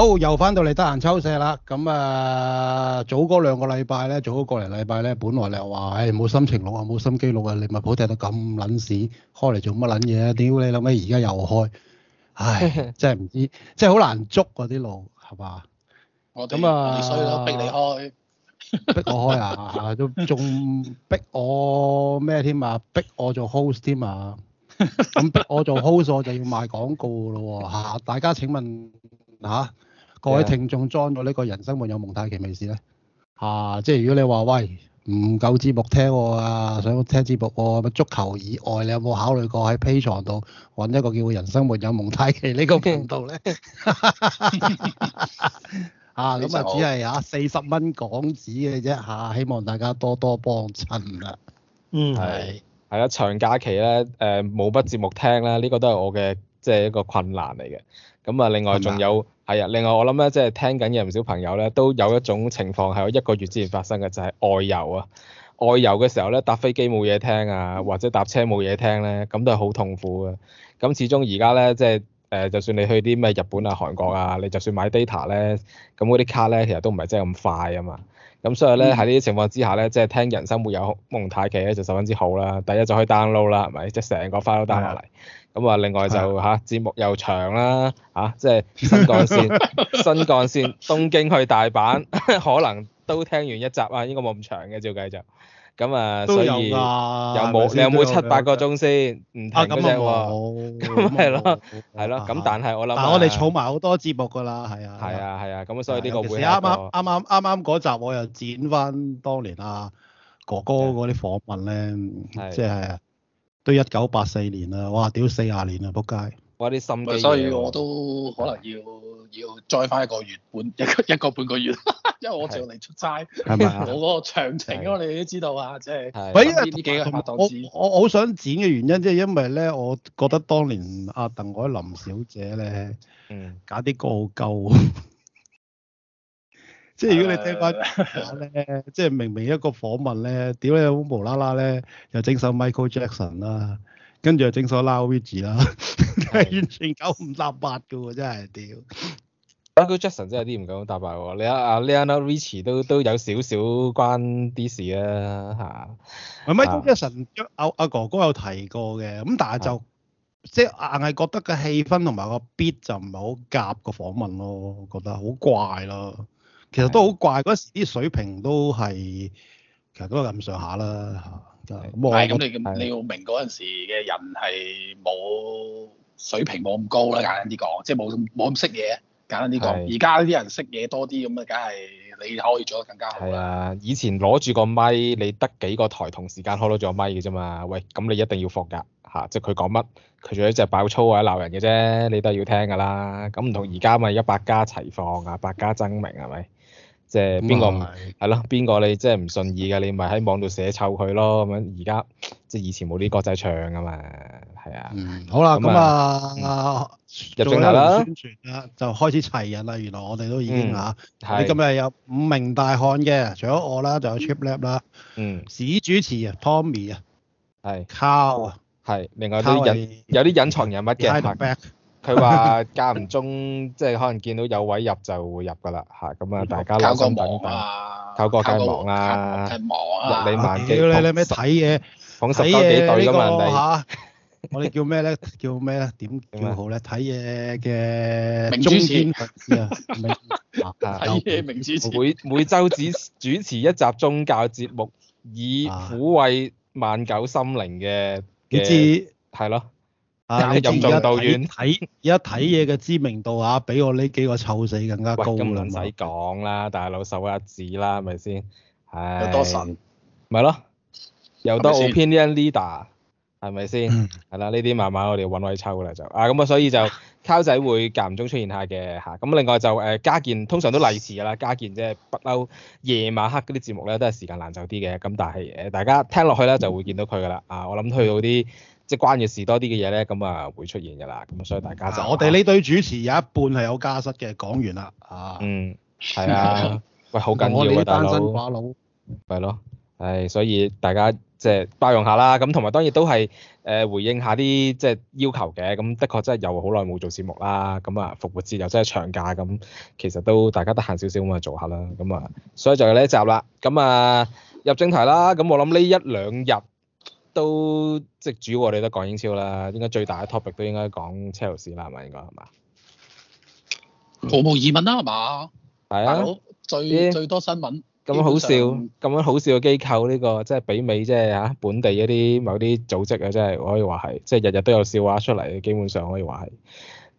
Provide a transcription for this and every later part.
好又翻到嚟，得閒抽射啦。咁、嗯、啊，早嗰兩個禮拜咧，早嗰個嚟禮拜咧，本來你又話，唉、哎，冇心情錄啊，冇心機錄啊，利物浦踢到咁撚屎，開嚟做乜撚嘢啊？屌你諗咩？而家又開，唉，真係唔知，真係好難捉嗰、啊、啲路，係嘛？我咁 啊，衰咯，逼你開，逼我開啊？仲、啊、逼我咩添啊？逼我做 host 添啊？咁逼我做 host 我就要賣廣告咯喎、啊啊、大家請問嚇？啊各位聽眾 join 咗呢個人生沒有蒙太奇未試咧？啊，即係如果你話喂唔夠節目聽喎、啊，想聽節目喎、啊，足球以外你有冇考慮過喺 Patreon 度揾一個叫人生沒有蒙太奇呢個頻道咧、啊？啊，咁啊，只係啊四十蚊港紙嘅啫嚇，希望大家多多幫襯啦。嗯，係。係啊，長假期咧，誒冇乜節目聽啦，呢、呢個都係我嘅即係一個困難嚟嘅。咁啊，另外仲有係啊，另外我諗咧，即係聽緊嘅唔少朋友咧，都有一種情況係喺一個月之前發生嘅，就係、是、外遊啊。外遊嘅時候咧，搭飛機冇嘢聽啊，或者搭車冇嘢聽咧、啊，咁都係好痛苦嘅。咁始終而家咧，即係誒，就算你去啲咩日本啊、韓國啊，你就算買 data 咧，咁嗰啲卡咧，其實都唔係真係咁快啊嘛。咁所以咧，喺呢啲情況之下咧，即、就、係、是、聽人生沒有蒙太奇咧，就十分之好啦。第一就可以 download 啦，係咪？即係成個 file download 落嚟。嗯。咁啊，另外就嚇、是、節、啊、目又長啦，嚇即係新幹線、 新幹線東京去大阪，可能都聽完一集啊，應該冇咁長嘅，照計就咁啊，所以有冇你有冇七八個鐘先？唔停啫喎，咁係咯，係咯，咁但係我諗，我哋儲埋好多節目㗎啦，係啊，係啊，係啊，咁所以呢個會有啱啱啱啱啱啱嗰集我又剪翻當年哥哥啊，哥哥嗰啲訪問咧，即係、啊。都一九八四年啦，哇！屌四十年啦，仆街！哇有啲心虛，所以我都可能要要再翻一個月半，一個一個半個月， 因為我淨係嚟出差，咪？我嗰個長程啊，你都知道啊，即、就、係、是。係的。幾個我好想剪嘅原因即係因為咧，我覺得當年阿、啊、鄧海林小姐咧， 嗯，搞啲歌好鳩。 即係如果你聽翻咧，即係、uh, 明明一個訪問咧，屌你，無啦啦咧，又整首 Michael Jackson 啦，跟住又整首 Lionel Richie 啦，完全九唔搭八嘅喎，真係屌。Michael Jackson 真係啲唔夠膽搭白喎，你阿 Lionel Richie 都都有少少關啲事啦嚇。Michael、啊、Jackson 阿、啊、哥哥有提過嘅，咁但係就的即係硬係覺得個氣氛同埋個 beat 就唔係好夾個訪問咯，覺得好怪咯。其實都好怪，嗰陣時啲水平都係其實都係咁上下啦嚇。冇係咁你你要明嗰陣時嘅人係冇水平冇咁高啦，簡單啲講，即係冇冇咁識嘢。簡單啲講，而家啲人識嘢多啲咁啊，梗係你可以做得更加好啊。以前攞住個咪，你得幾個台同時間開到咗個咪嘅啫嘛。喂，咁你一定要放㗎嚇，即係佢講乜，佢仲有一隻爆粗或者鬧人嘅啫，你都係要聽㗎啦。咁唔同而家咪一百家齊放啊，百家爭鳴係咪？即係邊個唔係係咯？邊個你即係唔順意㗎？你咪喺網度寫臭佢咯咁樣。而家即係以前冇啲國際場㗎嘛，係啊。好啦，咁啊，做下宣傳啦，就開始齊人啦。原來我哋都已經嚇。係、嗯啊。你今日有五名大漢嘅，除咗我啦，就有 Cheaplad 啦。嗯。史主持啊，Tommy 啊的。係 Carl, 的。Cow 啊。係。另外啲隱有啲隱藏人物嘅。佢話間唔中，即係可能見到有位入就會入㗎啦，嚇咁啊！大家耐心等待。搞個網啊！搞個雞網啦！睇網啊！你、萬幾啊！你咩睇嘢？嘅？睇嘢咁個嚇、啊！我哋叫咩咧？叫咩咧？點叫好咧？睇嘢嘅。啊、明珠節。睇嘢明珠每每週只主持一集宗教節目，啊、以撫慰萬九心靈嘅嘅係咯。對任重道遠，睇而家睇嘢嘅知名度啊，比我呢幾個臭死更加高，咁唔使講啦，大佬手一指啦，係咪先？有多神？咪咯，又多 opinion leader，係咪先？係啦，呢啲 慢慢我哋揾位抽啦就，啊咁啊，所以就溝仔會間唔中出現下嘅嚇。咁、啊、另外就誒家健，通常都例遲㗎啦。家健即係不嬲夜晚黑嗰啲節目咧，都係時間難就啲嘅。咁但係誒、呃，大家聽落去咧就會見到佢噶啦。啊、嗯，我諗去到啲。即係關嘅事多啲嘅嘢咧，咁啊會出現㗎啦。咁所以大家就、啊、我哋呢對主持有一半係有家室嘅，講完啦啊。嗯，係啊，喂，好緊要啊，大 佬。係咯，係、啊，所以大家即係包容下啦。咁同埋當然都係誒回應下啲即係要求嘅。咁的確真係又好耐冇做節目啦。咁啊復活節又真係長假，咁其實都大家得閒少少咁啊做下啦。咁啊，所以就係呢一集啦。咁啊入正題啦。咁我諗呢一兩日。都即係主我、啊、哋都講英超啦，應該最大嘅 topic 都應該講車路士啦嘛，應該係嘛？毫無疑問啦，係嘛？係啊，啊最咦最多新聞咁好笑，咁樣好笑嘅機構呢、這個即係媲美即係嚇本地一啲某啲組織啊，即係可以話係，即係日日都有笑話出嚟，基本上可以話係。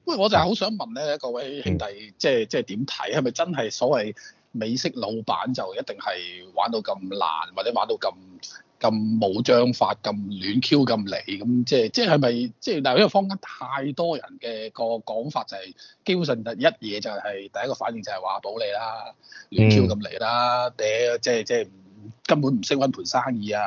喂，我就係好想問咧，各位兄弟，嗯、即係即係點睇？係咪真係所謂美式老闆就一定係玩到咁難，或者玩到咁？咁冇章法，咁亂 Q，咁嚟咁，即係即係係咪即係？但係因為坊間太多人嘅個講法就係，基本上第一嘢就係第一個反應就係話保利啦，亂 Q 咁嚟啦，嗲、嗯、即係即係根本唔識溫盤生意啊！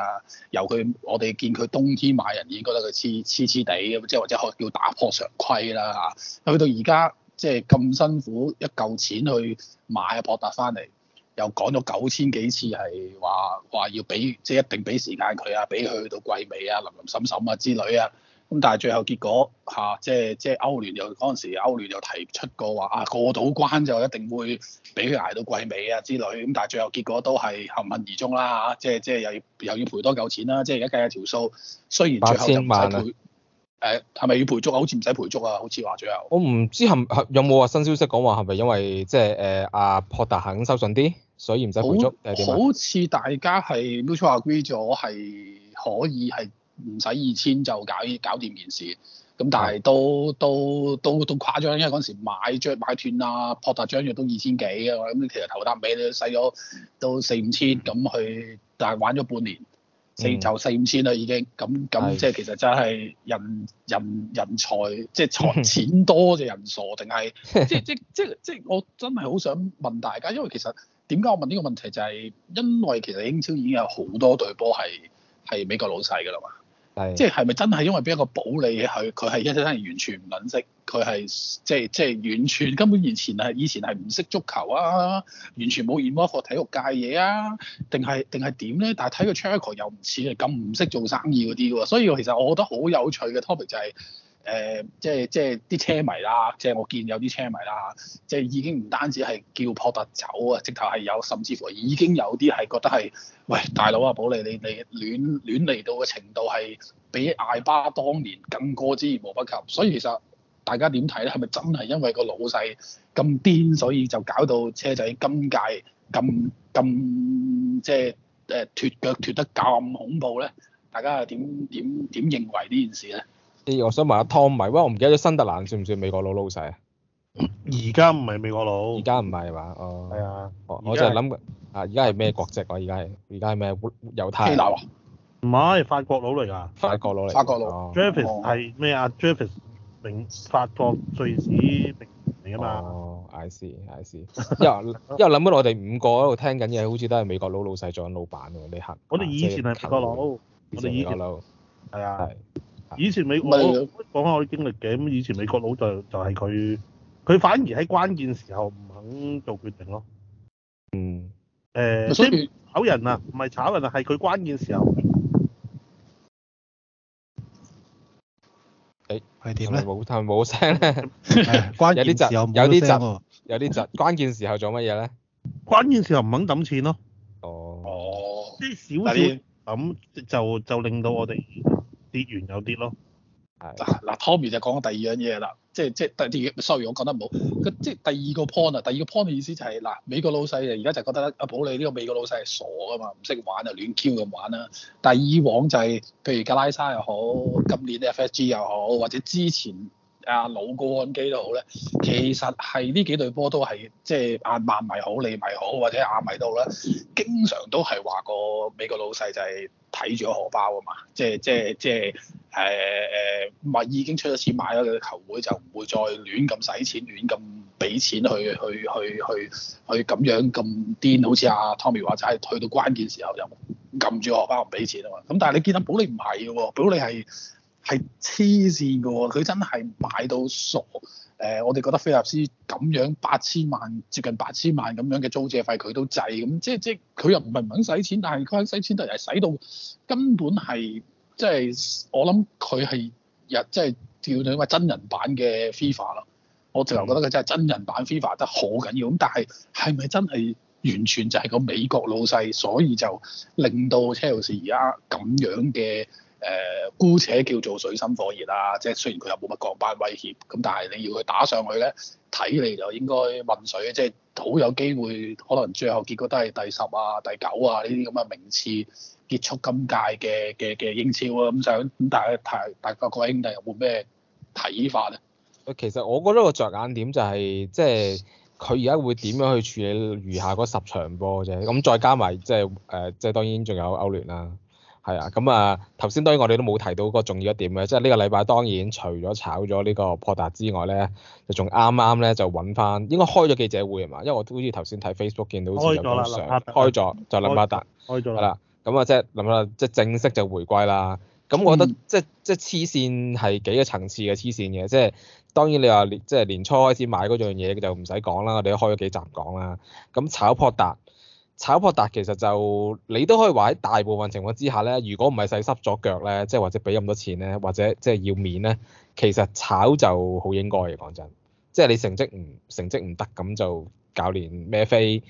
由佢，我哋見佢冬天買人已經覺得佢黐黐黐地咁，即係或者可叫打破常規啦嚇。去到而家即係咁辛苦一嚿錢去買阿博達翻嚟。又講咗九千幾次係話話要俾即係一定俾時間佢啊，俾佢到季尾啊，林淋沈沈啊之類啊。咁但係最後結果嚇、啊，即係即係歐聯又嗰陣時歐聯又提出過話啊，過到關就一定會俾佢捱到季尾啊之類。咁但係最後結果都係含恨而終啦嚇，即係即係又要又要賠多嚿錢啦。即係而家計下條數，雖然最後就唔使賠，係咪、呃、要賠足，賠足啊？好似唔使賠足啊，好似話最後。我唔知係有冇話新消息講話係咪因為即係誒阿博達肯收盡啲？所以唔使補足，好似大家係 mutual agree 咗係可以係唔使二千就搞搞掂件事。咁但係都都都都誇張，因為嗰時買張買斷啊，撲達張約都二千幾嘅。咁你其實頭搭尾你使咗都四五千咁去，但係玩咗半年，四就四五千啦已經。咁咁即係其實真係人人人才即係財錢多就人傻定係即係即即即我真係好想問大家，因為其實。點解我問呢個問題就係、是、因為其實英超已經有好多隊波係係美國老細嘅啦嘛，係是即係係咪真係因為畀一個保利佢，佢係一生人係完全唔認識佢係即係即係完全根本以前係以前係唔識足球啊，完全冇染過體育界嘢啊，定係定係點咧？但係睇個 circle 又唔似係咁唔識做生意嗰啲喎，所以其實我覺得好有趣嘅 topic 就係、是。誒、呃，即係即係啲車迷啦，即係我見有啲車迷啦，即係已經唔單止係叫波特走啊，直頭係有，甚至乎已經有啲係覺得係，喂，大佬啊，保利，你你亂亂嚟到嘅程度係比艾巴當年更過之而無不及，所以其實大家點睇咧？係咪真係因為個老細咁癲，所以就搞到車仔今屆咁咁即係誒脫腳脫得咁恐怖咧？大家係點點點認為呢件事咧？我想問下湯米，喂，我唔記得咗新特蘭算唔算美國佬老細啊？而家唔係美國佬，而家唔係嘛？哦，係啊，我我就係諗，啊，而家係咩國籍啊？而家係，而家係咩？猶太？基佬啊？唔係，法國佬嚟㗎，法國佬嚟，法國佬。Jeffrey 係咩啊？Jeffrey 定法國瑞士名人嚟㗎嘛？哦，I see，I see，因為因為諗翻我哋五個喺度聽緊嘢，好似都係美國佬老細做緊老闆喎，你肯？我哋以前係法國佬，我哋以國佬。係啊。以前美，我講下我經歷嘅。咁，以前美國佬就係、就係、係、佢，佢反而喺關鍵時候唔肯做決定咯。嗯。欸、所以唔炒人啊，唔係、嗯、炒人啊，係佢關鍵時候。誒係點咧？冇冇聲咧，有啲窒，有啲窒，有啲窒。關鍵時候做乜嘢咧？ 關鍵時候唔肯抌錢咯。哦。哦。即係少啲，抌就就令到我哋。啲原有啲咯，嗱嗱，Tommy 就講緊第二樣嘢啦，即係即係第二嘢。sorry，、就是、我講得唔好，即係第二個 point 啊，第二個 point 嘅意思就係、是、嗱，美國老細就而家就覺得阿保、啊、利呢、這個美國老細係傻噶嘛，唔識玩就亂 Q 咁玩啦。但係以往就係、是、譬如格拉沙又好，今年嘅 FSG 又好，或者之前阿老高安基都好咧，其實係呢幾隊波都係，即係曼迷好，你迷好，或者亞迷都咧，經常都係話個美國老細就係、是。睇住個荷包啊嘛，即係即係即係誒誒，咪、呃呃、已經出咗錢買咗佢嘅球會，就唔會再亂咁使錢，亂咁俾錢去去去去去咁樣咁癲，好似阿 Tommy 話齋，去到關鍵時候就撳住荷包唔俾錢啊嘛。咁但係你見到保利唔係喎，保利係係黐線噶喎，佢、哦、真係買到傻。誒、呃，我哋覺得菲達斯咁樣八千萬，接近八千萬咁樣嘅租借費，佢都制，咁、嗯、即即佢又唔係唔肯使錢，但係佢肯使錢都係使到根本係即係我諗佢係日即係叫做咩真人版嘅 FIFA 啦，我直頭覺得佢真係真人版 FIFA 得好緊要，咁但係係咪真係完全就係個美國老細，所以就令到車路士而家咁樣嘅？誒、呃、姑且叫做水深火熱啦、啊，即係雖然佢又冇乜降班威脅，咁但係你要佢打上去咧，睇你就應該混水，即係好有機會，可能最後結果都係第十啊、第九啊呢啲咁嘅名次結束今屆嘅嘅嘅英超啊，咁就咁，但係大大家各位兄弟有冇咩睇法咧？其實我覺得個着眼點就係、是、即係佢而家會點樣去處理餘下嗰十場波啫，咁再加埋即係誒，即係、呃、當然仲有歐聯啦。係啊，咁啊頭先當然我哋都冇提到個重要一點嘅，即係呢個禮拜當然除咗炒咗呢個破達之外咧，剛剛就仲啱啱咧就揾翻應該開咗記者會吖嘛？因為我好似頭先睇 Facebook 見到好似有啲相，開咗就林伯達，開咗係啦。咁啊即係林伯即係正式就回歸啦。咁我覺得即係即係黐線係幾個層次嘅黐線嘅，即係、就是、當然你話即係年初開始買嗰樣嘢就唔使講啦，我哋都開咗幾集講啦。咁、嗯、炒，炒破達。炒博達其實就你都可以話喺大部分情況之下咧，如果唔係洗濕咗腳咧，即係或者俾咁多錢咧，或者即係要面咧，其實炒就好應該嘅。講真，即係你成績唔成績唔得咁就教練孭飛，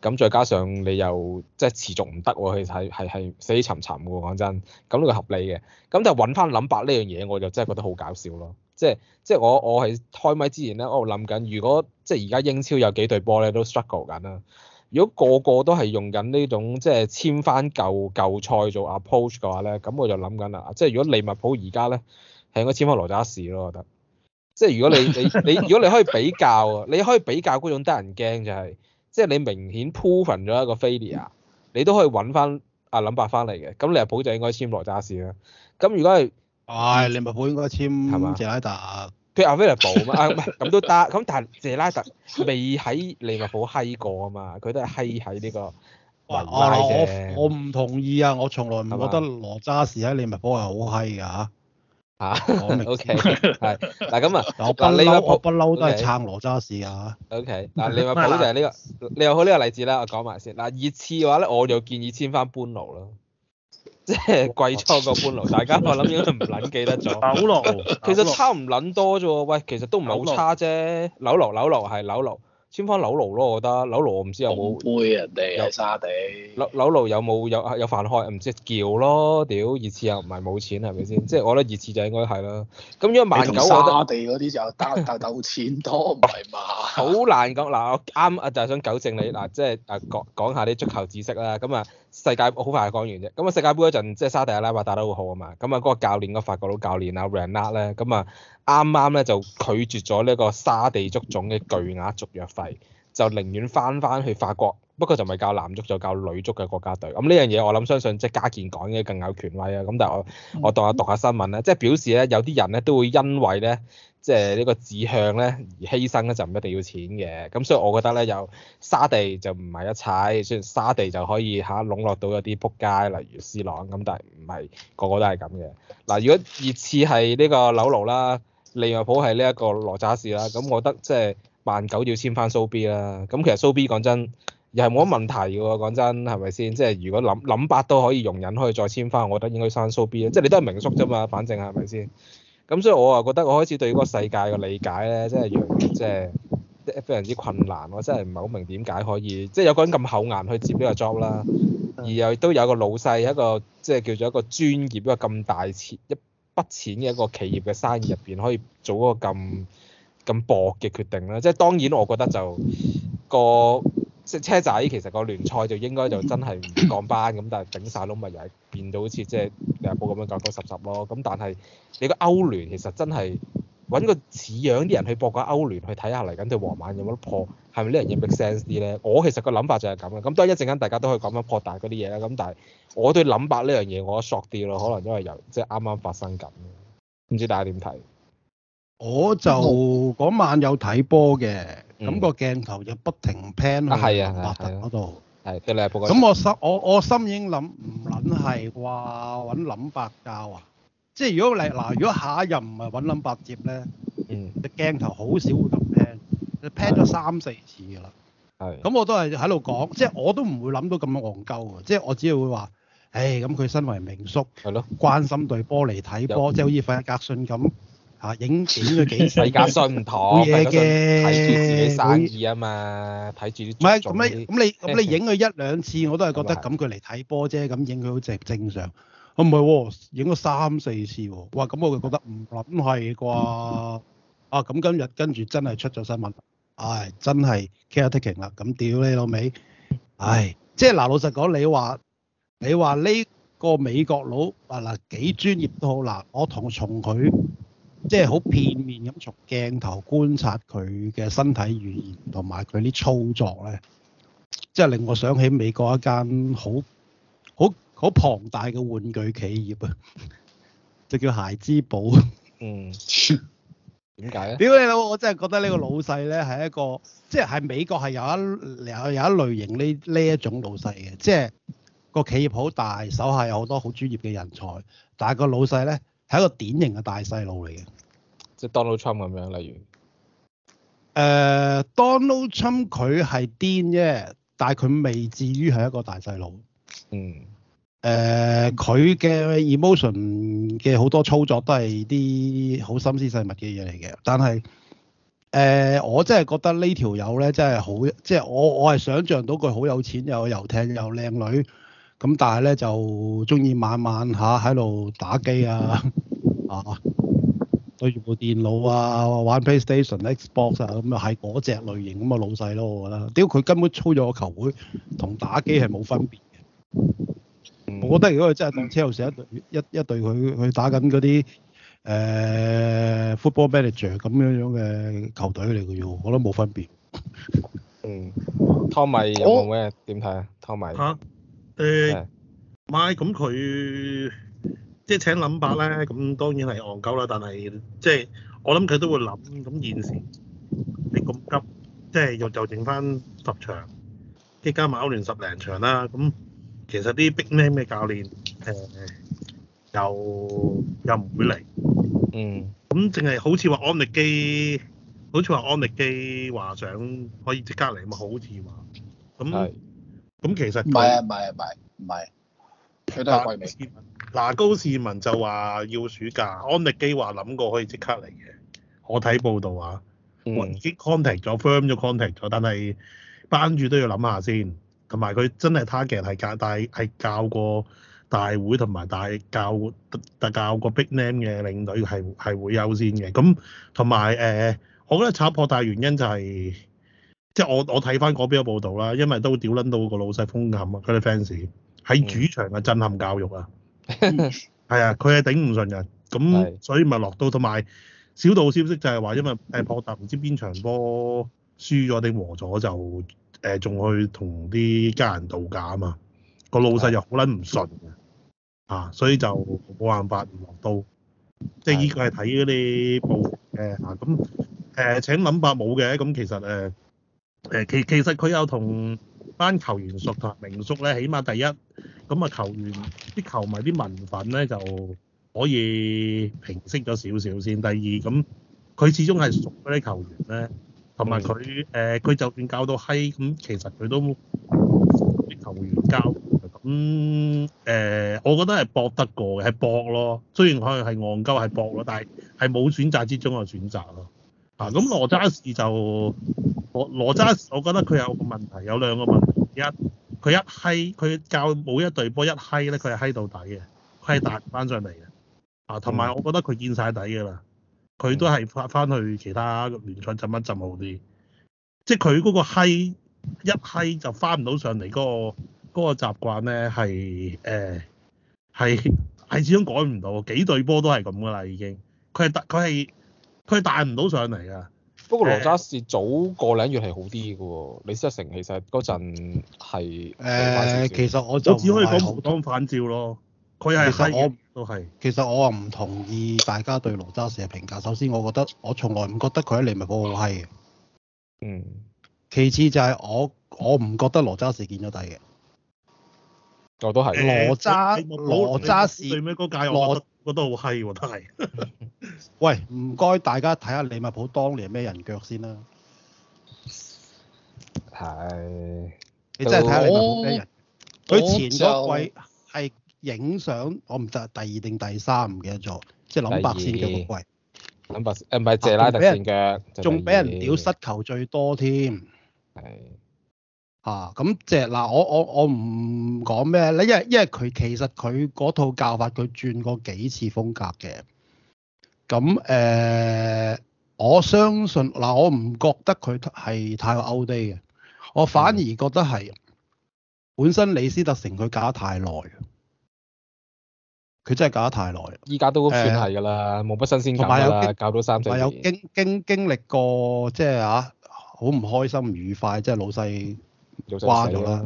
咁再加上你又即係持續唔得喎，其實係係死氣沉沉嘅喎。講真，咁呢個合理嘅。咁但係揾翻林伯呢樣嘢，我就真係覺得好搞笑咯。即係即係我我係開麥之前咧，我諗緊如果即係而家英超有幾隊波咧都 struggle 緊啦。如果個個都係用緊呢種即係簽翻舊舊賽做 approach 嘅話咧，咁我就諗緊啦，即係如果利物浦而家咧係應該簽翻羅渣士咯，我覺得。即係如果你你你如果你可以比較，你可以比較嗰種得人驚就係、是，即係你明顯 proven 咗一個 failure，你都可以揾翻阿林伯翻嚟嘅，咁利物浦就應該簽羅渣士啦。咁如果係，唉、哎，利物浦應該簽謝拉達。啊，唔咁都得，咁但係謝拉特未喺利物浦閪過啊嘛，佢都係閪。喺呢個我唔同意啊，我從來唔覺得羅渣士喺利物浦係好閪嘅，嚇嚇。O K 係嗱咁啊，我不嬲、啊啊、我不嬲都係撐羅渣士嘅，嚇。O K 嗱，利物浦就係呢、呢個，利物浦呢個例子啦，我講埋先嗱。熱刺嘅話咧，我就建議簽翻班奴啦。即係貴咗個半爐， 大家我諗應該唔捻記得咗。扭 樓，其實差唔捻多啫喎，喂，其實都唔係好差啫。扭樓扭樓係扭樓。扭簽翻紐魯咯，我覺得紐魯我唔知有冇杯人哋沙地紐紐魯有冇有有飯開唔知叫咯，屌熱刺又唔係冇錢係咪先？即係我覺得熱刺就應該係啦。咁因為曼久我覺得沙地嗰啲就鬥鬥鬥錢多唔係嘛。好難講嗱，我啱啊就係想糾正你嗱，即係啊講講下啲足球知識啦。咁啊世界好快講完啫。咁啊世界盃嗰陣即係沙地阿拉伯打得好好啊嘛。咁啊嗰個教練嗰個法國佬教練阿 Renard 咧咁啊。啱啱咧就拒絕咗呢個沙地足總嘅巨額續約費，就寧願返返去法國。不過就唔係教男足，就教女足嘅國家隊。咁呢樣嘢我諗相信即係家健講嘅更有權威啊。咁但係我我當下讀下新聞咧，即係表示咧有啲人咧都會因為咧即係呢、就是、個志向咧而犧牲咧就唔一定要錢嘅。咁所以我覺得咧有沙地就唔係一切，雖然沙地就可以嚇籠絡到一啲仆街，例如 C 朗咁，但係唔係個個都係咁嘅。嗱，如果熱刺係呢個紐魯啦。利物浦係呢一個羅渣士啦，咁我覺得即係萬九要簽翻蘇 B 啦。咁其實蘇 B 講真，又係冇乜問題嘅喎。講真係咪先？即係、就是、如果諗諗八都可以容忍，可以再簽翻，我覺得應該生蘇 B 啦。即、就、係、是、你都係名宿啫嘛，反正係咪先？咁所以我又覺得我開始對嗰個世界嘅理解咧，即係即係非常之困難。我真係唔係好明點解可以，即、就、係、是、有個人咁厚顏去接呢個 job 啦，而又都有，有個老細一個即係、就是、叫做一個專業，一個咁大錢一筆錢嘅一個企業嘅生意入邊，可以做一個咁咁薄嘅決定咧？即係當然，我覺得就個即係車仔，其實個聯賽就應該就真係唔降班咁，但係頂晒窿咪又係變到好似即係利物浦咁樣降級十十咯。咁但係你個歐聯其實真係。揾個似樣啲人去博個歐聯，去睇下嚟緊對皇馬有冇得破，係咪呢樣嘢？Make sense 啲咧？我其實個諗法就係咁嘅，咁都係一陣間大家都可以講翻擴大嗰啲嘢啦。咁但係我對林伯呢樣嘢我索啲咯，可能因為由即係啱啱發生緊，唔知大家點睇？我就嗰晚有睇波嘅，咁、那個鏡頭就不停 pan 去麥特嗰度，係嘅你係博個。咁、啊啊啊啊啊啊啊、我心我我心應諗唔撚係啩，揾林伯教啊！即係如果你，嗱，如果下一任唔係揾林伯接咧，你、嗯、鏡頭好少會咁拍，你拍咗三四次噶啦。係的。咁我都係喺度講，即係我都唔會諗到咁戇鳩㗎。即係我只係會話，唉，咁佢身為名宿，係咯，關心隊波嚟睇波，又即係好似費格信咁嚇影幾啊幾衰嘅。 信堂嘅，睇住自己生意啊嘛，睇住啲唔係，咁你咁你影佢一兩次，我都係覺得咁佢嚟睇波啫，咁影佢好正正常。我唔係喎，影咗、 嗯、三四次喎。哇！咁我就覺得唔諗係啩？啊！咁今日跟住真係出咗新聞，唉！真係 care taking 啦。咁屌你老味。唉！即係嗱、啊，老實講，你話你話呢個美國佬啊嗱幾專業都好嗱、啊，我同從佢即係好片面咁從鏡頭觀察佢嘅身體語言同埋佢啲操作咧，即係令我想起美國一間好好。好龐大嘅玩具企業啊， 就叫孩之寶。 嗯，點解咧？屌你老，我真係覺得呢個老細咧係一個，嗯、即係係美國係有一有有一類型呢呢一,一種老細嘅，即係個企業好大，手下有好多好專業嘅人才，但係個老細咧係一個典型嘅大細佬嚟嘅。即係 Donald Trump 咁樣，例如。誒、呃、Donald Trump 佢係癲啫，但係佢未至於係一個大細佬。嗯。誒佢嘅，呃、emotion 嘅好多操作都係啲好心思細密嘅嘢嚟嘅，但係誒、呃、我真係覺得呢條友咧真係好即係我我係想像到佢好有錢又有遊艇又靚女咁，但係咧就中意晚晚嚇喺度打機啊啊對住部電腦啊玩 PlayStation、Xbox 啊咁啊係嗰隻類型咁嘅老細咯，我覺得屌佢根本操咗個球會同打機係冇分別嘅。嗯，我覺得如果佢真係同車路士一隊一一隊佢佢打緊嗰啲誒 football manager 咁樣樣嘅球隊嚟嘅喎，我覺得冇分別。嗯，湯米有冇咩點睇啊？湯米嚇誒，唔係咁佢即係請林伯咧，咁當然係戇鳩啦。但係即係我諗佢都會諗。咁現時你咁急，即係又就剩翻十場，即加埋歐聯十零場啦，咁。其實啲 Big Name 嘅教練，誒、呃、又又唔會嚟。嗯。咁淨係好似話安力基，好似話安力基話想可以即刻嚟，嘛，好似話。係。咁是其實唔係啊，唔係啊，唔係。唔係。佢都係貴名。嗱，高士文就話要暑假，安力基話諗過可以即刻嚟嘅。我睇報道啊。宏、嗯、已 contact 咗，firm 咗 contact 咗，但係班主都要諗下先。同埋佢真係他其實係教，但係係教過大會同埋大教大教個 big name 嘅領隊，係係會優先嘅。咁同埋誒，我覺得炒破大原因就係、是、即係我我睇翻嗰邊嘅報道啦，因為都屌撚到個老細封冚啊！佢啲 fans 喺主場嘅震撼教育、嗯、 啊，係啊，佢係頂唔順啊。咁是所以咪落到，同埋小道消息就係話，因為誒破大唔知邊場波輸咗定和咗就。誒仲去同啲家人度假啊嘛，個老細又好撚唔順嘅，啊，啊，所以就冇辦、啊啊呃、法唔落到，即係依個係睇嗰啲報嘅嚇，咁誒請諗法冇嘅，咁其實誒誒其其實佢有同班球員熟同埋名宿咧，起碼第一咁啊球員啲球迷啲民憤咧就可以平息咗少少先，第二咁佢始終係熟嗰啲球員咧。同埋佢誒，佢、呃、就算教到閪，咁其實佢都啲球員交，咁、嗯、誒、呃，我覺得係搏得過嘅，係搏咯。雖然佢係戇鳩，係搏咯，但係係冇選擇之中嘅選擇咯。啊，咁羅揸士就我羅揸士，我覺得佢有個問題，有兩個問題。一佢一閪，佢教每一隊波一閪咧，佢係閪到底嘅，佢係彈唔翻上嚟嘅。啊，同埋我覺得佢見晒底嘅啦。嗯佢都係翻翻去其他聯賽浸一浸好啲，即係佢嗰個閪一閪就翻唔到上嚟嗰個嗰個習慣咧，係誒，係係始終改唔到，幾隊波都係咁噶啦已經。佢係大佢係佢係帶唔到上嚟噶。不過羅渣士早個零月係好啲嘅喎，李斯特城其實嗰陣係誒，其實我只只可以講迴光返照咯。佢又係都係。是是其實我話唔同意大家對羅渣士嘅評價。首先，我覺得我從來唔覺得佢喺利物浦好閪嘅。嗯。其次就係我我唔覺得羅渣士見咗底嘅。我都係喳、欸。羅渣羅渣士最尾嗰屆，我覺得好閪喎，都係。 喂，唔該大家睇下利物浦當年係咩人腳先啦。係、哎。你真係睇下利物浦咩人？佢前嗰季。影相我唔得，第二定第三唔記得咗，即係諗白線腳好鬼，諗白線唔係謝拉特線腳，仲俾人屌二失球最多添，係的啊，咁即係嗱、啊、我我我唔講咩咧，因為因為佢其實佢嗰套教法佢轉過幾次風格嘅，咁誒、呃、我相信嗱、啊、我唔覺得佢係太過 outdated 嘅，我反而覺得係的本身李斯特城佢教得太耐。佢真係搞得太耐，依家都算係㗎啦，冇乜、欸、新鮮感啦，搞到有三四。同埋有經經經歷過，即係嚇好唔開心、唔愉快，即係老細瓜咗啦。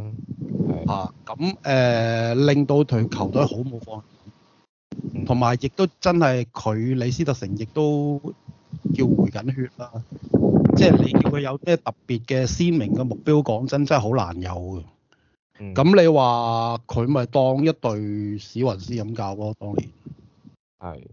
嚇咁誒，令到佢球隊好冇方向，同埋亦都真係佢李斯特城亦都叫回緊血啦。即係你叫佢有啲特別嘅鮮明嘅目標，講真真係好難有㗎。咁、嗯、你話佢咪當一隊史雲斯咁教咯？當年係，是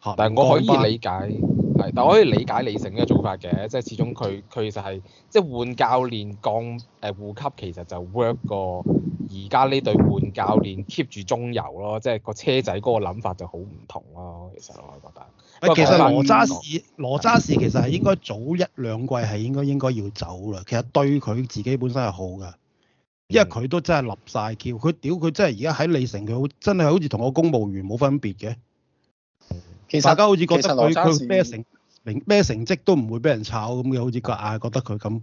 行但係我可以理解，係班，但我可以理解李城嘅做法嘅，即、就、係、是、始終佢佢其實係即係換教練降誒護、呃、級，其實就 work 過，而家呢隊換教練 keep 住中游咯，即、就、係、是、個車仔嗰個諗法就好唔同咯，其實我係覺得。喂，其實羅渣士羅、嗯、渣士其實係應該早一兩季係應該應該要走啦，其實對佢自己本身係好噶。因為佢都真係立晒橋，佢屌佢真係而家喺利成，佢好真係好似同個公務員冇分別嘅。其實大家好似覺得佢佢咩成名咩成績都唔會俾人炒咁嘅，好似個亞覺得佢咁。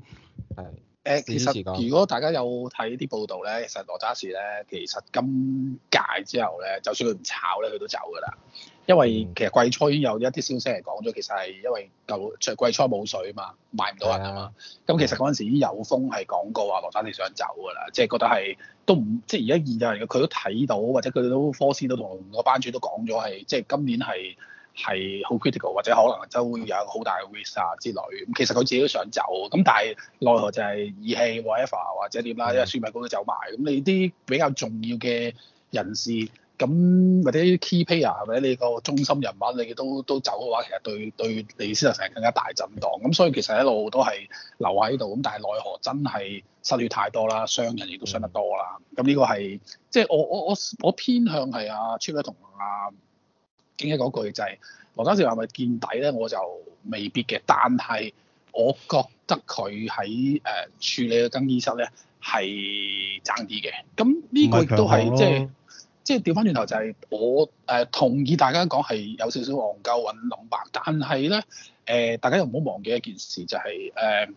誒，其實如果大家有睇啲報道咧，其實羅渣士咧，其實今屆之後咧，就算佢唔炒咧，佢都走噶啦。因為其實季初已經有一啲消息嚟講咗，其實係因為舊即係季初冇水嘛，買唔到人啊嘛。咁、啊嗯、其實嗰陣時已經有風係講過話，羅渣士想走噶啦，即係覺得係都唔即係而家現有人佢都睇到，或者佢哋都科師都同個班主都講咗係，即係今年係。係好 critical 或者可能周會有好大嘅 risk 啊之類，咁其實佢自己都想走，咁但係奈何就係義氣 whatever 或者點啦，因為舒米高都走埋，咁你啲比較重要嘅人士，咁或者啲 key player 或者你個中心人物你都都走嘅話，其實對對你資產成日更加大震盪，咁所以其實一路都係留喺度，咁但係奈何真係失血太多啦，傷人亦都傷得多啦，咁呢個係即係我我我我偏向係阿 t r 同阿。經一嗰句就係、是，羅家氏話咪見底咧，我就未必嘅。但係我覺得佢喺誒處理個更衣室咧係爭啲嘅。咁呢個亦都係即係即係調翻轉頭就係、是就是就是就是、我誒、呃、同意大家講係有少少戇鳩混亂白。但係咧誒，大家又唔好忘記一件事就係、是、誒，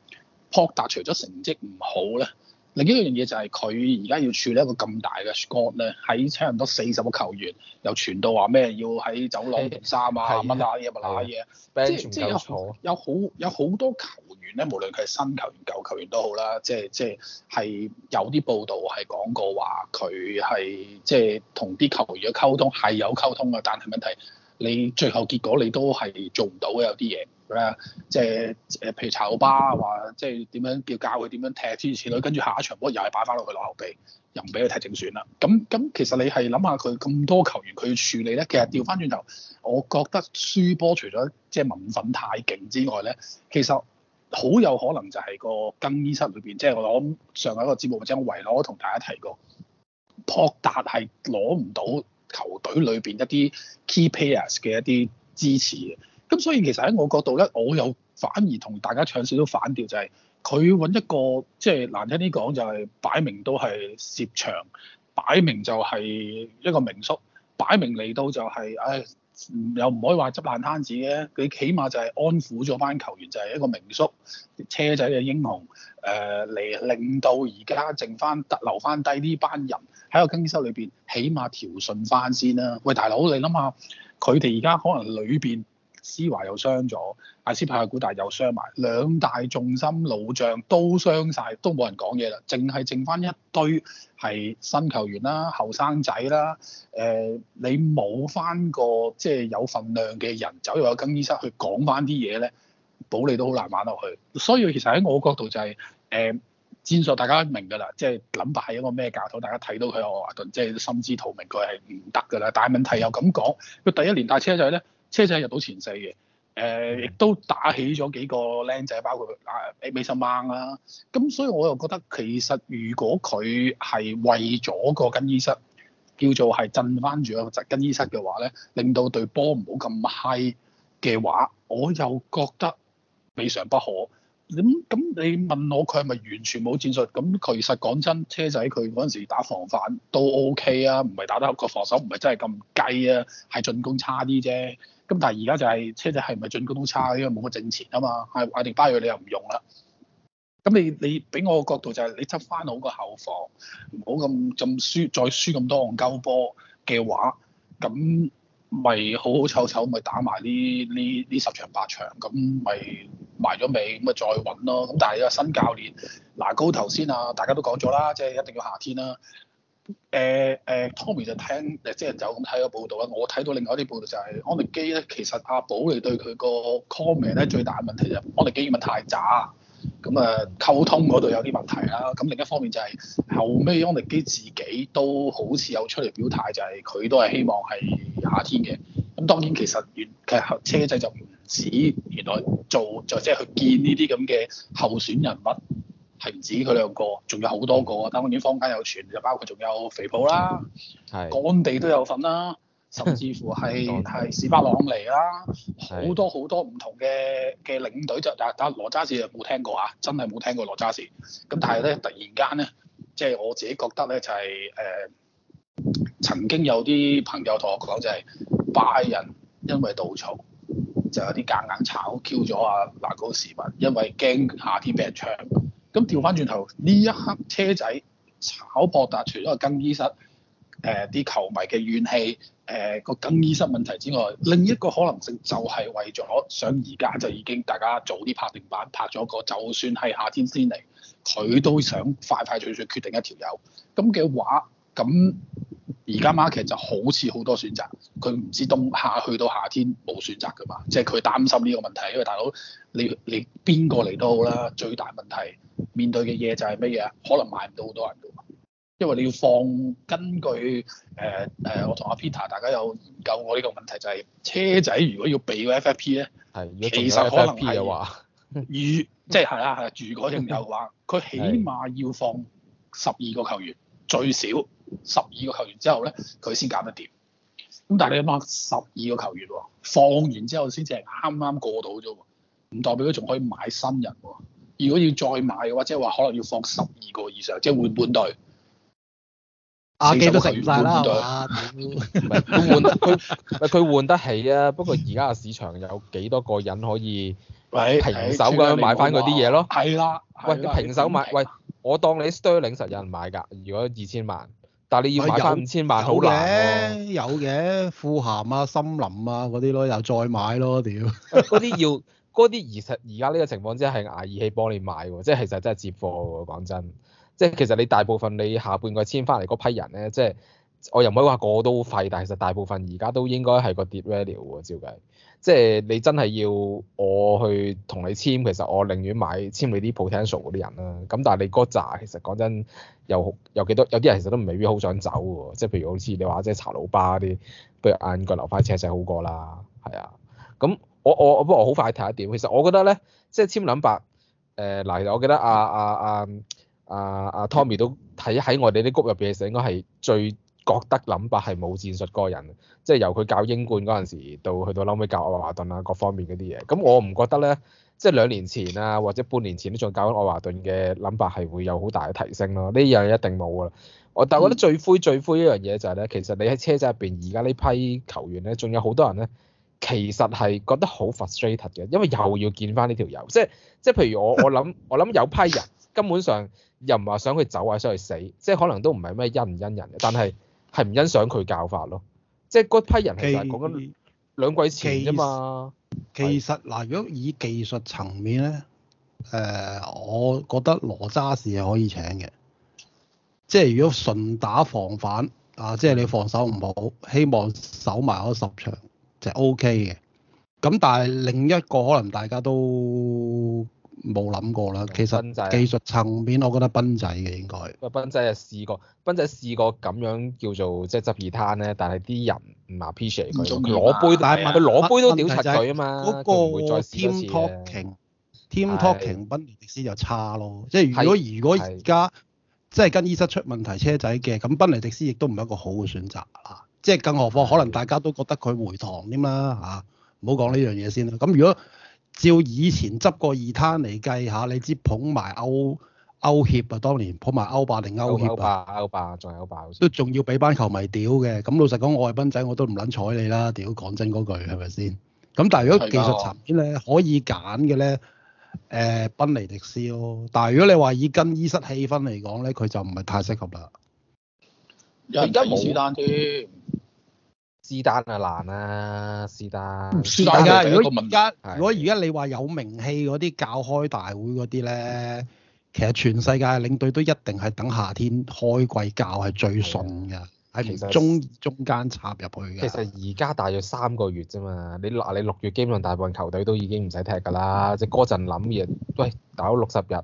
博、呃、達除咗成績唔好咧。另一樣嘢就係佢而家要處理一個咁大嘅 squad 咧，喺差唔多四十個球員，又傳到話咩要喺走廊換衫啊、揾下啲嘢、咪嗱嘢，即係有有，有好有好多球員咧，無論佢係新球員、舊球員都好啦，即係即係係有啲報道係講過話佢係即係同啲球員嘅溝通係有溝通嘅，但係問題你最後結果你都係做唔到嘅有啲嘢。即係誒，譬如查魯巴話，即係點樣叫教佢點樣踢黐線女，跟住下一場波又係擺翻落去落後備，又唔俾佢踢正選啦。咁咁，其實你係諗下佢咁多球員佢處理咧，其實調翻轉頭，我覺得輸波除咗即係民憤太勁之外咧，其實好有可能就係個更衣室裏邊，即、就、係、是、我上一個節目或者、就是、我圍攞同大家提過，博達係攞唔到球隊裏邊一啲 key players 嘅一啲支持嘅。咁所以其實喺我角度咧，我又反而同大家唱少少反調、就係，就係佢揾一個即係難聽啲講，就係擺明都係涉場，擺明就係一個名宿，擺明嚟到就係、係、誒，又唔可以話執爛攤子嘅，佢起碼就係安撫咗班球員，就係、係、一個名宿車仔嘅英雄，誒、呃、嚟令到而家剩翻得留翻低呢班人喺個更衣室裏邊，起碼調順翻先啦、啊。喂大，大佬你諗下，佢哋而家可能裏邊。思華又傷咗，阿斯帕阿古大又傷埋，兩大重心老將都傷晒，都冇人講嘢啦，淨係剩翻一堆係新球員啦、後生仔啦。誒、呃，你冇翻個即係有份量嘅人走入去更衣室去講翻啲嘢咧，保利都好難玩落去。所以其實喺我角度就係、是、誒、呃、戰術大家明㗎啦，即係諗法係一個咩教頭，大家睇到佢愛華頓，即係心知肚明佢係唔得㗎啦。但係問題又咁講，佢第一年帶車仔咧。車仔入到前四嘅，誒、呃、亦都打起咗幾個靚仔，包括啊美臣蒙啦，咁所以我又覺得其實如果佢係為咗個更衣室叫做係震翻住個集更衣室嘅話咧，令到對波唔好咁嗨嘅話，我又覺得未嘗不可。咁咁你問我佢係咪完全冇戰術？咁其實講真，車仔佢嗰陣時打防反都 OK 啊，唔係打得個防守唔係真係咁計啊，係進攻差啲啫。咁但係而家就係車仔係唔係進攻都差，因為冇乜正前啊嘛。阿阿迪巴佢，你又唔用啦。咁你你俾我個角度就係你執翻好個後防，唔好咁咁輸，再輸咁多戇鳩波嘅話，咁。咪好好臭臭，咪打埋呢呢呢十場八場，咁咪埋咗尾，咁咪再揾咯。咁但係有新教練，嗱、啊、高頭先啊，大家都講咗啦，即、就、係、是、一定要夏天啦、啊。誒、欸、誒、欸，Tommy 就聽誒即係就咁睇個報道啦。我睇到另外一啲報道就係、是、安力基咧，其實阿保利對佢個 comment 咧，最大嘅問題就係安力基唔係太渣。咁啊，溝通嗰度有啲問題啦。咁另一方面就係、是、後尾安力基自己都好似有出嚟表態、就是，就係佢都係希望係夏天嘅。咁當然其實原其實車仔就唔止原來做就即、是、係去見呢啲咁嘅候選人物，係唔止佢兩個，仲有好多個啊！當然，坊間有傳，就包括仲有肥寶啦，係，干地都有份啦。甚至乎係係史巴朗尼啦，好 多好多唔同嘅嘅領隊就但但羅渣士就冇聽過嚇，真係冇聽過羅渣士。咁但係咧，突然間咧，即、就、係、是、我自己覺得咧，就係、是、誒、呃、曾經有啲朋友同我講、就是，就係拜仁因為稻草就有啲夾硬，硬炒 Q 咗啊嗱嗰個士文，因為驚夏天俾人搶。咁調翻轉頭呢一刻車仔炒破達，除咗更衣室。誒啲、呃、球迷嘅怨氣，誒、呃、個更衣室問題之外，另一個可能性就係為咗想而家就已經大家早啲拍定板拍，拍咗個就算係夏天先嚟，佢都想快快脆脆決定一條友。咁嘅話，咁而家 market 就好似好多選擇，佢唔知冬夏去到夏天冇選擇噶嘛，即係佢擔心呢個問題，因為大佬你你邊個嚟都好啦，最大問題面對嘅嘢就係乜嘢，可能買唔到好多人嘅因為你要放，根據誒誒、呃呃，我同阿 Peter 大家有研究過呢個問題就係、是、車仔如果要備個 FFP 咧，係其實可能係預即係係啦係。如果定就是、話佢起碼要放十二個球員，最少十二個球員之後咧，佢先減得掂。咁但係你諗下十二個球員放完之後，先至係啱啱過到啫，唔代表佢仲可以買新人。如果要再買嘅話，即係話可能要放十二個以上，即、就、係、是、換半隊。嗯阿記都食唔曬啦，係嘛、啊？唔係佢換，佢唔換得起啊。不過而家嘅市場有幾多個人可以平手咁樣買翻佢啲嘢咯。係啦，喂，的平手買，的喂，我當你 Sterling 實有人買㗎。如果二千萬，但係你要買翻五千萬好難，有嘅，富咸啊、森林啊嗰啲咯，又再買咯，屌！ 嗰啲要嗰啲而實而家呢個情況之下係捱義氣幫你買㗎，即係其實真係接貨喎，講真。即係其實你大部分你下半季簽翻嚟嗰批人咧，即係我又唔可以話個個都廢，但係其實大部分而家都應該係個跌 value 喎，照計。即係你真係要我去同你簽，其實我寧願買簽你啲 potential 嗰啲人啦。咁但係你嗰紮其實講真有又幾多，有啲人其實都未必好想走喎。即係譬如好似你話即係查老巴啲，不如眼腳留翻車仔好過啦。係啊，咁我我不過我好快睇一點，其實我覺得咧，即係簽林伯，誒、呃、嗱，我記得阿阿阿。啊啊啊啊、uh，Tommy、嗯、都睇喺我哋啲谷入邊，其實應該係最覺得林伯係冇戰術個人，即係由佢教英冠嗰陣時到去到後尾教愛華頓啊，各方面嗰啲嘢。咁我唔覺得咧，即係兩年前啊，或者半年前都仲教緊愛華頓嘅林伯係會有好大嘅提升咯。呢樣一定冇噶啦。我但係我覺得最灰最灰一樣嘢就係、是、咧，其實你喺車仔入邊而家呢批球員咧，仲有好多人咧，其實係覺得好 frustrated 嘅，因為又要見翻呢條友，即係即係譬如我我諗我諗有批人根本上。又唔話想佢走啊，想佢死，即係可能都唔係咩欣唔欣人嘅，但係係唔欣賞佢教法咯。即係嗰批人其實係講緊兩鬼錢啫嘛其。其實嗱，如果以技術層面咧，誒、呃，我覺得羅渣士係可以請嘅。即係如果純打防反啊，即係你防守唔好，希望守埋嗰十場就 O K 嘅。咁但係另一個可能大家都～冇諗過啦，其實技術層面我覺得賓仔嘅應該。啊，賓仔啊試過，賓仔試過咁樣叫做即係執二攤咧，但係啲人唔 appreciate 佢攞杯，但係佢攞杯都屌柒佢啊嘛。嗰、嗰個 team talking，team talking，賓尼迪斯就差咯。即係如果如果而家即係更衣室出問題車仔嘅，咁賓尼迪斯亦都唔係一個好嘅選擇啊。即係更何況可能大家都覺得佢回堂添啦嚇，唔好講呢樣嘢先啦。咁如果照以前執過二攤嚟計下，你知捧埋歐歐協啊，當年捧埋歐霸定歐協啊歐，歐霸歐霸仲係歐霸都仲要俾班球迷屌嘅。咁老實講，我係賓仔，我都唔撚睬你啦。屌，講真嗰句係咪先？咁但係如果技術層面咧，可以揀嘅咧，誒、呃，賓尼迪斯咯。但係如果你話以更衣室氣氛嚟講咧，佢就唔係太適合啦。人家無是但斷。師丹啊難啊，師丹。唔如果而家是你話有名氣嗰啲教開大會嗰啲咧，其實全世界領隊都一定係等夏天開季教係最順㗎，喺唔實中中間插入去嘅，其實而家大約三個月啫嘛，你嗱你六月基本上大部分球隊都已經唔使踢㗎啦，即係嗰陣諗嘢。喂，大約六十日，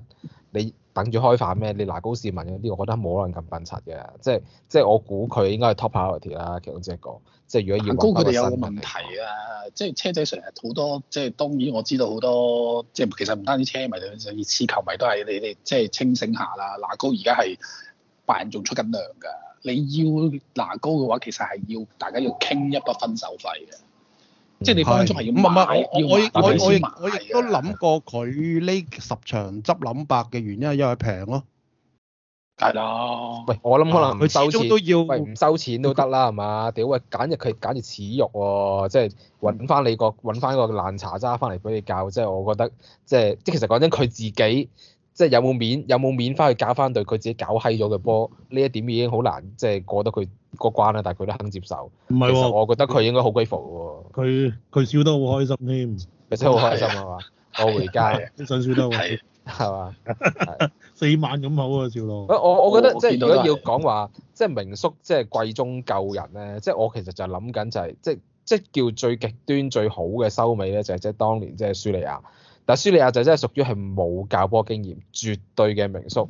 你等住開飯咩？你嗱高士文嗰啲，這個、我覺得冇可能咁笨柒嘅，即係即係我估佢應該係 top quality 啦，其中只一個。即係如果要嗱高佢哋有個問題啊，嗯、即係車仔成日好多，即係當然我知道好多，即係其實唔單止車迷，甚至球迷都係你哋，即係清醒下啦。嗱高而家係八人仲出緊糧㗎，你要嗱高嘅話，其實係要大家要傾一筆分手費嘅，嗯、即係你翻出係要解要。我要買我我我亦都諗過佢呢十場執林伯嘅原因，係因為平咯。係咯，喂，我諗可能佢、啊、始終都要，喂唔收錢都得啦，係嘛他？屌，喂，簡直佢簡直恥辱喎、哦，即係揾翻你個揾翻個爛茶渣翻嚟俾你教，即係我覺得，即係即係其實講真，佢、就是就是、自己即係有冇面有冇面翻去教翻對佢自己搞閪咗嘅波，呢一點已經好難，即、就、係、是、過得佢個關啦。但係佢都肯接受，唔係喎，我覺得佢應該好鬼服喎。佢佢笑得好開心添，真係好開心係嘛？ 我回家，佢想笑得好。係嘛？ 四萬咁好啊，趙龍。我我覺得即係、哦、如果要講話，即係名宿即，即係貴中救人咧，即係我其實就係諗緊就係、是、即即叫最極端最好嘅收尾咧，就係即係當年即係蘇利亞。但係蘇利亞就真係屬於係冇教波經驗，絕對嘅名宿。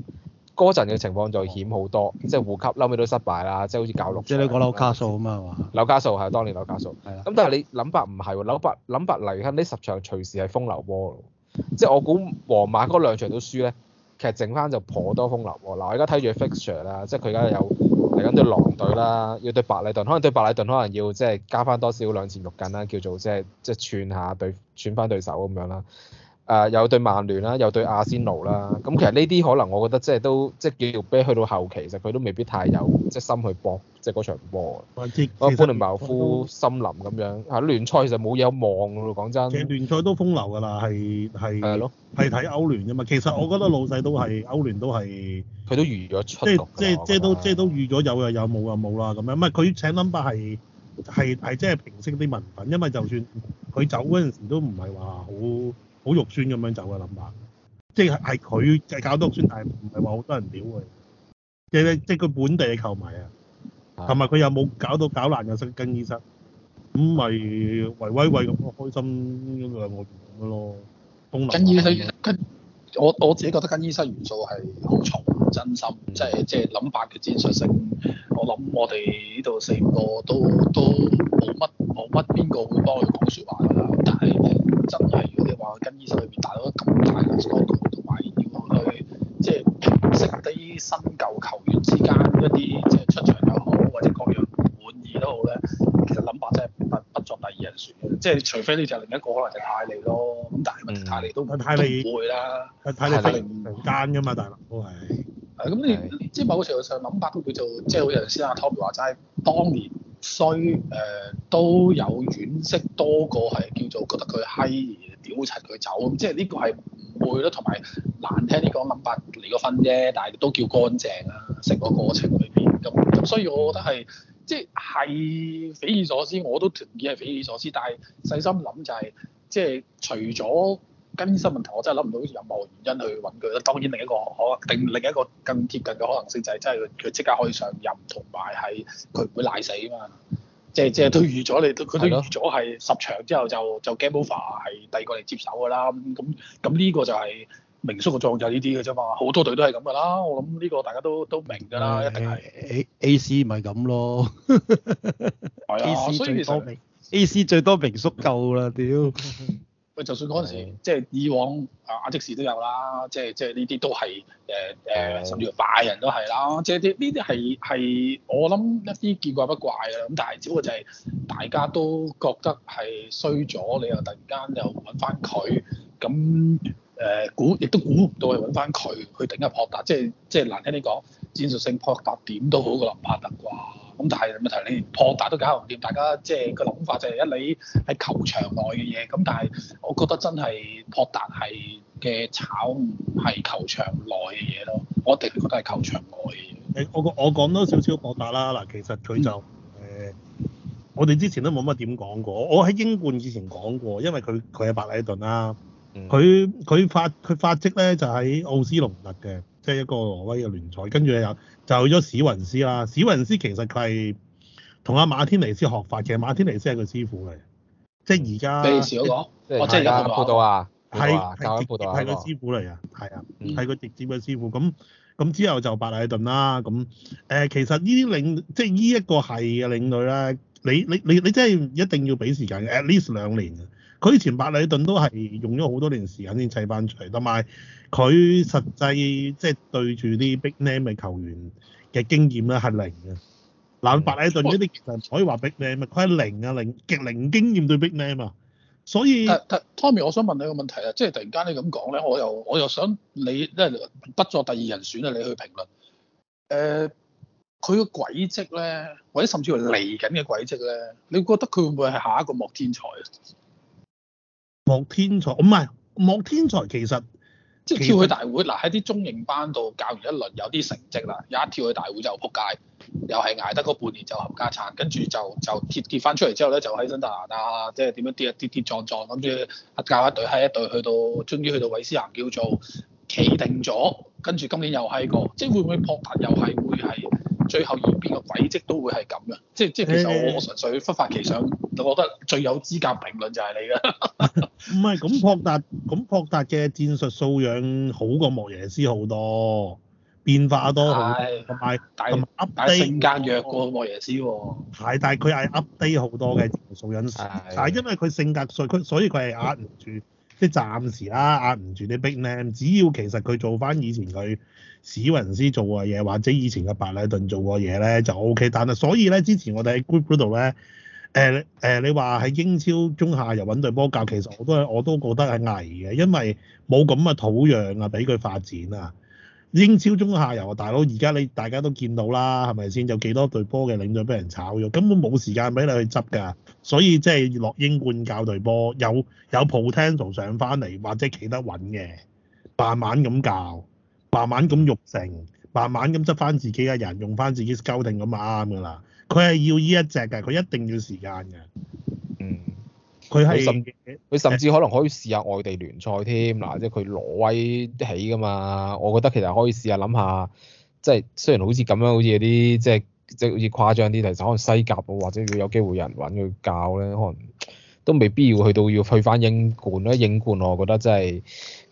嗰陣嘅情況就險好多，即係呼吸後尾都失敗啦，即係好似教六。即係你講劉嘉數咁啊嘛？劉嘉數係當年劉嘉數。係啊。咁但係你諗白唔係喎？諗白諗白嚟緊呢十場隨時係風流波。即係我估皇馬嗰兩場都輸咧，其實剩翻就頗多風流喎。嗱，我而家睇住 fixture 啦，即係佢而家有嚟緊對狼隊啦，要對白禮頓，可能對白禮頓可能要即係加翻多少兩錢肉緊啦，叫做即係即係串下對串翻對手咁樣啦。誒有對曼聯啦，有對阿仙奴啦。咁其實呢啲可能我覺得即係都即係叫啤去到後期，其實佢都未必太有即係心去搏，即係嗰場波。啊，波利茅夫森林咁樣係聯賽就冇嘢望㗎。講真，其實聯賽都風流㗎啦，係係係睇歐聯㗎嘛。其實我覺得老細都係歐聯都係佢都預咗出，即係即係即係都即係都預咗有就有冇就冇啦咁樣。唔係佢請林伯係係係即係平息啲民憤，因為就算佢走嗰陣時都唔係話好。好肉酸咁樣走嘅諗法，即係係佢就搞到肉酸，但係唔係話好多人屌佢，即係即係佢本地嘅球迷啊，同埋佢又冇搞到搞爛個更衣室，咁咪維威威咁開心兩外邊咁咯。更衣室，我我自己覺得更衣室元素係好重，真心即係即係諗法嘅戰術性，我諗我哋呢度四五個都都冇乜冇乜邊個會幫佢講説話㗎啦。真係，如果你話更衣室裏邊打到咁大嘅角同埋要去，即係平息低新舊球員之間一啲即係出場又好，或者各樣唔滿意都好咧，其實諗法真係不不作第二人選，即係除非你就另一個可能就泰利咯，咁但係問題泰利都唔會啦，泰利分間噶嘛，大佬係。利利誒咁、嗯嗯、你即係、嗯、某個程度上林伯都叫做，即係好似頭先阿 Tom 話齋，當年衰誒、呃、都有惋惜多過係叫做覺得佢閪屌柒佢走，咁即係呢個係唔會咯，同埋難聽啲講，林伯離個婚啫，但係都叫乾淨啊，成個過程裏邊咁，咁所以我覺得係即係係匪夷所思，我都同意係匪夷所思，但係細心諗就係、是、即係除咗。更新個問題，我真係諗唔到任何原因去揾佢啦。當然，另一個可定另一個更貼近嘅可能性就係真係佢即刻可以上任，同埋係佢唔會賴死啊嘛。嗯、即係即係都預咗你，嗯、都佢都預咗係十場之後就就 Game Over 係第二個嚟接手㗎啦。咁咁呢個就係名宿嘅作用就係呢啲嘅啫嘛。好多隊都係咁㗎啦。我諗呢個大家都都明㗎啦，一定係、啊、a, a, a, a C 咪咁咯。係 啊，所以其實 A C 最多名以宿夠啦，屌！ 喂，就算嗰陣時即係以往啊，亞積士都有啦，即係即係呢啲都係誒誒，甚至係拜仁都係啦，即係啲呢啲係係我諗一啲見怪不怪啦。咁但係只不過就係大家都覺得係衰咗，你又突然間又揾翻佢咁誒，估亦都估唔到係揾翻佢去頂一撲大，即係即係難聽啲講戰術性撲大點都好噶啦，唔怕啩。咁但係問題，你連破達都搞唔掂，大家即係個諗法就係一你喺球場內嘅嘢。咁但係我覺得真係破達係嘅炒，係球場內嘅嘢咯。我一定覺得係球場外嘅嘢。誒、欸，我我講多少少博達啦。嗱，其實佢就誒、嗯呃，我哋之前都冇乜點講過。我喺英冠之前講過，因為佢佢係白禮頓啦、啊，佢佢、嗯、發佢發跡咧就喺、是、奧斯隆特嘅，即、就、係、是、一個挪威嘅聯賽，跟住又。就咗史雲斯啦，史雲斯其實佢係同阿馬天尼斯學法，其實馬天尼斯係個師傅嚟，即係而家。第二、哦、即係而家。我報到啊，係係、啊啊啊、直接係個師傅嚟啊，係啊、嗯，係個直接嘅師傅。咁咁之後就白禮頓啦。咁誒、呃，其實呢啲領即係呢一個係嘅領隊咧，你你你你真係一定要俾時間嘅，at least 兩年嘅。佢以前百里頓都係用咗好多年時間先砌翻出嚟，同埋佢實際即係對住啲 big name 嘅球員嘅經驗咧係零嘅嗱。百里頓呢啲其實唔可以話 big name 佢係零啊零極零經驗對 big name 啊，所以。但，但 Tommy，我想問你個問題啊，即係突然間你咁講咧，我又我又想你即係不作第二人選啊，你去評論誒佢個軌跡咧，或者甚至乎嚟緊嘅軌跡咧，你覺得佢會唔會係下一個莫天才啊？望天才唔係望天才？其實即係跳去大會，嗱喺啲中型班度教完一輪有啲成績啦，又一跳去大會就撲街，又係捱得個半年就冚家鏟，跟住就就跌跌翻出嚟之後咧，就喺新大拿啊，即係點樣跌跌跌撞撞咁樣，教一隊喺一隊去到，終於去到韋斯咸叫做企定咗，跟住今年又係個，即係會唔會撲達又係會係？最後要邊個軌跡都會係咁嘅，即係即係其實我我純粹忽發奇想，我覺得最有資格評論就係你㗎。唔係咁博達，咁博達嘅戰術素養好過莫耶斯好多，變化多好多同埋大埋 update 性格弱過莫耶斯喎、啊。係，但係佢係 update 好多嘅因素因素，係、嗯、的因為佢性格，所以佢係壓唔住。 即係暫時啦，壓唔住啲 big name。只要其實佢做翻以前佢史雲斯做過嘢，或者以前嘅白禮頓做過嘢咧，就 OK。但係所以咧，之前我哋喺 group 嗰度咧，誒、呃、誒、呃，你話喺英超中下游揾隊波教，其實我都係我都覺得係危嘅，因為冇咁嘅土壤啊，俾佢發展啊。英超中下游啊，大佬，而家你大家都見到啦，係咪先？有幾多隊波嘅領隊俾人炒咗，根本冇時間俾你去執㗎。所以即係落英冠教隊波，有有 potential 上翻嚟或者企得穩嘅，慢慢咁教，慢慢咁育成，慢慢咁執翻自己嘅人，用翻自己搞定咁就啱㗎啦。佢係要呢一隻㗎，佢一定要時間㗎。佢係，佢甚、甚至可能可以試下外地聯賽添，嗱、嗯，即係佢挪威起㗎嘛，我覺得其實可以試下諗下，即係雖然好似咁樣，好似有啲即係即係好似誇張啲，其實可能西甲或者如果有機會有人揾佢教咧，可能都未必要去到要去返英冠啦，英冠我覺得真係。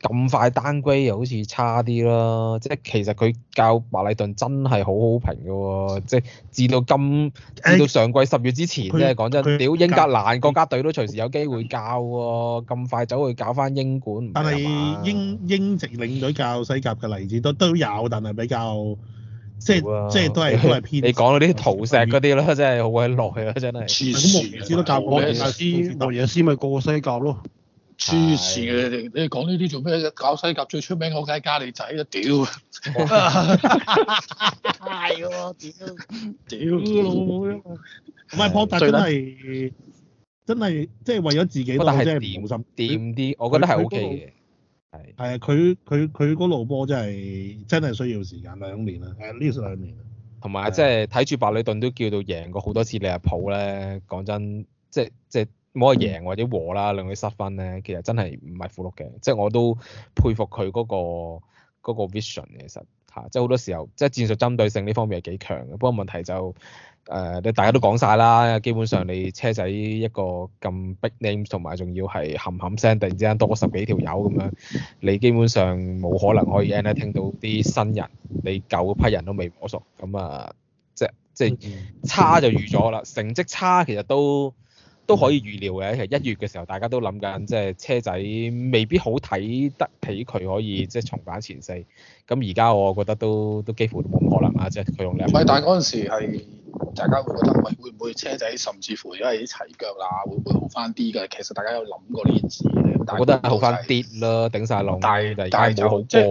咁快單歸又好似差啲啦，即、就、係、是、其實佢教馬利頓真係好好評嘅喎，即、就、係、是、至到今到上季十月之前即咧，講真、哎，屌英格蘭國家隊都隨時有機會教喎、啊，咁快走去搞翻英冠唔係嘛？但係英英籍領隊教西甲嘅例子都都有，但係比較即係即係都係都係偏。你講嗰啲淘石嗰啲咯，真係好鬼耐啦，真係。莫爾斯都咪過西甲咯。黐線嘅你哋講呢啲做咩？搞西甲最出名，好梗係加利仔啦屌！係喎 can this bourne，屌屌老母唔係博達真係真係即係為咗自己。不過但係掂啲，掂啲，我覺得係 OK 嘅，係。係啊，佢佢佢路波真係真係需要時間兩年啊！係呢兩年啊。同埋即係睇住伯里頓都叫到贏過好多次利阿普咧。講真，即即。唔好話贏或者和啦，令佢失分咧，其實真係唔係符碌嘅，即係我都佩服佢嗰、嗰個嗰個 vision 其實嚇、啊，即係好多時候，即係戰術針對性呢方面係幾強嘅。不過問題就誒，你、呃、大家都講晒啦，基本上你車仔一個咁 big name 同埋仲要係冚冚聲，突然之間多咗十幾條友咁樣，你基本上冇可能可以 end 咧聽到啲新人，你舊批人都未摸熟，咁啊，即係即係差就預咗啦，成績差其實都。都可以預料嘅，其實一月嘅時候大家都諗緊，即係車仔未必好睇得起佢可以即係重返前四。咁而家我覺得都都幾乎冇可能啊，即係佢用兩。唔係，但係嗰陣時係大家會覺得，喂，會唔會車仔甚至乎因為啲齊腳啦，會唔會好翻啲嘅，其實大家有諗過呢件事嘅。但我覺得好翻啲啦，頂晒籠，大但係冇好過咯、就是。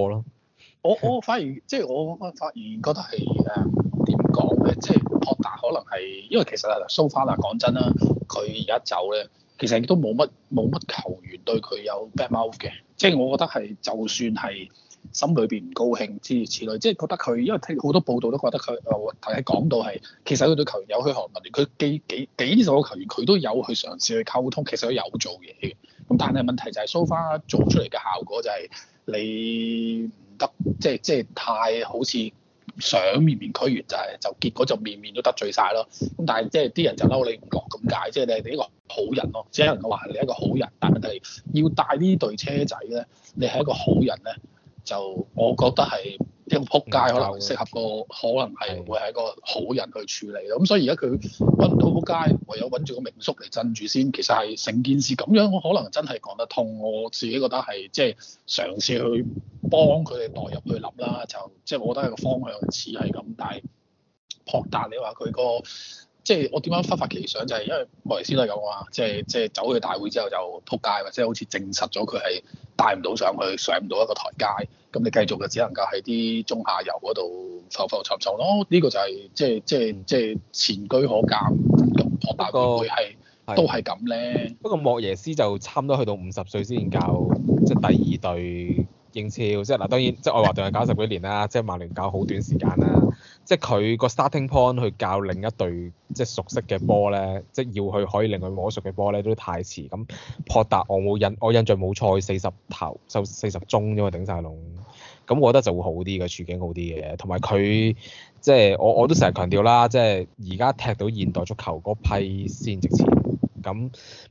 我我反而即係我反而覺得係誒。講嘅即係擴大，拓達可能係因為其實啊，蘇花啊，講真啦，佢而家走咧，其實亦都冇乜冇乜球員對佢有 bad mouth 嘅，即係我覺得係就算係心裏邊唔高興之類，之類，即係覺得佢因為聽好多報道都覺得佢啊，但係講到係其實佢對球員有噓寒問暖，佢幾幾幾十個球員佢都有去嘗試去溝通，其實佢有做嘢嘅。咁但係問題就係蘇花做出嚟嘅效果就係你唔得，即係即係太好似。想面面俱圓，就係就結果就面面都得罪晒咯，咁但係即係啲人就嬲你唔落咁解，即係你係一個好人咯，只能夠話你係一個好人，但係要帶呢隊車仔咧，你係一個好人咧，就我覺得係。要仆街可能適合個，可能係會係一個好人去處理咁的所以而家佢揾唔到仆街，唯有揾住個名宿嚟鎮住先。其實係成件事咁樣，我可能真係講得通。我自己覺得係即係嘗試去幫佢哋代入去諗啦，就即係、就是、我覺得個方向似係咁，但係撲達你話佢、那個。即係我點解忽發奇想就係、是、因為莫耶斯都係咁話，即係即係走去大會之後就仆街，或者好似證實咗佢係帶唔到上去，上唔到一個台階，咁你繼續就只能夠喺啲中下游嗰度浮浮沉沉咯。呢、哦這個就係、是、即係即係即係前居可鑑，唔破大個係都係咁咧。不過莫耶斯就差唔多去到五十歲先教即係第二隊英超，即係嗱當然即係愛華頓係教十幾年啦，即係曼聯教好短時間啦。即係佢個 starting point 去教另一隊，即係熟悉嘅波咧，即係要去可以令佢摸熟嘅波咧，都太遲。咁博達我冇印，我印象冇錯四十頭收四十鐘啫嘛，頂晒籠。咁我覺得就會好啲嘅處境好，好啲嘅。同埋佢即係我我都成日強調啦，即係而家踢到現代足球嗰批先值錢。咁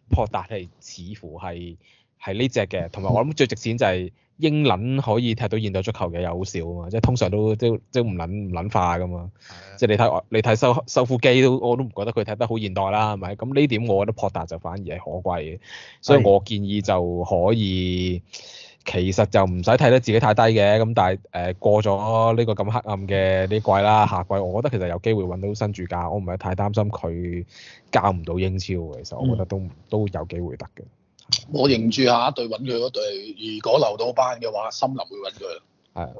博達係似乎係係呢隻嘅，同埋我諗最值錢就係、是。英撚可以踢到現代足球嘅又好少啊嘛，即係通常都都都唔撚唔撚化㗎嘛，是的 即係你睇你睇收收富基都我都唔覺得佢踢得好現代啦，係咪？咁呢點我覺得博達就反而係可貴嘅，所以我建議就可以其實就唔使睇得自己太低嘅，咁但係誒過咗呢個咁黑暗嘅呢季啦，夏季我覺得其實有機會揾到新主教，我唔係太擔心佢教唔到英超，其實我覺得都都有機會得嘅。我認住下一隊揾佢嗰隊，如果留到班嘅話，森林會揾佢。係，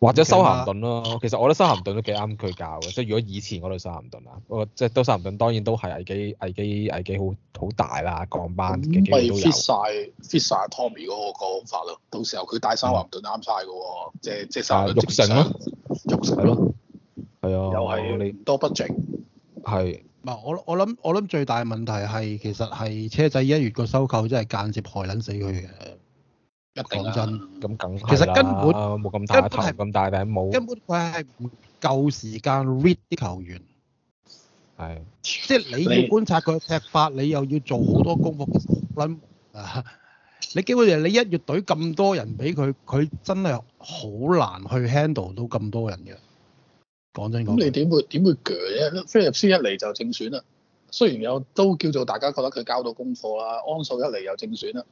或者修咸頓咯。啊、其實我覺得修咸頓都幾啱佢教嘅，即係如果以前嗰隊修咸頓啊，我即係都咸頓，當然都係危機、危機、危機好好大啦，降班嘅機會都有。fit 曬 Tommy 嗰個講法咯，到時候佢帶修咸頓啱晒嘅喎，即係即係收到積曬。六成咯，六成咯，係啊，又係多不整。係、啊。我我諗我諗最大嘅問題係，其實係車仔一月個收購，真係間接害撚死佢嘅。一定啊，講真，咁梗係啦。其實根本啊，冇咁大頭咁大頂，冇根本佢係唔夠時間 read 啲球員。係的。即係你要觀察佢踢法，你又要做好多功夫。你基本上你一月隊咁多人俾佢，佢真係好難去 handle 到咁多人嘅。講真，咁你點會點會鋸啫？菲律 斯一嚟就正選啦，雖然有都叫做大家覺得佢交到功課啦。安素一嚟又正選啦。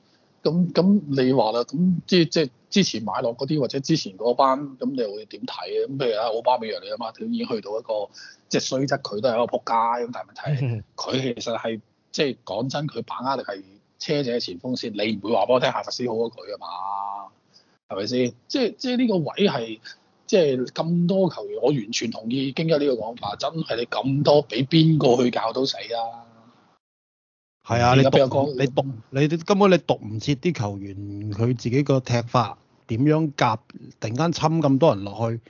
咁咁你話啦，咁即即之前買落嗰啲或者之前嗰班，咁你又會點睇咧？咁譬如啊，奧巴梅揚你阿嘛，都已經去到一個即雖則，佢都係一個仆街咁。大係問題佢其實係即講真，佢把握力係車仔嘅前鋒線。你唔會話俾我聽夏佛斯好過佢啊嘛？係咪先？即即呢個位係。即係咁多球員，我完全同意京一呢個講法，真係你咁多，俾邊個去教都死啊！係啊，你俾我講，你讀，你根本你讀唔切啲球員佢自己個踢法點樣夾，突然間侵咁多人落去，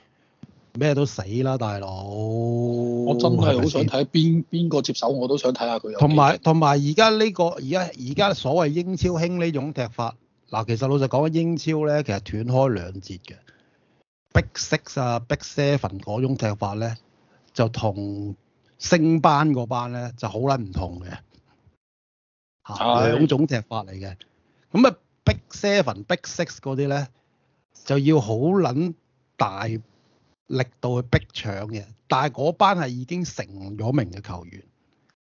咩都死啦，大佬！我真係好想睇邊邊個接手，我都想睇下佢有同埋同埋，而家呢個而家而家所謂英超興呢種踢法，嗱，其實老實講咧，英超咧其實斷開兩節嘅。Big Six 啊，Big Seven 嗰種踢法咧，就，星班班呢就同升班嗰班咧就好撚唔同嘅，嚇兩種踢法嚟嘅。咁啊，Big Seven、Big Six 嗰啲咧就要好撚大力度去逼搶嘅。但係嗰班係已經成咗名嘅球員，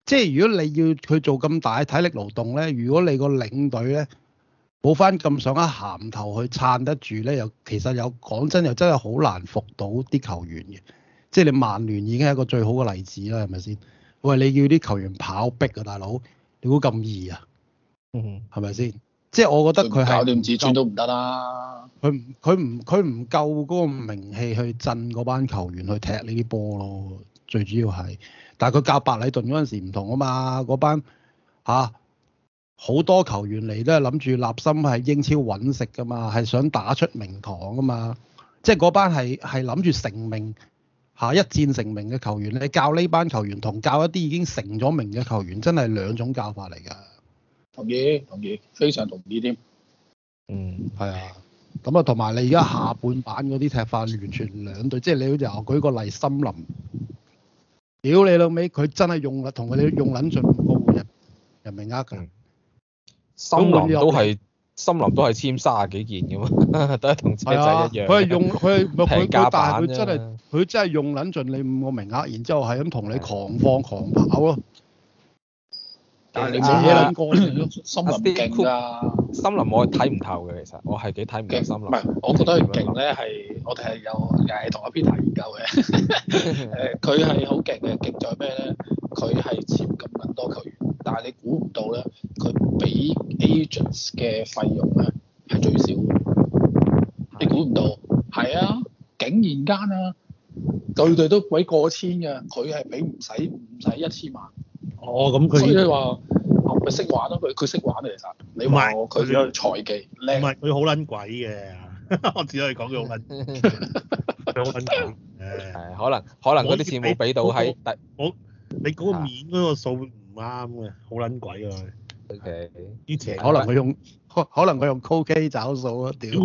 即係如果你要佢做咁大體力勞動咧，如果你個領隊咧，冇翻咁上一銜頭去撐得住咧，又其實有講真又真係好難服到啲球員嘅，即係你曼聯已經係一個最好嘅例子啦，係咪先？喂，你要啲球員跑逼啊，大佬，你估咁易啊？嗯，係咪先？即係我覺得佢係搞點子轉都唔得啦。佢佢唔佢唔夠嗰個名氣去震嗰班球員去踢呢啲波咯，最主要係，但係佢教白禮頓嗰陣時唔同啊嘛，嗰班吓。啊好多球員嚟都係諗住立心係英超揾食噶嘛，係想打出名堂噶嘛。即係嗰班係係諗住成名下一戰成名嘅球員，你教呢班球員同教一啲已經成咗名嘅球員，真係兩種教法嚟㗎。同意同意，非常同意添。嗯，係啊。咁啊，同埋你而家下半版嗰啲踢法完全兩對，即係你好似舉個例，森林屌你老尾，佢真係用力同佢哋用撚盡唔換人人名額㗎。嗯森林都係森林都係簽三十幾件嘅嘛，都係同自仔一樣。佢係、啊、用佢係，唔佢佢但係佢真係佢真係用撚盡你五個名額，然之後係咁同你狂放狂跑咯。的但係你冇己撚過嚟咯，森林勁啊！森林，林我係睇唔透嘅，其實我係幾睇唔透森林。唔係、嗯，是我覺得佢勁咧係，我哋係有又係同一 p e 研究嘅。誒， 佢係好勁嘅，勁在咩咧？佢係簽咁撚多球員。但係你估唔到咧，佢俾 agents 嘅費用咧係最少嘅，你估唔到？係啊，竟然間啊，對對都鬼過千嘅，佢係俾唔使唔使一千萬。哦，咁佢所以話佢識玩咯，佢佢識玩啊！其實你話佢有財技，你唔係佢好撚鬼嘅，我只可以講佢好撚好撚鬼。係可能可能嗰啲錢冇俾到喺第我你嗰個面嗰個數。啱嘅，好撚鬼啊！OK，啲邪，可能佢用，可能佢用 CoK 找數啊！屌，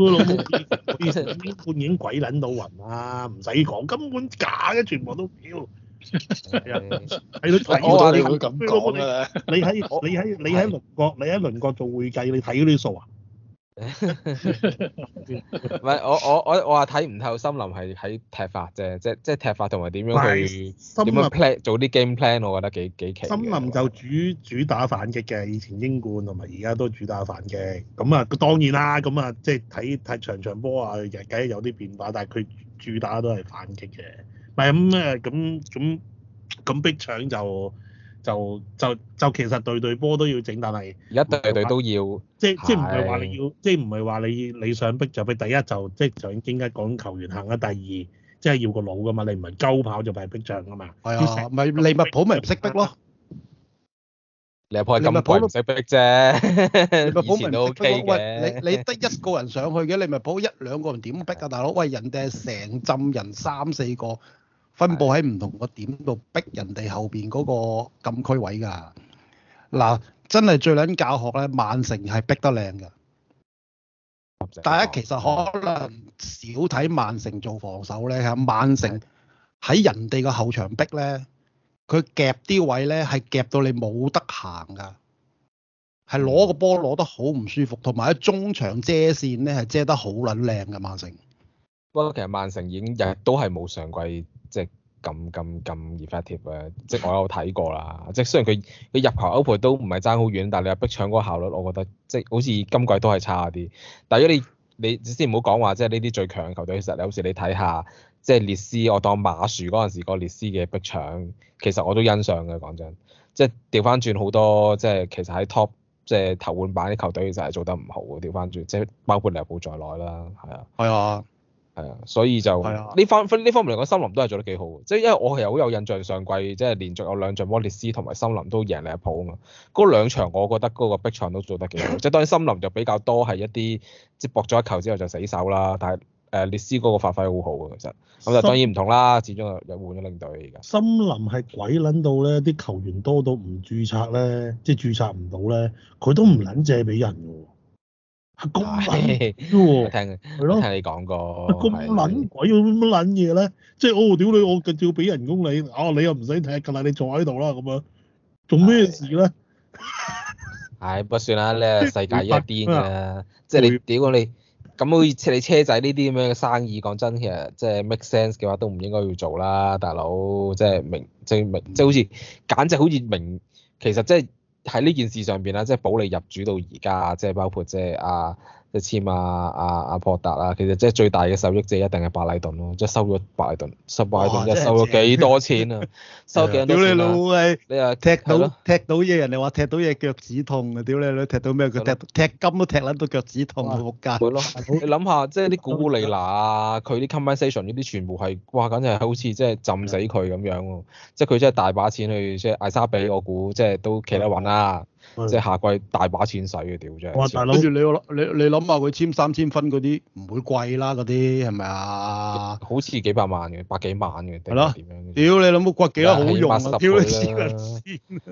半影鬼撚到暈啊，唔使講，根本假嘅，全部都屌。係，係佢睇到啲咁講嘅。你喺，你喺，你喺輪國，你喺輪國做會計，你睇嗰啲數啊？唔係 我我我我話睇唔透森林係喺踢法啫，即即踢法同埋點樣去點樣 plan 做啲 game plan，我覺得幾幾奇。森林就主主打反擊嘅，以前英冠同埋而家都主打反擊。咁啊，當然啦，咁啊，即係睇睇場場波啊，梗係有啲變化，但係佢主打都係反擊嘅。唔咁誒，咁咁咁逼搶就～就就就其實隊隊波都要整，但係而家隊隊都要，即即唔係話你要，即唔係話你你想逼就俾第一就即想邊一講球員行啊。第二即係要個腦㗎嘛，你唔係鳩跑就唔係逼搶㗎嘛。係啊，咪利物浦咪唔識逼咯。利物浦咁多人識逼啫。利你你得一個人上去嘅，你咪保一兩個人點逼啊，大佬？喂，人哋係成陣人三四個。是分布喺唔同個點度逼人哋後邊嗰個禁區位㗎。嗱，真係最撚教學咧，曼城係逼得靚嘅。大家其實可能少睇曼城做防守咧，曼城喺人哋個後場逼咧，佢夾啲位咧係夾到你冇得行㗎，係攞個波攞得好唔舒服，同埋喺中場遮線咧係遮得好撚靚嘅曼城。不過其實曼城已經日日都係冇上季。即係咁咁咁 effective 啊！即係我有睇過啦。即係雖然佢佢入球 o p 歐培都唔係爭好遠，但係你話逼搶嗰個效率，我覺得即係好似今季都係差啲。但係如果你你先唔好講話，即係呢啲最強嘅球隊，其實好你好似你睇下，即係列斯，我當馬樹嗰陣時個列斯嘅逼搶，其實我都欣賞嘅。講真，即係調翻轉好多，即係其實喺 top 即係頭換版啲球隊，其實係做得唔好嘅。調翻轉，即係包括利物浦在內啦，係啊。係啊。 嗯係啊， 所以就呢方呢方面嚟講，森林都係做得幾好，即係因為我係好有印象上，上季即係連續有兩仗摩列斯同埋森林都贏利物浦啊嘛。嗰兩場我覺得嗰個逼搶都做得幾好，即係當然森林就比較多係一啲即係博咗一球之後就死守啦。但係誒列斯嗰個發揮好好，其實咁就當然唔同啦，始終又又換咗領隊而家。森林係鬼撚到咧，啲球員多到唔註冊咧，嗯、即係註冊唔到咧，佢都唔撚借俾人喎。嗯咁公喎，啊、 聽係的聽你講過。咁撚鬼咁撚嘢咧，即係哦，屌你，我就要俾人工你。哦，你又唔使睇，咁啊，你坐喺度啦，咁樣做咩事咧？唉，不算啦，你係的 世界一癲啊！即係你屌你，咁好似你車仔呢啲咁樣嘅生意，講真其實即係 make sense 嘅話，都唔應該要做啦，大佬。即係明即係明，即係好似簡直好似明，其實即係。喺呢件事上邊啦，即係保利入主到而家，即係包括即係啊。即係簽阿阿阿珀達啊，其實即係最大嘅受益者一定係白禮頓咯，即係收咗白禮頓，收白禮頓即收咗幾多錢啊？收幾多？屌你老味，你又踢到踢到嘢，人哋話踢到嘢腳趾痛啊！屌你老，踢到咩？佢踢踢金都踢撚到腳趾痛㗎，冇計。你諗下，即係啲古古利娜啊，佢啲 compensation 呢啲全部係哇，簡直係好似即係浸死佢咁樣喎。即係佢真係大把錢去，即係艾莎比，我估即係都企得穩啦。即係下季大把錢使嘅，屌真係！好似你你你諗下佢簽三千分嗰啲，唔會貴啦，嗰啲係咪啊？好似幾百萬嘅，百幾萬嘅。係咯。屌，你諗下掘幾多好用？屌，你黐撚線啊！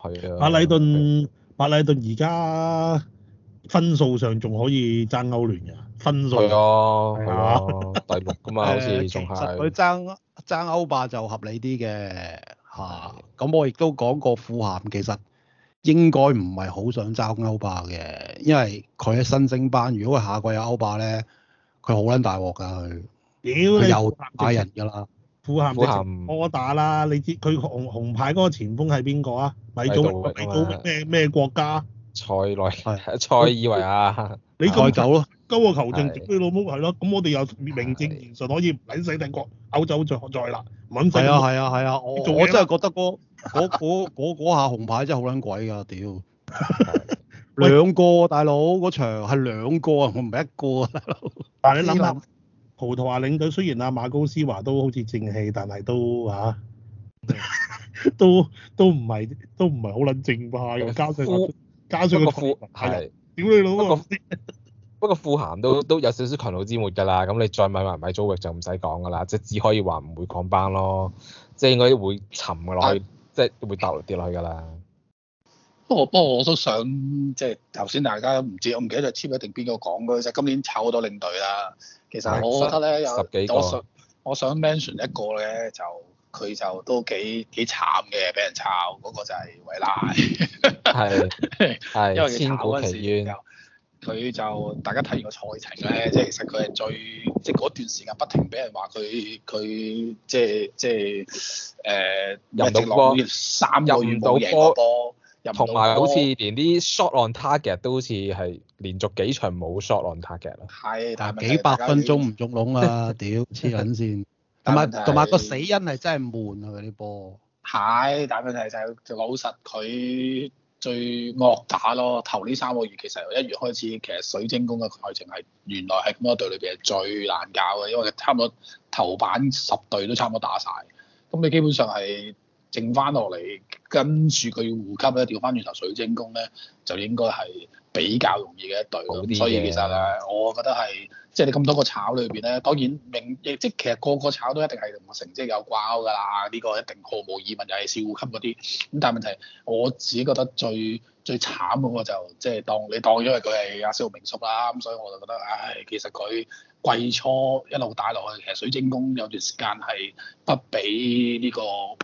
係啊。白禮頓，白禮頓而家分數上仲可以爭歐聯㗎，分數係啊，第六㗎嘛，好似仲佢爭爭歐霸就合理啲嘅嚇，咁我亦都講過富鹹其實。應該唔係好想抓歐霸嘅，因為佢喺新星班，如果佢下季有歐霸咧，佢好撚大鑊噶佢。屌你又打人噶啦！富咸喊，我打啦，你知佢紅紅牌嗰個前鋒係邊個啊？米祖，米祖咩咩國家？塞內塞，塞爾維亞。你再走咯，高個球證，直啲老母係咯。咁我哋又名正言順，可以唔使死定國，走走再再啦。係啊係啊係啊，我我真係覺得嗰下紅牌真係好撚鬼㗎！屌 兩個大佬嗰場係兩個啊，我唔係一個啊大佬。但係你諗下葡萄牙領隊，雖然阿馬高斯華都好似正氣，但係都嚇、啊、都都唔係都唔係好撚正派，又加上 富加上個 富係點的你老啊？不過富咸都都有少少強弩之末㗎啦。咁你再買埋米租域就唔使講㗎啦，即係只可以話唔會降班咯，即係應該會沉落去。 即係會掉落跌落去㗎啦。不過不過我都想即係頭先大家唔知我唔記得就簽咗定邊個講嘅，就今年炒好多領隊啦。其實我覺得咧是有，我想十有我想 mention 一個咧，就佢就都幾幾慘嘅，俾人炒嗰、嗰個就係維拉。係 係。 千古奇冤。 un un 佢就大家睇完個賽程咧，即係其實佢係最即係嗰段時間不停俾人話佢佢即係即係誒入唔到波，入唔到波多，同埋好似連啲 shot on target 都好似係連續幾場冇 shot on target 啦。係，但係幾百分鐘唔中籠啊！屌黐緊線，同埋同埋個死因係真係悶啊！嗰啲波係，但係問題就係老實佢。最惡打咯！頭呢三個月其實由一月開始，其實水晶宮嘅賽程係原來係咁多隊裏邊係最難搞嘅，因為差唔多頭版十隊都差唔多打晒。咁你基本上係剩翻落嚟跟住佢護級咧，調翻轉頭水晶宮咧，就應該係比較容易嘅一隊咯。所以其實啊，我覺得係。即係你咁多個炒裏邊咧，當然名亦即其實個個炒都一定係同成績有關㗎啦，呢、呢個一定毫無疑問就係市庫級嗰啲。咁但係問題，我自己覺得最最慘嗰個就是、即係當你當咗佢係阿小明叔啦，咁所以我就覺得唉，其實佢季初一路打落去，其實水晶宮有段時間係不比呢個誒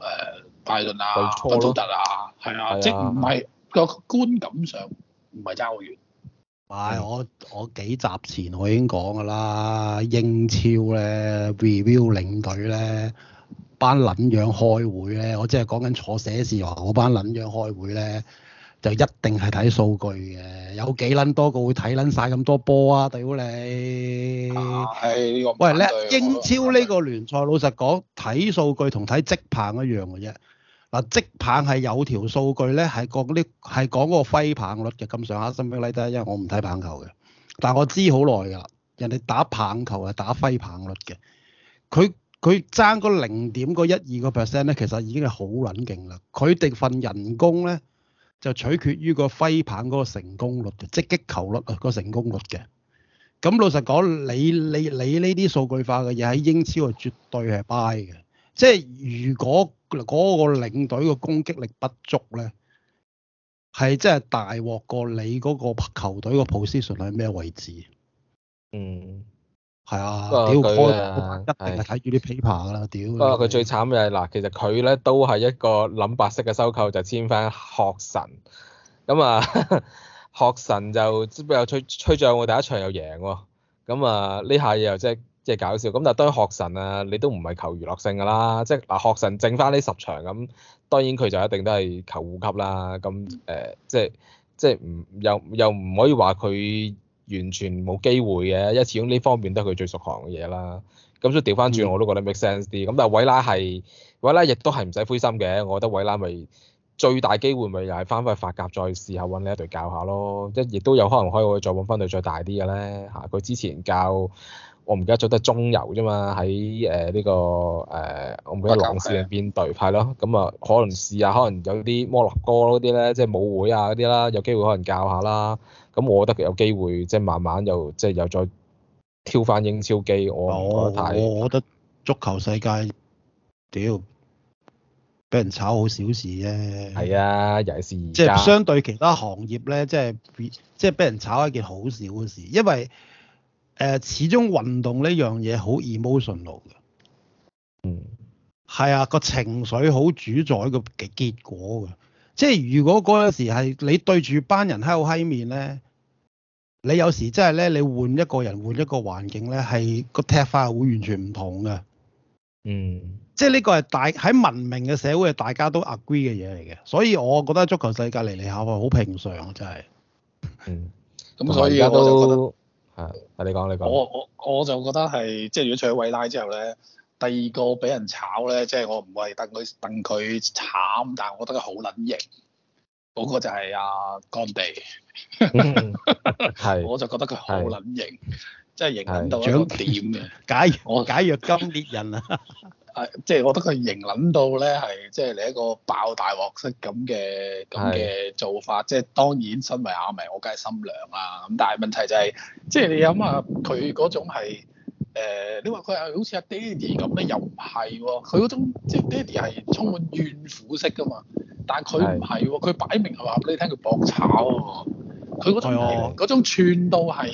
拜頓啊、畢祖德啊，係啊，啊即唔係個觀感上唔係差好遠。唔係、哎、我我幾集前我已經講噶啦，英超咧 review 領隊咧班卵樣開會咧，我即係講緊坐寫字話，我班卵樣開會咧就一定係睇數據嘅，有幾卵多個會睇卵晒咁多波啊屌你係呢、啊哎這個喂咧英超呢個聯賽老實講睇數據同睇職棒一樣嘅啫。嗱，即棒係有條數據咧，係講啲係講嗰個揮棒率嘅咁上下，深啡拉低，因為我唔睇棒球嘅，但係我知好耐㗎啦，人哋打棒球係打揮棒率嘅，佢佢爭嗰零點嗰一二個 percent 咧，其實已經係好撚勁啦。佢哋份人工咧就取決於個揮棒嗰個成功率嘅，即擊球率啊個成功率嘅。咁老實講，你你你呢啲數據化嘅嘢喺英超係絕對係 buy 嘅，即係如果。嗰個領隊嘅攻擊力不足咧，係真係大鑊過你嗰個球隊嘅 position 喺咩位置？嗯，係啊，屌開一定係睇住啲 paper 㗎啦，屌！不過佢最慘嘅係嗱，其實佢咧都係一個諗白色嘅收購，就簽翻學神咁啊，學神就之後又吹吹脹，第一場又贏喎，咁啊呢下又即係～即係搞笑咁，但係對於學神啊，你都唔係求娛樂性㗎啦。即係嗱，學神剩翻呢十場咁，當然佢就一定都係求護級啦。咁誒，即係即係唔又又唔可以話佢完全冇機會嘅，因為始終呢方面都係佢最熟行嘅嘢啦。咁所以調翻轉我都覺得 make sense 啲。咁、嗯、但係韋拉係韋拉亦都係唔使灰心嘅。我覺得韋拉咪、就是、最大機會咪又係翻返去法甲再試下揾你一隊教一下咯。即亦都有可能可以再揾翻隊再大啲嘅咧嚇。佢之前教。我唔記得咗得中游啫嘛，喺誒呢個誒、呃，我唔記得攬線邊隊，派咯，咁啊可能試下，可能有啲摩洛哥嗰啲咧，即係舞會啊嗰啲啦，有機會可能教下啦。咁我覺得有機會即係、就是、慢慢又即係又再挑翻英超機。我我我覺得足球世界屌俾人炒好少事啫。係啊，尤其是而家，即係相對其他行業咧，即係即係俾人炒一件好少嘅事，因為。誒始終運動呢樣嘢好 emotional 嘅，嗯，係啊，個情緒好主宰個結結果嘅，即係如果嗰陣時係你對住班人喺度，嗨面咧，你有時真係咧，你換一個人換一個環境咧，係個踢法係會完全唔同嘅，嗯，即係呢個係大喺文明嘅社會係大家都 agree 嘅嘢嚟嘅，所以我覺得足球世界嚟嚟下喎好平常真係，咁、嗯、所以我都。係，係、啊、你講你講。我我我就覺得係，即係如果除咗韋拉之後咧，第二個俾人炒咧，即係我唔係戥佢戥佢慘，但係我覺得佢好撚型。嗰個就係阿干地，係，我就覺得佢好撚型，即係型到一點。我，解約金獵人啊！係、嗯，即係我覺得佢型撚到咧，係即係你一個爆大鑊式咁嘅咁嘅做法，的即係當然身為阿明，我梗係心涼啊。咁但係問題就係、是，即係你諗下，佢、嗯、嗰種係、欸、你話佢係好似阿爹哋咁咧，又唔係喎。佢嗰種即係爹哋係充滿怨婦式㗎嘛，但係佢唔係喎，佢擺明係話你聽佢搏炒喎，佢嗰種串到係，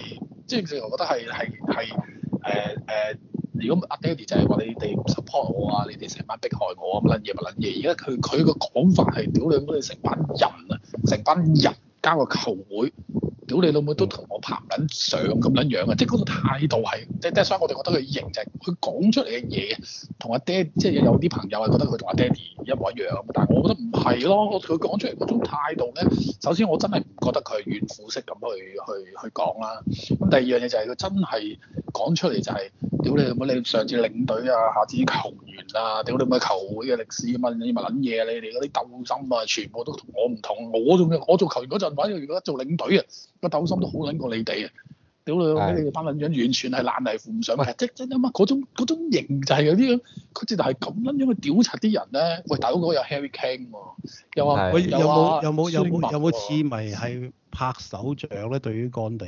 即係正我覺得係係係誒誒。如果阿爹哋就係話你哋唔 support 我啊，你哋成班迫害我啊，乜撚嘢乜撚嘢。而家佢佢個講法係，屌你老母，你成班人啊，成班人。加個球會，屌你老母都同我拍緊相咁撚樣啊！即係嗰個態度係，即係所以我哋覺得佢有型。佢、就係、講出嚟嘅嘢同阿爹，即係有啲朋友啊，覺得佢同阿爹哋一模一樣，但係我覺得唔係咯。佢講出嚟嗰種態度咧，首先我真係唔覺得佢係圓乎式咁去去去講啦、啊。咁第二樣嘢就係佢真係講出嚟就係，屌你老母！你上次領隊啊，下次球員啊，屌你老母球會嘅歷史啊，乜嘢乜撚嘢你哋嗰啲鬥心啊，全部都同我唔同。我仲我做球員嗰陣。反正如果做領隊啊，個鬥心都好撚過你哋啊！屌你老味，你班撚樣完全係爛泥扶唔上腳。的即即啱啱嗰種嗰種型就係嗰啲，佢直頭係咁撚樣去屌柒啲人咧。喂，大佬嗰個有 Harry Kane 喎，又話的有冇有冇有冇有冇刺、啊、迷係拍手掌咧？對於干地，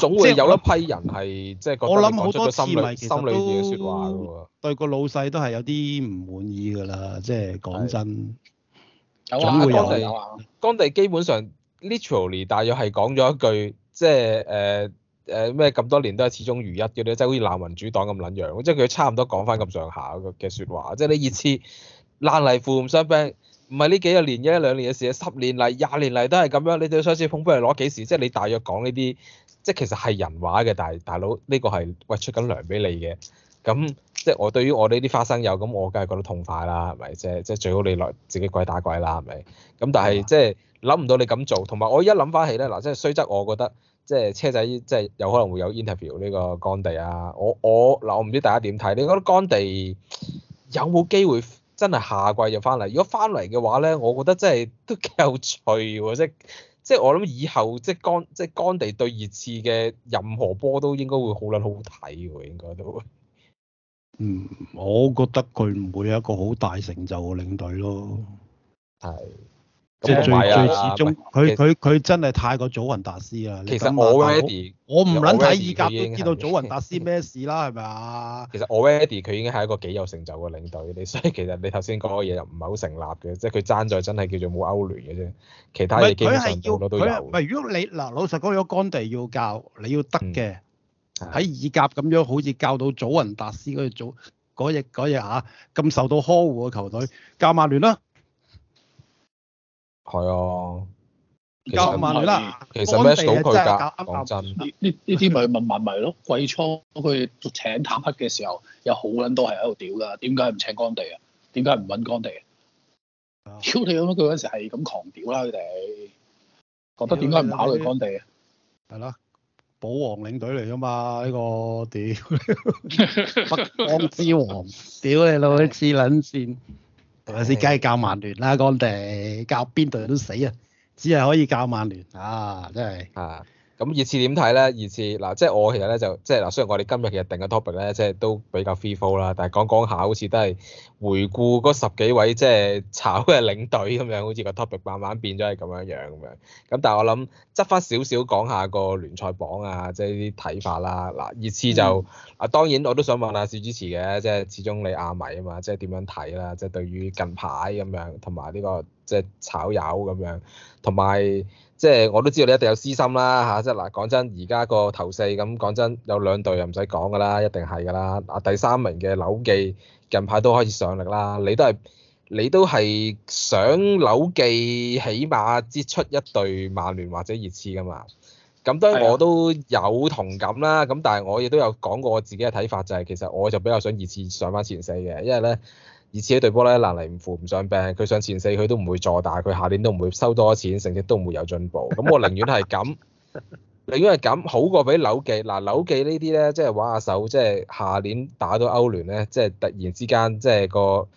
總會有一批人係即係我諗想好多刺迷，其實都對個老細都係有啲唔滿意噶啦。即係講真。總會有啊，干地有啊，干地基本上 literally 大約係講咗一句，即係誒誒咩咁多年都係始終如一嘅咧，即係好似藍民主黨咁撚樣，即係佢差唔多講翻咁上下嘅説話，即係你熱刺爛泥扶唔上壁，唔係呢幾個年一兩年嘅事，十年嚟廿年嚟都係咁樣，你對上次捧杯係攞幾時？即係你大約講呢啲，即係其實係人話嘅，但係大佬呢個係喂出緊糧俾你嘅。咁即係我對於我呢啲花生油，咁我梗係覺得痛快啦，係咪即係即係最好你來自己鬼打鬼啦，係咪？咁但係即係諗唔到你咁做，同埋我一諗翻起咧嗱，即係雖則我覺得即係車仔即係有可能會有 Interview 呢個干地啊，我我嗱我唔知大家點睇你覺得干地有冇機會真係下季就翻嚟？如果翻嚟嘅話咧，我覺得真係都幾有趣喎！即即係我諗以後即係乾即係干地對熱刺嘅任何波都應該會好撚好睇喎，應該都會。嗯，我覺得佢唔會有一個好大成就嘅領隊咯。係，即係最最始終，佢佢佢真係太過祖雲達斯啦。等等其實我 ready 我唔捻睇意甲，見到祖雲達斯咩事啦，係咪啊？其實我 ready 佢已經係一個幾有成就嘅領隊，所以其實你頭先講嘅嘢又唔係好成立嘅，即係佢爭在真係叫做冇歐聯嘅啫，其他嘢基本上都都都有。唔係，如果你嗱老實講，如果干地要教你要得嘅。嗯喺耳甲咁樣，好似教到祖雲達斯嗰組嗰日嗰嘢嚇，咁、那個那個啊、受到呵護嘅球隊，教曼聯啦，係啊，教曼聯啦，其實干地係真係減壓，呢呢啲咪問問咪咯，季初佢請坦克嘅時候，有好撚多係喺度屌噶，點解唔請干地啊？點解唔揾干地啊？屌你咁樣，佢嗰時係咁狂屌啦！佢哋覺得點解唔考慮干地啊？係啦。保皇領隊嚟噶嘛？呢個屌北江之王，屌你老味黐撚線，有時梗係教曼聯啦，干地教邊隊都死啊，只係可以教曼聯啊，真係。咁熱刺點睇咧？熱刺嗱，即係我其實咧就即係嗱，雖然我哋今日其實定嘅 topic 咧，即係都比較 freeform 啦，但係講講下好似都係回顧嗰十幾位即係炒嘅領隊咁樣，好似個 topic 慢慢變咗係咁樣樣咁樣。咁但係我諗執翻少少講下個聯賽榜啊，即係啲睇法啦。嗱，熱刺就啊，嗯、當然我都想問下史主持嘅，即係始終你亞米啊嘛，即係點樣睇啦？即係對於近排咁樣同埋呢個。即係炒友咁樣，同埋即係我都知道你一定有私心啦嚇，即係嗱講真，而家個頭四咁講真，有兩隊又唔使講噶啦，一定係噶啦。啊，第三名嘅柳記近排都開始上力啦，你都係你都係想柳記起碼擠出一隊曼聯或者熱刺噶嘛？咁當然我都有同感啦，咁、啊、但係我亦都有講過我自己嘅睇法，就係，就係其實我就比較想熱刺上翻前四嘅，因為咧。而且啲對波咧，爛泥唔扶唔上壁，佢上前四佢都唔會助打，但佢下年都唔會收多錢，成績都唔會有進步。咁我寧願係咁， 寧願係咁好過俾紐記。嗱、啊、紐記呢啲咧，即係玩下手，即係下年打到歐聯咧，即係突然之間即係個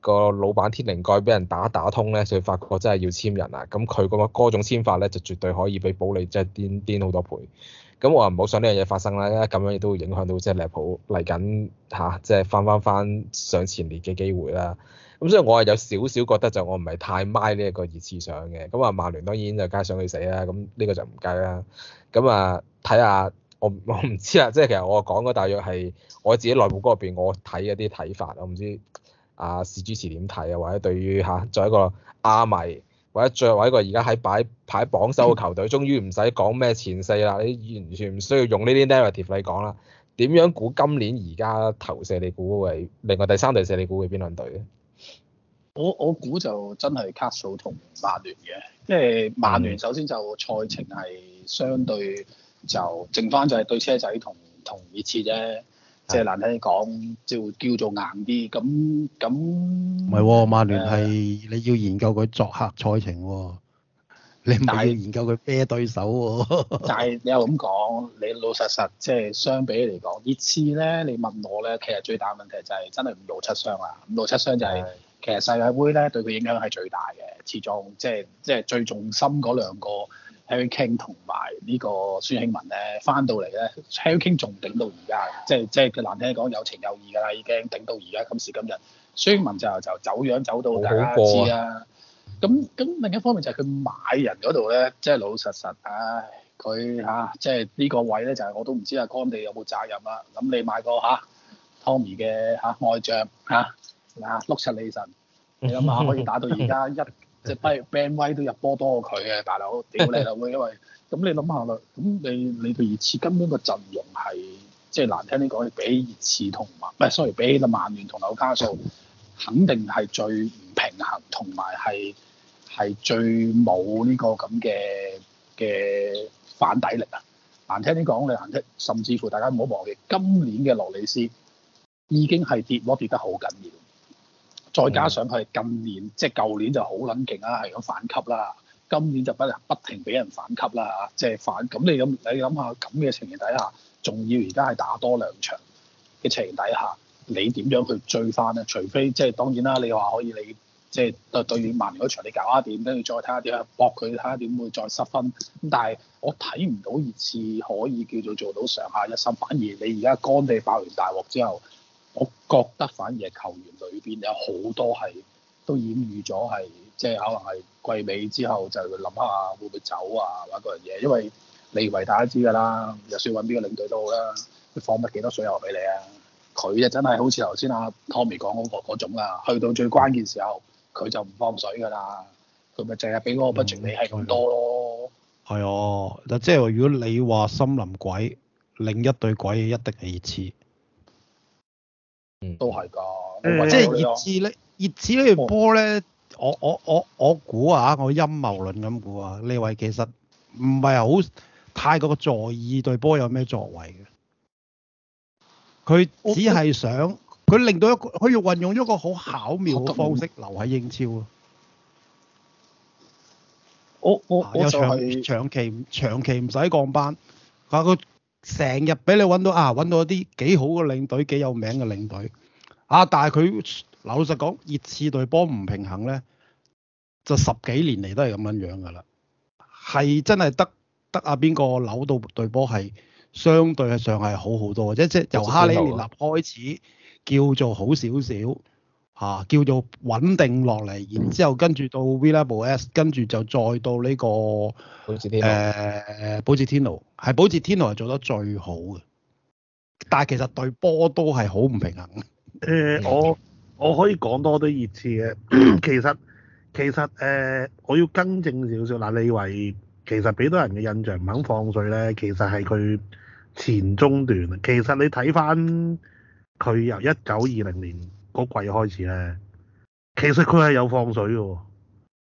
個老闆天靈蓋俾人打打通咧，佢發覺真係要簽人啦。咁佢嗰個各種簽法咧，就絕對可以俾保利即係癲癲好多倍。咁我話唔好想呢樣嘢發生啦，因為咁樣亦都會影響到即係利物浦嚟緊嚇，即係翻翻翻上前列嘅機會啦。咁所以我係有少少覺得就我唔係太買呢一個熱刺上嘅。咁啊，曼聯當然就加上去死啦。咁呢個就唔計啦。咁啊，睇下我我唔知啦。即、就、係、是、其實我講嘅大約係我自己內部嗰入邊我睇嘅啲睇法。我唔知阿史、啊、主持點睇啊，或者對於嚇、啊、作為一個亞迷。或者最後一個而家喺擺排榜首嘅球隊，終於唔使講咩前四啦，你完全唔需要用呢啲 narrative 嚟講啦。點樣估今年而家頭四你估會係？另外第三隊四你估會係邊兩隊咧？我我估就真係卡素同曼聯嘅，即係曼聯首先就賽程係相對就剩翻就係對車仔同同熱刺啫。即係難聽啲講，就叫做硬啲。咁咁唔係喎，曼聯係你要研究佢作客賽程喎，你唔係研究佢啤對手喎。但係你又咁講，你老實實即係、就是、相比嚟講，次呢次咧，你問我咧，其實最大問題就係真係五六七傷啊！五六七傷就係、是、的其實世界杯咧對佢影響係最大嘅，始終即係即係最重心嗰兩個。Hail King 同埋呢個孫興文咧，翻到嚟咧，Hail King 仲頂到而家，即係即係難聽講有情有義㗎啦，已經頂到而家今時今日，孫興文就就走樣走到，大家知啊。咁咁、啊、另一方面就係佢買人嗰度咧，即係老老實實，唉、哎，佢嚇、啊、即係呢個位咧就係、是、我都唔知阿干地有冇責任啊。咁你買個嚇，Tommy 嘅嚇外帳嚇，嚇碌出嚟神，你諗下可以打到而家一。即係 Ben White 都入波多過佢嘅大佬，屌你啦！因為咁、嗯、你諗下啦，咁你你對熱刺根本個陣容係即係難聽啲講，比熱刺同埋唔、哎、sorry，比到曼聯同紐卡素，肯定係最唔平衡同埋係係最冇呢、這個咁嘅嘅反底力啊！難聽啲講你難聽，甚至乎大家唔好忘記，今年嘅羅里斯已經係跌波跌得好緊要。再加上係近年，嗯、即係舊年就好撚勁啦，係咁反級啦。今年就不不停俾人反級啦，即係反。咁你諗，你諗下咁嘅情形底下，仲要而家係打多兩場嘅情形底下，你點樣去追翻咧？除非即係當然啦，你話可以你即係對對面曼聯嗰場你搞一點，跟住再睇下點搏佢，睇下點會再失分。咁但係我睇唔到熱刺可以叫做做到上下一心，反而你而家干地爆完大鑊之後。我覺得反而係球員裏邊有好多係都已經預咗係，即係可能係季尾之後就會諗下會唔會走啊，或者嗰樣嘢。因為你以為大家知㗎啦，就算揾邊個領隊都好啦，佢放得幾多水喉俾你啊？佢就真係好似頭先阿 Tommy 講嗰個嗰種啦，去到最關鍵時候佢就唔放水㗎啦，佢咪淨係俾嗰個 budget 你係咁多咯。係啊、嗯，就即係如果你話森林鬼另一隊鬼，一定係熱刺。都係噶。嗯、即係熱刺咧，熱刺呢隊波咧，我我我我估啊，我陰謀論咁估啊，呢位其實唔係好太過在意對波有咩作為嘅，佢只係想佢、哦、令到一個，佢運用咗一個好巧妙嘅方式留喺英超咯。哦哦啊、我我我就係，長期長期唔使降班啊佢。但成日俾你揾到啊，揾到啲幾好嘅領隊，幾有名嘅領隊啊！但係佢老實講，熱刺隊波唔平衡咧，就十幾年嚟都係咁樣樣㗎啦。係真係得得啊，邊個扭到隊波係相對上係好好多，即係即係由哈里連立開始叫做好少少。嚇、啊、叫做穩定落嚟，然之後跟住到 V Level S，, S,、嗯、 跟住就再到呢、這個保捷天奴。保捷天奴係保捷天奴係做得最好嘅，但係其實對波都係好唔平衡嘅、呃。我我可以講多啲熱刺嘅，其實其實誒、呃、我要更正少少。嗱、啊，你以為其實俾多人嘅印象唔肯放水咧，其實係佢前中段。其實你睇翻佢由一九二零年，嗰季開始咧，其實佢係有放水嘅、哦，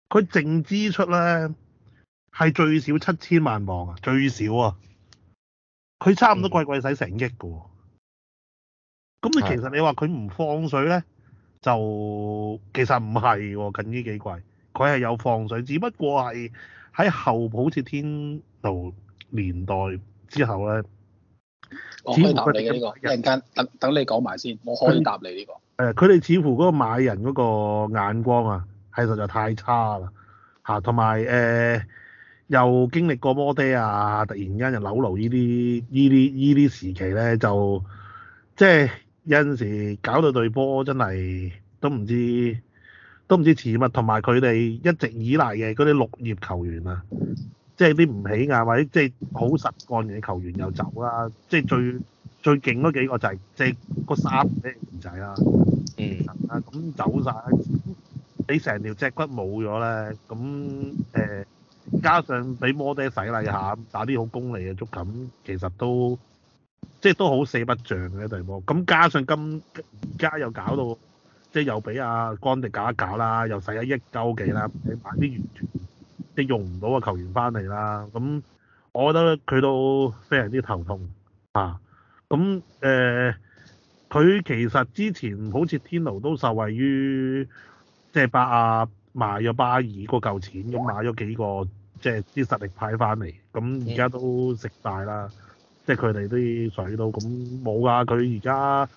佢淨支出咧係最少七千萬鎊啊，最少啊，佢差唔多季季使成億嘅、哦。咁你、嗯、其實你話佢唔放水咧，就其實唔係喎，近呢幾季佢係有放水，只不過係喺後普捷天奴年代之後咧。我可以答你嘅呢、呢個呢個，等一等，等你講埋先，我可以答你呢、呢個。誒，佢哋似乎嗰個買人嗰個眼光啊，係實在太差啦，吓，同埋誒又經歷過摩爹啊，突然間又扭流呢啲呢啲呢啲時期咧，就即係、就是、有陣時搞到隊波真係都唔知都唔知似乜，同埋佢哋一直以嚟嘅嗰啲綠葉球員啊，即係啲唔起眼或者即係好實幹嘅球員又走啦，即、就、係、是、最。最勁嗰幾個就係即係個三隻僆仔啦，咁、嗯、走晒，俾成條脊骨冇咗咧。咁誒、呃，加上俾摩爹洗禮下，打啲好功利嘅足球，其實都即係都好四不像嘅隊波。咁加上今而家又搞到，即係又俾阿干迪搞一搞啦，又使一億鳩幾啦，你買啲完全即用唔到嘅球員翻嚟啦。咁我覺得佢都非常之頭痛嚇。啊。咁誒，佢、嗯呃、其實之前好似天奴都受惠於亞買，即係八啊賣咗八啊嗰個舊錢咁買咗幾個，即係啲實力派翻嚟。咁而家都食大啦，即係佢哋都水到咁冇噶。佢而家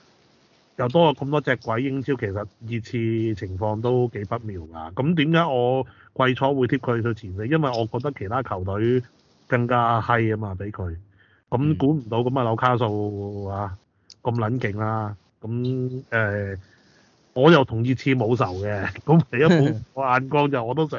又多咗咁多隻鬼英超，其實熱刺情況都幾不妙噶。咁點解我季初會貼佢去前四？因為我覺得其他球隊更加閪啊嘛，俾佢。咁估唔到咁啊！紐卡素啊，咁撚勁啦！咁、欸、誒，我又同熱刺冇仇嘅，咁第一，我眼光就我都想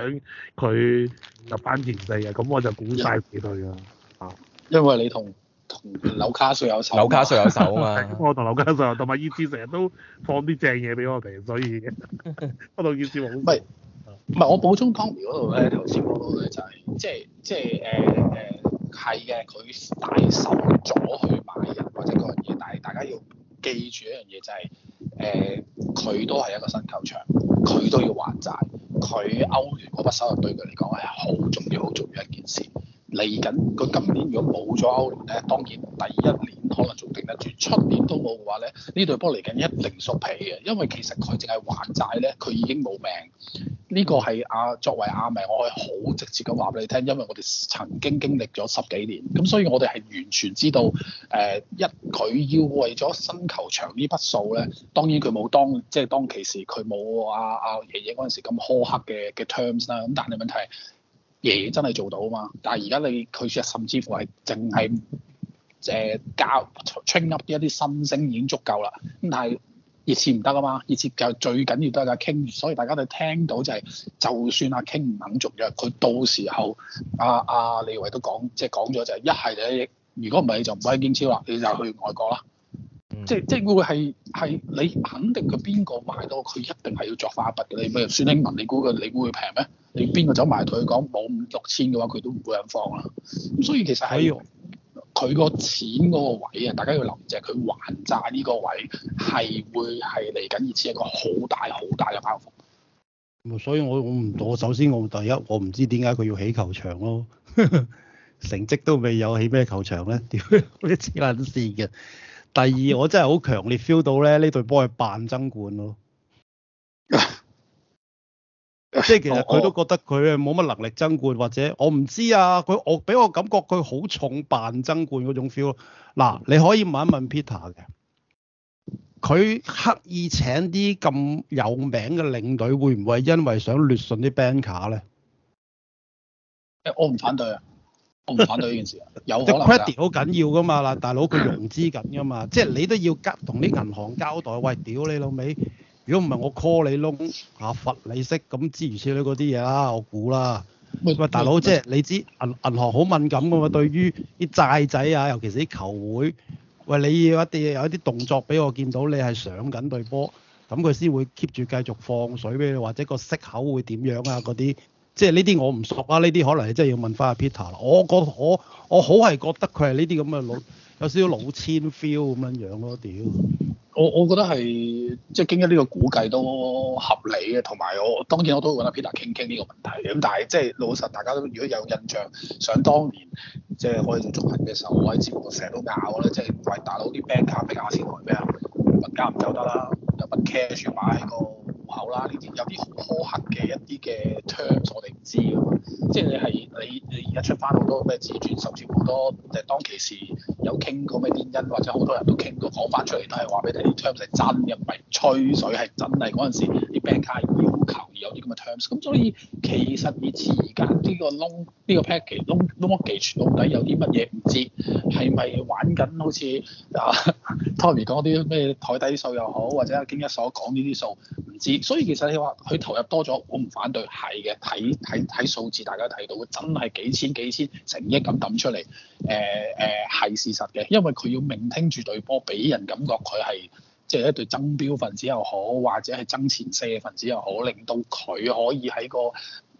佢入翻前四啊。咁我就估曬佢啦。啊，因為你同同紐卡素有仇。紐卡素有仇啊嘛。 我同紐卡素同埋熱刺成日都放啲正嘢俾我哋，所以 我同熱刺冇仇，唔係我補充 Tommy 嗰度咧，頭先講到咧，就係即係即係誒誒。係嘅，佢大手咗去買人或者嗰樣嘢。但係大家要記住一樣嘢，就是，就係誒，佢都係一個新球場，佢都要還債，佢歐聯嗰筆收入對佢嚟講係好重要、好重要一件事。嚟緊，佢今年如果冇咗歐聯咧，當然第一年可能仲頂得住，出年都冇嘅話咧，呢隊波嚟緊一定縮皮嘅，因為其實佢淨係還債咧，佢已經冇命。呢、這個係阿、啊、作為阿、啊、明，我可以好直接咁話俾你聽，因為我哋曾經經歷咗十幾年，咁所以我哋係完全知道，誒一佢要為咗新球場呢筆數咧，當然佢冇當即係當其時、啊，佢冇阿阿爺爺嗰陣時咁苛刻嘅嘅 terms 啦，咁但係問題係。嘢真係做到啊嘛！但係而家你佢其實甚至乎係淨係誒教 train up 啲一啲新星已經足夠啦。咁但係熱刺唔得啊嘛，熱刺就最緊要都係阿 Kane。所以大家都聽到就係、是，就算阿 Kane 唔肯續約，佢到時候阿阿、啊啊、李維都講即係講咗就係一係你，如果唔係你就唔可以英超啦，你就去外國啦、嗯。即即會係係你肯定佢邊個買到，佢一定係要作花筆嘅。你譬如孫興文，你估佢你會平咩？你邊個走埋同佢講冇五六千嘅話，佢都唔會肯放啦。咁所以其實喺佢個錢嗰個位啊，大家要諗，係佢還債呢個位係會係嚟緊，而次一個好大好大嘅包袱。所以我，我我唔我首先我第一我唔知點解佢要起球場咯， 成績都未有起咩球場咧，屌啲扯卵線嘅。第二， 我真係好強烈 feel 到咧，呢隊波係扮爭冠咯。即係其實佢都覺得佢冇乜能力爭冠，或者我唔知啊。佢我俾我感覺佢好重扮爭冠嗰種 feel。嗱，你可以問一問 Peter 嘅，佢刻意請啲咁有名嘅領隊，會唔會因為想掠信啲 banker 咧？我唔反對啊，我唔反對呢件事啊。有 credit 好緊要㗎嘛，嗱，大佬佢融資緊㗎嘛，即係你都要同啲銀行交代。喂，屌你老味。如果唔係我 call 你窿啊，罰你息咁諸如此類嗰啲嘢啦，我估啦。 喂，大佬，即係你知銀銀行好敏感㗎嘛？對於啲債仔啊，尤其是啲球會，喂，你要一定有一啲動作俾我，我見到你，你係上緊對波，咁佢先會 keep 住繼續放水俾你，或者個息口會點樣啊？嗰啲即係呢啲我唔熟啊，呢啲可能你真係要問翻阿 Peter 啦。我覺我我好係覺得佢係呢啲咁嘅老。有少少老千 feel 咁樣樣咯，屌！我我覺得係即係經過呢個估計都合理嘅，同埋我當然我都會揾阿 Peter 傾傾呢個問題咁，但係即係老實，大家都如果有印象，想當年即係可以做中銀嘅時候，我喺節目成日都咬咧，即係為打到啲 bank account 俾啱先去咩啊？乜加唔走得啦？有乜 cash 買個？後啦，呢啲有啲好苛刻嘅一啲嘅 terms 我哋唔知嘅嘛，即係你係你你而家出翻好多咩自傳，甚至好多即係當其時有傾過咩原因，或者好多人都傾過講翻出嚟，都係話俾你聽，terms 係真嘅，唔係吹水，係真係嗰陣時啲 bank 卡要求而有啲咁嘅 terms。咁所以其實以至而家呢個窿呢個 package 到底有啲乜嘢唔知，係咪玩緊好似啊哈哈 Tommy 講啲咩台底數又好，或者阿京一所講呢啲數唔知。所以其實你話佢投入多咗，我唔反對係嘅，睇睇睇數字大家睇到，真係幾千幾千成億咁揼出嚟，誒誒係事實嘅，因為佢要明聽住對波，俾人感覺佢係即係一對爭標分子又好，或者係爭前四嘅分子又好，令到佢可以喺個。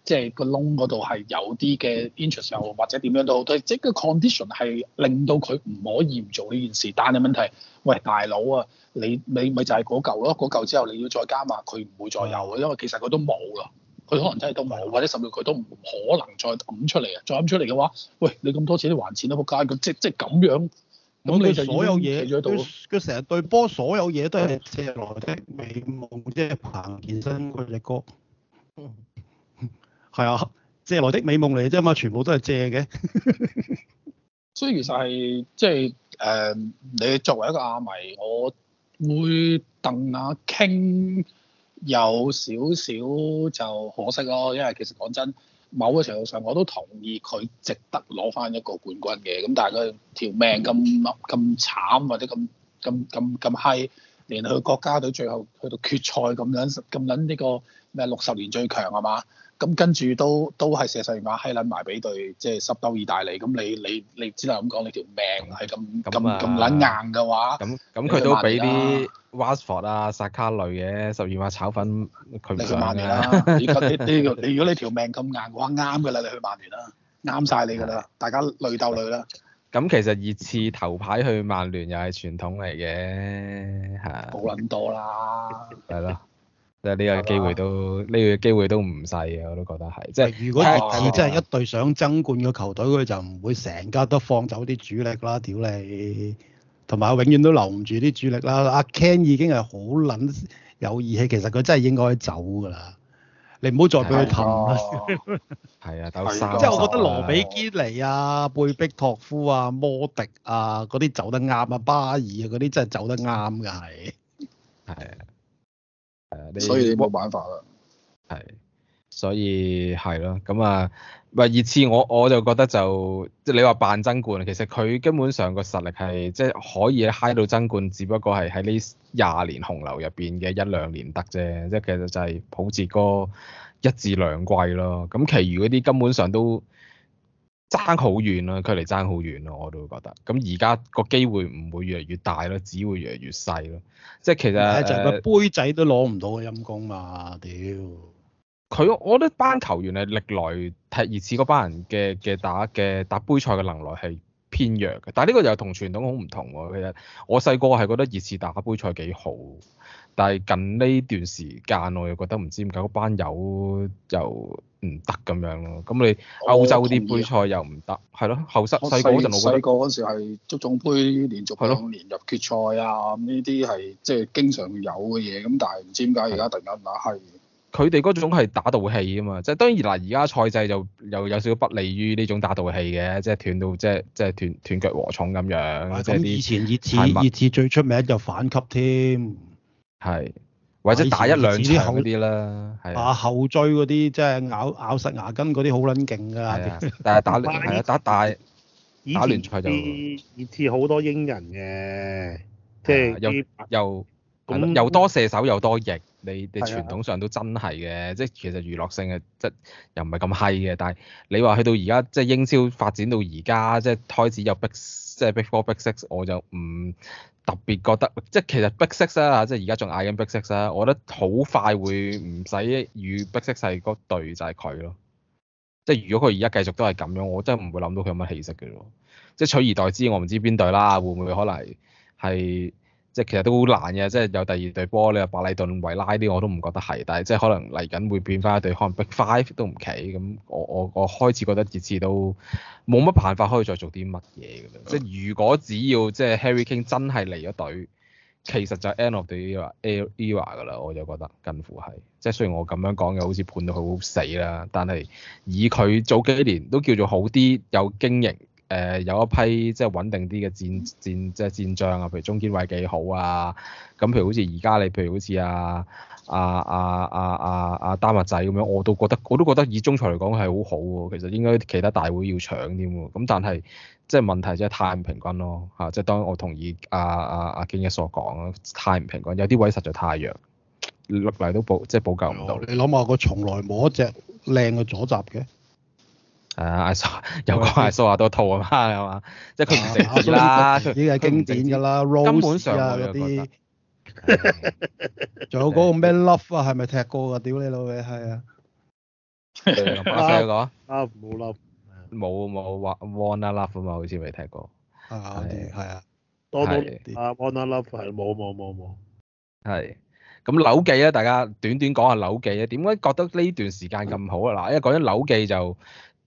即係個窿嗰度係有啲嘅 interest 又或者點樣都好，即係即係個 condition 係令到佢唔可以唔做呢件事。但係問題，喂大佬啊，你你咪就係嗰嚿咯，嗰嚿之後你要再加碼，佢唔會再有，因為其實佢都冇啦。佢可能真係都冇，或者甚至佢都唔可能再揼出嚟啊！再揼出嚟嘅話，喂你咁多錢你還錢都仆街！佢即即係咁樣，咁你就所有嘢，佢成日對波，所有嘢都係借來的美夢，即係彭健身隻歌。係啊，借來的美夢嚟啫嘛，全部都係借嘅。 所以其實係即係誒、呃，你作為一個阿迷，我會鄧下傾有少少就可惜咯。因為其實講真，某個程度上，我都同意佢值得攞翻一個冠軍嘅。咁但係佢條命咁咁慘，或者咁咁咁咁嗨，連去國家隊最後去到決賽咁樣咁捻呢個咩六十年最強吖嘛？咁跟住都都係射十二碼係撚埋俾對，即係濕兜意大利。咁你你你，你只能咁講，你條命係咁咁咁撚硬嘅話，咁咁佢都俾啲 Watford 啊、薩卡類嘅十二碼炒粉，佢唔上。你去曼聯啦、啊，你你如果你條命咁硬嘅話，啱嘅啦，你去曼聯啦，啱晒你㗎啦，大家累鬥累啦。咁其實熱刺頭牌去曼聯又係傳統嚟嘅，係冇撚多啦，係咯。即係呢個機會都呢個機會都唔細嘅，我都覺得係。即係如果佢真係一隊想爭冠嘅球隊，佢、哎、呀就唔會成家都放走啲主力啦。屌你，同埋永遠都留唔住啲主力啦。阿 Ken 已經係好撚有義氣，其實佢真係應該走㗎啦。你唔好再俾佢氹啦。係啊的，即係 我覺得羅比堅尼啊、貝碧托夫啊、摩迪啊嗰啲走得啱啊，巴爾啊嗰啲真係走得啱㗎係。係啊。 你 所以冇辦法啦，係，所以係咯，咁啊，唔係熱刺我我就覺得就即係你話扮爭冠，其實佢根本上個實力係即係可以 high 到爭冠，只不過係喺呢廿年洪流入邊嘅一兩年得啫，即係其實就係保持個一至兩季咯，咁其餘嗰啲根本上都。爭好遠啦、啊，距離爭好遠咯、啊，我都會覺得。咁而家個機會唔會越嚟越大咯，只會越嚟越細咯。即係其實，就係個杯仔都攞唔到嘅陰公嘛，屌！佢我覺得班球員係歷來踢熱刺嗰班人嘅嘅打嘅打杯賽嘅能耐係偏弱嘅。但係呢個又係同傳統好唔同喎。其實我細個係覺得熱刺打杯賽幾好，但係近呢段時間我又覺得唔知點解嗰班友就……唔得咁樣咯，咁你歐洲啲杯賽又唔得，係咯，後生細個嗰陣我細個嗰時係足總杯連續兩年入決賽啊，呢啲係即係經常有嘅嘢，咁但係唔知點解而家突然間打閪，佢哋嗰種係打道氣啊嘛，即係當然嗱，而家賽制就又有少少不利於呢種打道氣嘅，即係斷到即係即係斷斷，斷腳和重咁樣。係咁的，即以前熱刺熱刺最出名就反級添。係。或者打一兩支好啲啦，係啊！啊後追嗰啲即係咬咬實牙根嗰啲好撚勁㗎。係、啊、但係打係啊打大打，打聯賽就啲熱刺好多英人嘅，即係、啊、又又樣又多射手又多翼，你你傳統上都真係嘅，即係、啊、其實娛樂性係即又唔係咁閪嘅。但係你話去到而家即係英超發展到而家，即係開始有逼即係逼 four 逼 six，我就唔～特別覺得即係其實 Big Six 啊，即係而家仲嗌緊 Big Six 啦、啊，我覺得好快會唔使與 Big Six 係嗰隊就係佢咯。即係如果佢而家繼續都係咁樣，我真係唔會諗到佢有乜氣息嘅咯。即係取而代之，我唔知邊隊啦，會唔會可能係？即係其實都好難嘅，即係有第二隊波你話白禮頓維拉啲，我都唔覺得係，但係即係可能嚟緊會變翻一隊可能 Big Five 都唔企。咁，我我我開始覺得熱刺都冇乜辦法可以再做啲乜嘢，咁即係如果只要即係 Harry King 真係離咗隊，其實就 End of the Era Era 噶啦，我就覺得近乎係。即係雖然我咁樣講嘅好似判到佢好死啦，但係以佢早幾年都叫做好啲有經營。誒有一批即係穩定啲嘅戰戰即係戰將啊，譬如中堅位幾好啊，咁譬如好似而家你譬如好似啊啊啊啊啊啊丹麥仔咁樣，我都覺得我都覺得以中裁嚟講係好好喎，其實應該其他大會要搶啲喎，咁但係即係問題真係太唔平均咯嚇，即係當然我同意阿阿阿堅嘅所講啊，太唔平均，有啲位實在太弱，落嚟都補即係補救唔到，你諗下佢從來冇一隻靚嘅左閘嘅。係啊，艾索又講艾索話多套啊嘛，係嘛？即係佢唔識啦，已經係經典㗎啦，根本上啲。仲有嗰個咩 Love 啊？係咪踢過啊？屌你老味，係啊。Love 冇 Love。冇冇 One One Love 啊嘛？好似未踢過。係啊，係啊，多咗啲。One One Love 係冇冇冇冇。係。咁扭記咧，大家短短講下扭記啊，點解覺得呢段時間咁好啊？嗱，因為講緊扭記就。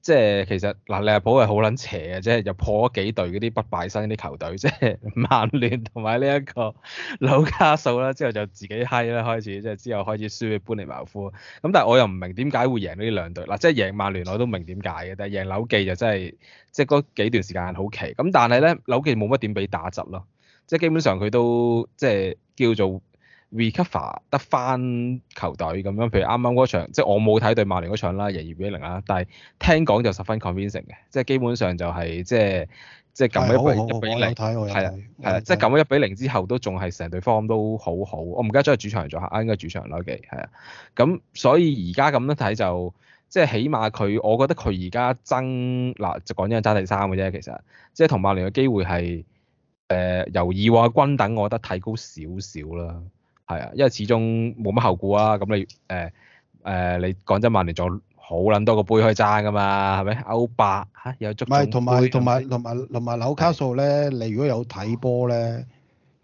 即係其實嗱，利物浦係好撚邪嘅，即係又破咗幾隊嗰啲不敗身啲球隊，即係曼聯同埋呢一個紐卡素啦。之後就自己嗨啦，開始即係之後開始輸俾般尼茅夫。咁但係我又唔明點解會贏呢啲兩隊嗱，即係贏曼聯我都明點解嘅，但係贏紐記就真係即係嗰幾段時間好奇。咁但係咧，紐記冇乜點俾打質咯，即係基本上佢都即係叫做 recover 得翻球隊咁樣，譬如啱啱嗰場，即係我冇睇對曼聯嗰場啦，贏二比零啦，但係聽講就十分 convincing 嘅，即係基本上就係即係即係撳咗一比零，係啊係啊，即係撳咗一比零之後都仲係成隊 form 都好好。我唔記得咗係主場定作客，應該係主場啦，係啊。咁所以而家咁樣睇就即係起碼佢，我覺得佢而家爭嗱就講真係爭第三嘅啫，其實即係同曼聯嘅機會係誒、呃、由二或均等，我覺得提高少少啦。嗯係啊，因為始終冇乜後顧啊，咁你誒誒、呃呃，你講真，曼聯仲好撚多個杯可以爭噶嘛，係咪歐霸？吓、啊、有唔係，同埋同埋同埋同埋紐卡素咧，的你如果有睇波咧，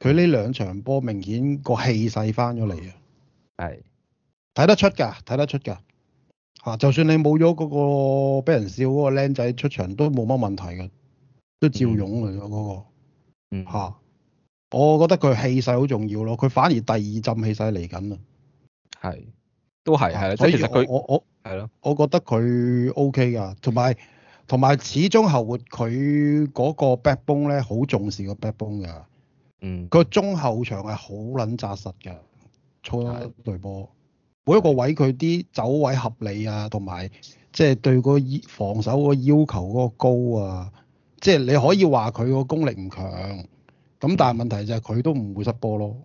佢呢兩場波明顯個氣勢翻咗嚟啊，係睇的得出噶，睇得出噶吓、啊，就算你冇咗嗰個俾人笑嗰個僆仔出場都冇乜問題嘅，都照勇嚟咗嗰個，嗯、啊、吓。我覺得佢氣勢好重要咯，佢反而第二浸氣勢嚟緊啦。係，都係啊，所以其實佢我我係咯，是的 我覺得佢 OK 噶，同埋同埋始終後活佢嗰個 backbone 咧，好重視個 backbone 噶。嗯。個中後場係好撚紮實嘅，操一隊波，是的 每一個位佢啲走位合理啊，同埋即係對嗰防守個要求嗰個高啊，即係你可以話佢個功力唔強。咁但係問題就係佢都唔會失波咯。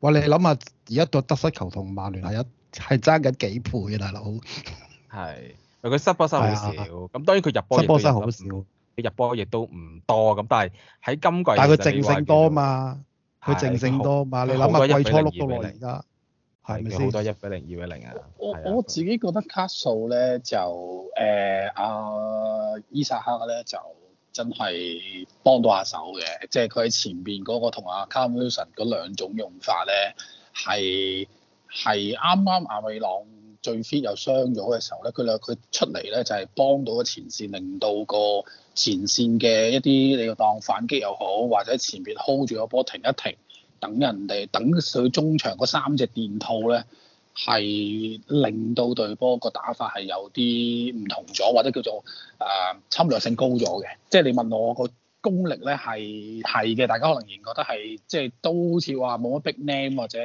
哇！你諗下，而家對得失球同曼聯係一係爭緊幾倍啊，大佬。係。佢失波失好少，咁當然佢入波失波失好少。佢入波亦都唔多，咁但係喺今季。但係佢正性多嘛？佢正性多嘛？你諗下季初碌到落嚟而家。係咪好多一比零、二比零啊！我自己覺得卡數咧就誒阿伊薩克咧就。真係幫到下手嘅，即係佢喺前邊嗰個同阿 Carvajal 嗰兩種用法咧，係係啱啱阿美朗最 fit 又傷咗嘅時候咧，佢兩佢出嚟咧就係、是、幫到個前線，令到個前線嘅一啲你話當反擊又好，或者前邊 hold 住個波停一停，等人哋等佢中場嗰三隻電套咧。係令到隊波個打法係有啲唔同咗，或者叫做誒、呃、侵略性高咗嘅。即係你問我個功力咧，係係嘅，大家可能仍然覺得係即係都好似話冇乜 big name 或者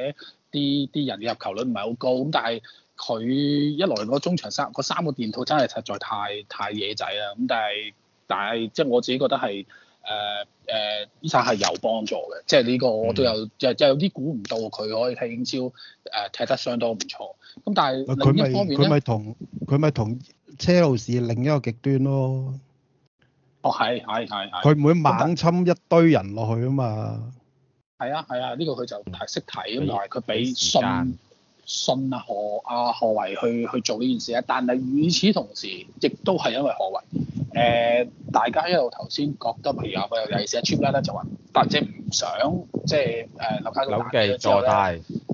啲啲人入球率唔係好高。咁但係佢一來嗰中場三三個電套真係實在太太野仔啦。咁但係但係即係我自己覺得係。誒誒，醫生係有幫助嘅，即係呢個我都有、嗯、有有啲估唔到佢可以睇英超誒、呃，踢得相當唔錯。咁但係佢咪佢咪同佢咪同車路士另一個極端咯？哦，係係係。佢唔會猛侵一堆人落去啊嘛。係啊係啊，呢、啊呢個佢就係識睇，唔係佢俾信間信何啊何為去去做呢件事啊。但係與此同時，亦都係因為何為。誒、呃，大家一路頭先覺得，譬如話佢有尤意思，阿 Cheap 咧就話，或者唔想即係誒樓價都落嘅之後咧，做大，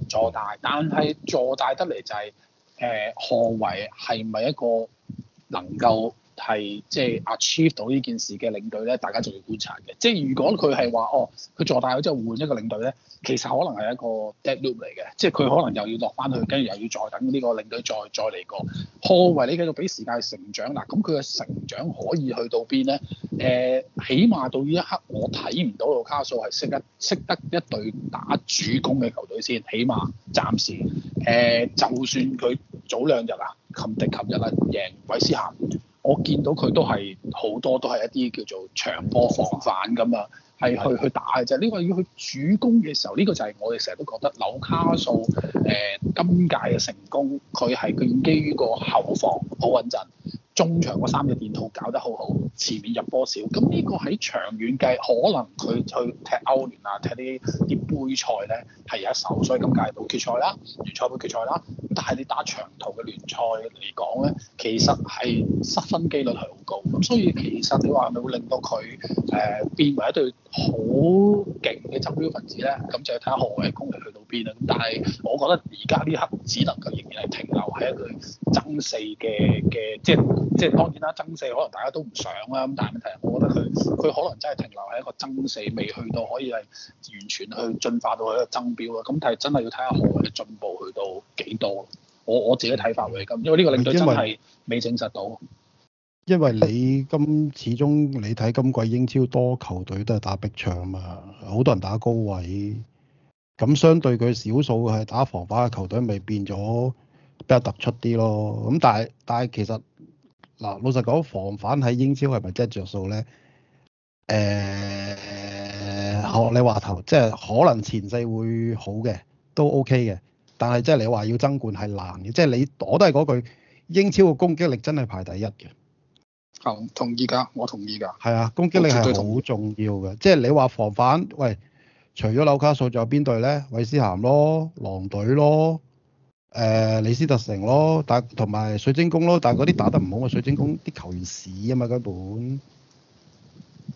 做大，但係做大得嚟就係、是、誒、呃、何為係咪一個能夠？係即係 achieve 到呢件事嘅領隊咧，大家就要觀察嘅。即係如果佢係話哦，佢坐大咗之後換一個領隊咧，其實可能係一個 dead loop 嚟嘅，即係佢可能又要落翻去，跟住又要再等呢個領隊再再嚟過破壞你繼續俾時間去成長嗱。咁佢嘅成長可以去到邊咧？誒、呃，起碼到呢一刻我睇唔到紐卡素係識得識得一隊打主攻嘅球隊先，起碼暫時誒、呃，就算佢早兩日啊，琴日、琴日啊，贏韋斯咸。我見到佢都係好多都係一啲叫做長波防反咁啊，係去去打嘅啫。呢個要去主攻嘅時候，呢、呢個就係我哋成日都覺得紐卡素誒、呃、今屆嘅成功，佢係佢基於個後防好穩陣。中場嗰三隻電套搞得好好，前面入波少，咁呢個喺長遠計，可能佢去踢歐聯啊，踢啲啲杯賽咧係有一手，所以今屆到決賽啦，聯賽杯決賽啦。但係你打長途嘅聯賽嚟講咧，其實係失分機率係好高，咁所以其實你話係咪會令到佢誒、呃、變為一隊好勁嘅執標分子咧？咁就睇下何為功力去到邊啦。但係我覺得而家呢刻只能夠仍然係停留喺一個爭四嘅嘅，即係。即係當然啦、啊，爭四可能大家都唔想啦、啊。咁但係問題我覺得佢佢可能真係停留喺一個爭四，未去到可以係完全去進化到去爭標咯。咁但係真係要睇下何嘅進步去到幾多。我我自己睇法會係咁，因為呢個領隊真係未為證實到。因為你今始終你睇今季英超多球隊都係打壁場嘛，好多人打高位，咁相對佢少數係打防反嘅球隊，咪變咗比較突出啲咯。咁但係但係其實。嗱，老實講，防反喺英超係咪真係著數咧？誒、欸，學你話頭，即係可能前四會好嘅，都 OK 嘅。但係即係你話要爭冠係難嘅，即係你我都係嗰句，英超嘅攻擊力真係排第一嘅。同同意㗎，我同意㗎。係啊，攻擊力係好重要嘅，即係你話防反，喂，除咗紐卡素，仲有邊隊咧？韋斯咸咯，狼隊咯。誒里、呃、斯特城咯，但同埋水晶宮咯，但係嗰啲打得唔好嘅水晶宮啲球員屎啊嘛根本，水晶宮，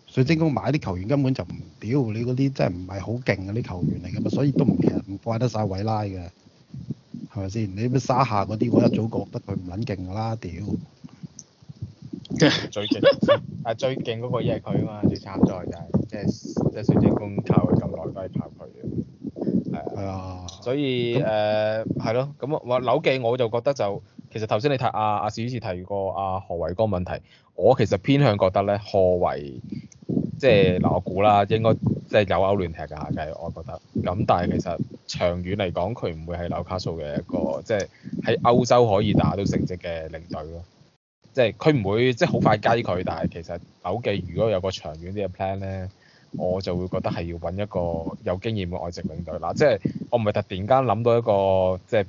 水晶宮買啲球員根本就唔屌，你嗰啲真係唔係好勁嘅啲球員嚟噶嘛，所以都唔其實唔怪得晒韋拉嘅，係咪先？你沙下嗰啲我一早覺得佢唔撚勁啦屌！最勁啊，最勁嗰個亦係佢啊嘛，最慘在就係即係即係水晶宮靠佢咁耐都係靠佢嘅。係啊，uh, 哎、呀所以誒係咯，咁我紐記我就覺得就其實頭先你提阿阿史女士提過阿、啊、何為嗰問題，我其實偏向覺得咧何為即係嗱，我估啦應該即係有歐聯踢嘅，係我覺得咁。但係其實長遠嚟講，佢唔會係紐卡素嘅一個即係喺歐洲可以打到成績嘅領隊咯。即係佢唔會即係好快雞佢，但係其實紐記如果有個長遠啲嘅 plan 咧。我就會覺得係要揾一個有經驗嘅外籍領隊嗱，即係我唔係突然間諗到一個即係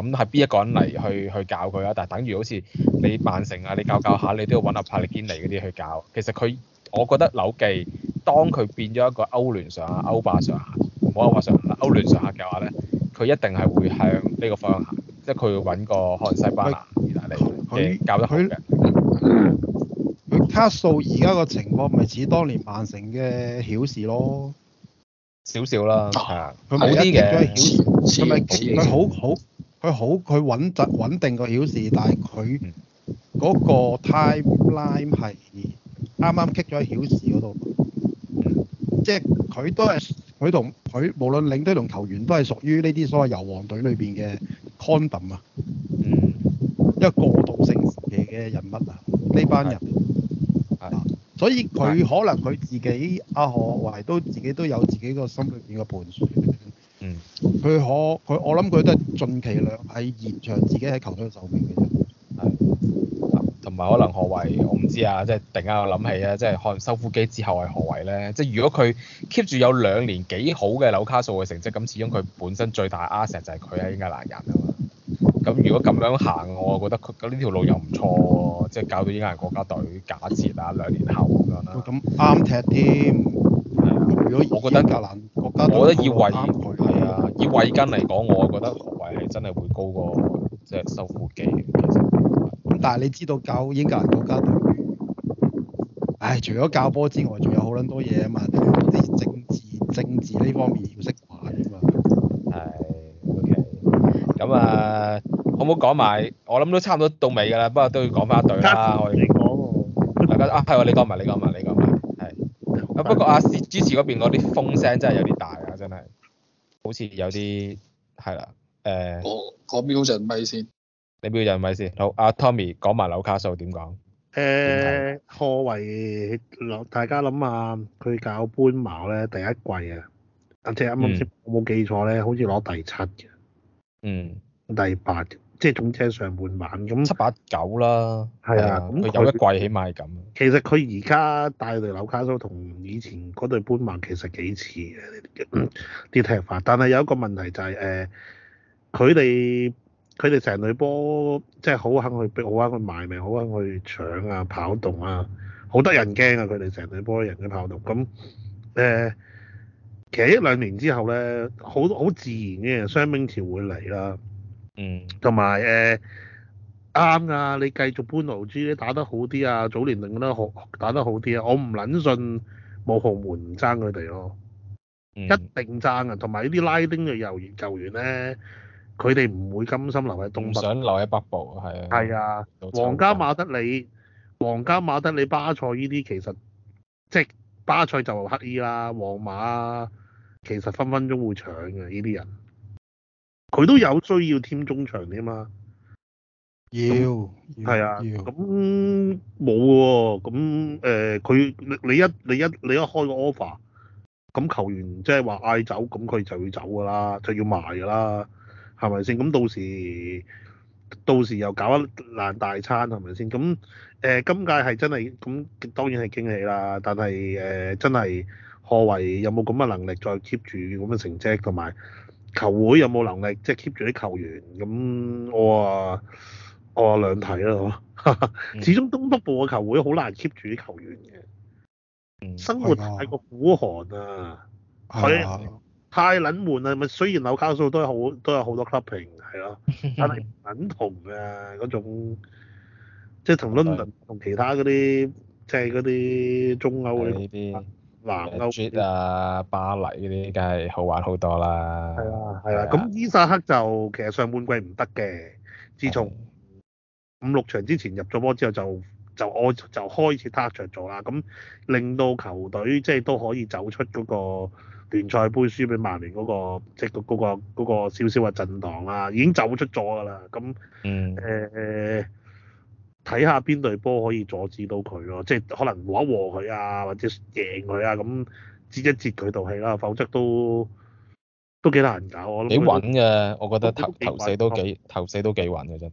諗係邊一個人嚟去去教佢啊，但係等於好似你曼城啊，你教教下，你都要揾阿帕利堅尼嗰啲去搞。其實佢，我覺得柳記當佢變咗一個歐聯上啊、歐霸上唔好歐霸上歐聯上下嘅話咧，佢一定係會向呢個方向行，即係佢要揾個可能西班牙意大利嚟教得嘅。佢卡數而家個情況，咪似當年曼城嘅曉士咯，少少啦，係啊，佢冇一啲嘅，咁咪佢好好佢好佢穩陣穩定個曉士。但係佢嗰個 time line 係啱啱擊咗喺曉士嗰度，即係佢都係佢同佢無論領隊同球員都係屬於呢啲所謂遊王隊裏邊嘅 condom 啊，嗯，一個過渡性嘅人物啊，呢班人。所以佢可能佢自己阿是、啊、何偉都自己都有自己個心裏邊嘅盤算，嗯，佢可佢我諗佢都係盡其量係延長自己喺球隊嘅壽命嘅啫。係同埋可能何偉，我唔知啊，即係突然間我諗起啊，即係可能收腹肌之後係何偉咧。即係如果佢 keep 住有兩年幾好嘅紐卡素嘅成績，咁始終佢本身最大 asset 就係佢喺英格蘭人啊嘛。咁如果咁樣行，我覺得佢咁呢條路又唔錯喎，即係教到英格蘭國家隊假設啊，兩年後咁樣啦。咁啱踢添。係啊，如果我覺得英格蘭國家隊啱佢。係啊，以韋根嚟講，我覺得韋係真係會高過即係收復記。咁但係你知道教英格蘭國家隊，唉、哎，除咗教波之外，仲有好撚多嘢啊嘛，啲政治政治呢方面要識玩啊嘛。咁啊，可唔可以講埋？我諗都差唔多到尾㗎啦，不過都要講翻一對啦。我哋講喎，大家啊，係喎，你講埋，你講埋，你講埋，係。啊，不過阿薛支持嗰邊嗰啲風聲真係有啲大啊，真係好似有啲係啦。誒，我我表陣咪先，你表陣咪先。好啊，Tommy 講埋樓卡數點講？誒，何為攞？大家諗下，佢搞搬茅咧，第一季啊，即係啱啱先，我冇記錯咧，好似攞第七嘅。嗯，第八，即係總之上半晚咁，七八九啦，係啊，咁、嗯、佢有一季起碼係咁。其實佢而家帶隊紐卡素同以前嗰隊斑馬其實幾似嘅，啲踢法。但係有一個問題就係、是，誒、呃，佢哋佢哋成隊波，即係好肯去，好肯去賣命，好肯去搶啊，跑動啊，好得人驚啊！佢哋成隊波人嘅跑動，咁、嗯、誒。呃其實一兩年之後咧，好好自然嘅雙冰潮會嚟啦。嗯，同埋誒啱噶，你繼續搬奴朱啲打得好啲啊，早年嚟講好打得好啲啊，我唔撚信冇豪門唔爭佢哋咯。嗯、一定爭啊！同埋呢啲拉丁嘅遊員球員咧，佢哋唔會甘心留喺東北，唔想留喺北部，係啊，係啊，皇家馬德里、皇家馬德里、巴塞呢啲其實即係巴塞就黑衣啦，皇馬。其實分分鐘會搶嘅，呢啲人，佢都有需要添中場添嘛，要係那要啊，咁冇咁誒，佢你、啊呃、你一你一你一開一個 offer，咁球員即係、就、話、是、嗌走，咁佢就會走噶啦，就要賣噶啦，係咪先？咁到時到時又搞一爛大餐，係咪先？咁誒、呃，今屆係真係咁，當然係驚喜啦，但係誒、呃，真係。何為有冇咁嘅能力再 keep 住咁嘅成績，同埋球會有冇能力即係 keep 住啲球員？咁我話我話兩睇咯，始終東北部嘅球會好難 keep 住啲球員嘅，生活太過苦寒啊，佢嗎太冷門啊，咪雖然紐卡素都好都有好多 clubbing 係咯，但係唔同嘅嗰種，即係同 London 同其他嗰啲即係嗰啲中歐嗰啲。南歐啊，巴黎嗰啲梗係好玩好多啦。係啦、啊，係啦、啊。咁、啊、伊薩克就其實上半季唔得嘅，自從五六場之前入咗波之後就，就就我就開始 touch 咗啦。咁令到球隊即係、就是、都可以走出嗰個聯賽杯輸俾曼聯嗰、那個，即係嗰嗰個少少嘅震盪啦，已經走出咗㗎啦。咁，嗯，誒。誒睇下邊隊波可以阻止到佢咯，即係可能和一和佢啊，或者贏佢啊，咁截一截佢道氣啦。否則都都幾難搞，我覺得幾穩嘅。我覺得頭頭四都幾頭四都幾，頭四都幾穩嘅真係。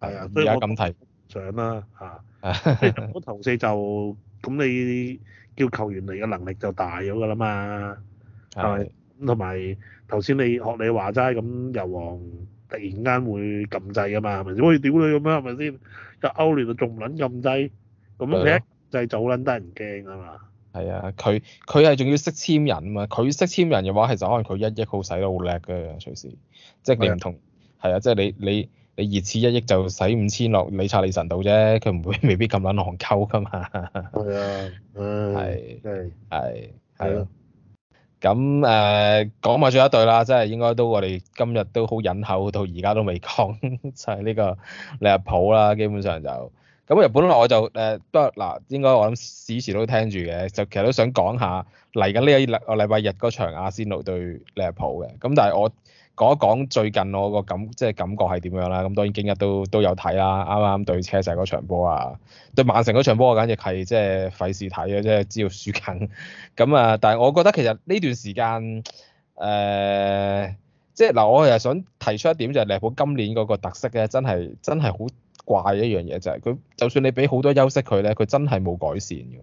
係啊，而家咁睇上啦嚇，我、啊、 頭四就咁，你叫球員嚟嘅能力就大咗㗎啦嘛，係咪同埋頭先你學你話齋咁，油王突然間會撳掣㗎嘛，係咪先？喂，屌你咁樣係咪先？就歐聯就仲撚咁低，咁佢就係就撚得人驚啊嘛。係啊，佢佢係仲要識簽人啊嘛。佢識簽人嘅話，係就可能佢一億佢使得好叻㗎隨時。即係你唔同係啊，啊，即係你你你熱刺一億就使五千落你賊你神度啫，佢唔會未必咁撚狼溝噶嘛。係 啊，係真係係係咯。咁誒、呃、講埋咗一對啦，即係應該都我哋今日都好忍口到而家都未講， 就係呢個利物浦啦，基本上就咁日本來我就誒、呃，不過嗱，應該我諗史前都聽住嘅，就其實都想講下嚟緊呢一禮個禮拜日嗰場阿仙奴對利物浦嘅。咁但係我講一講最近我個感即係感覺係點樣啦。咁當然今日都都有睇啦、啊，啱啱對車仔嗰場波啊，對曼城嗰場波我簡直係即係費事睇啊，即係只要輸緊咁啊。 但係我覺得其實呢段時間誒、呃，即係嗱，我係想提出一點就係利物浦今年嗰個特色咧，真係真係好怪一樣嘢就係、是、佢，就算你俾好多休息佢咧，佢真係冇改善嘅。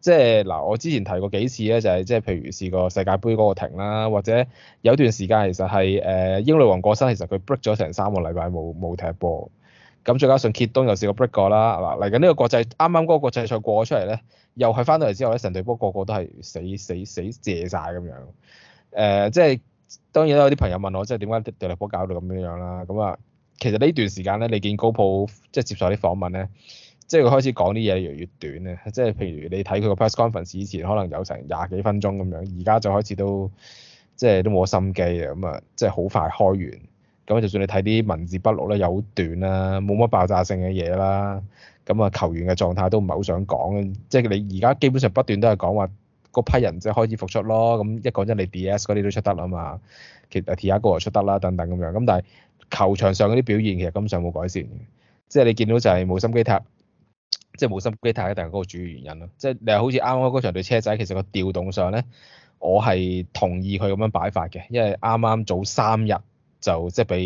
即係嗱，我之前提過幾次咧，就係即係譬如試過世界盃嗰個停啦，或者有段時間其實係誒、呃、英女王過身，其實佢 break 咗成三個禮拜冇冇踢波。咁再加上揭東又試過 break 過啦，係嚟緊呢個國際，啱啱嗰個國際賽過咗出嚟咧，又係翻到嚟之後咧，成隊波個個都係死死死謝晒咁樣。誒、呃，即係當然都有啲朋友問我，即係點解隊力波搞到咁樣樣啦？咁啊，其實呢段時間咧，你見高普即係接受啲訪問咧。即係佢開始講啲嘢越嚟越短咧，即係譬如你睇佢個 press conference 以前可能有成廿幾分鐘咁樣，而家就開始都即係都冇乜心機啊，咁啊即係好快開完。咁就算你睇啲文字筆錄咧、啊，又好短啦，冇乜爆炸性嘅嘢啦。咁啊球員嘅狀態都唔係好想講嘅，即係你而家基本上不斷都係講話嗰批人即係開始復出咯。咁一講真你 D.S. 嗰啲都出得啦嘛，其實 Tia 哥又出得啦，等等咁樣。咁但係球場上嗰啲表現其實根本上冇改善，即係你見到就係冇心機踢。即係冇心機睇，一定係嗰個主要原因咯。即係你係好似啱啱嗰場對車仔，其實個調動上咧，我係同意佢咁樣擺法嘅，因為啱啱早三日就即係俾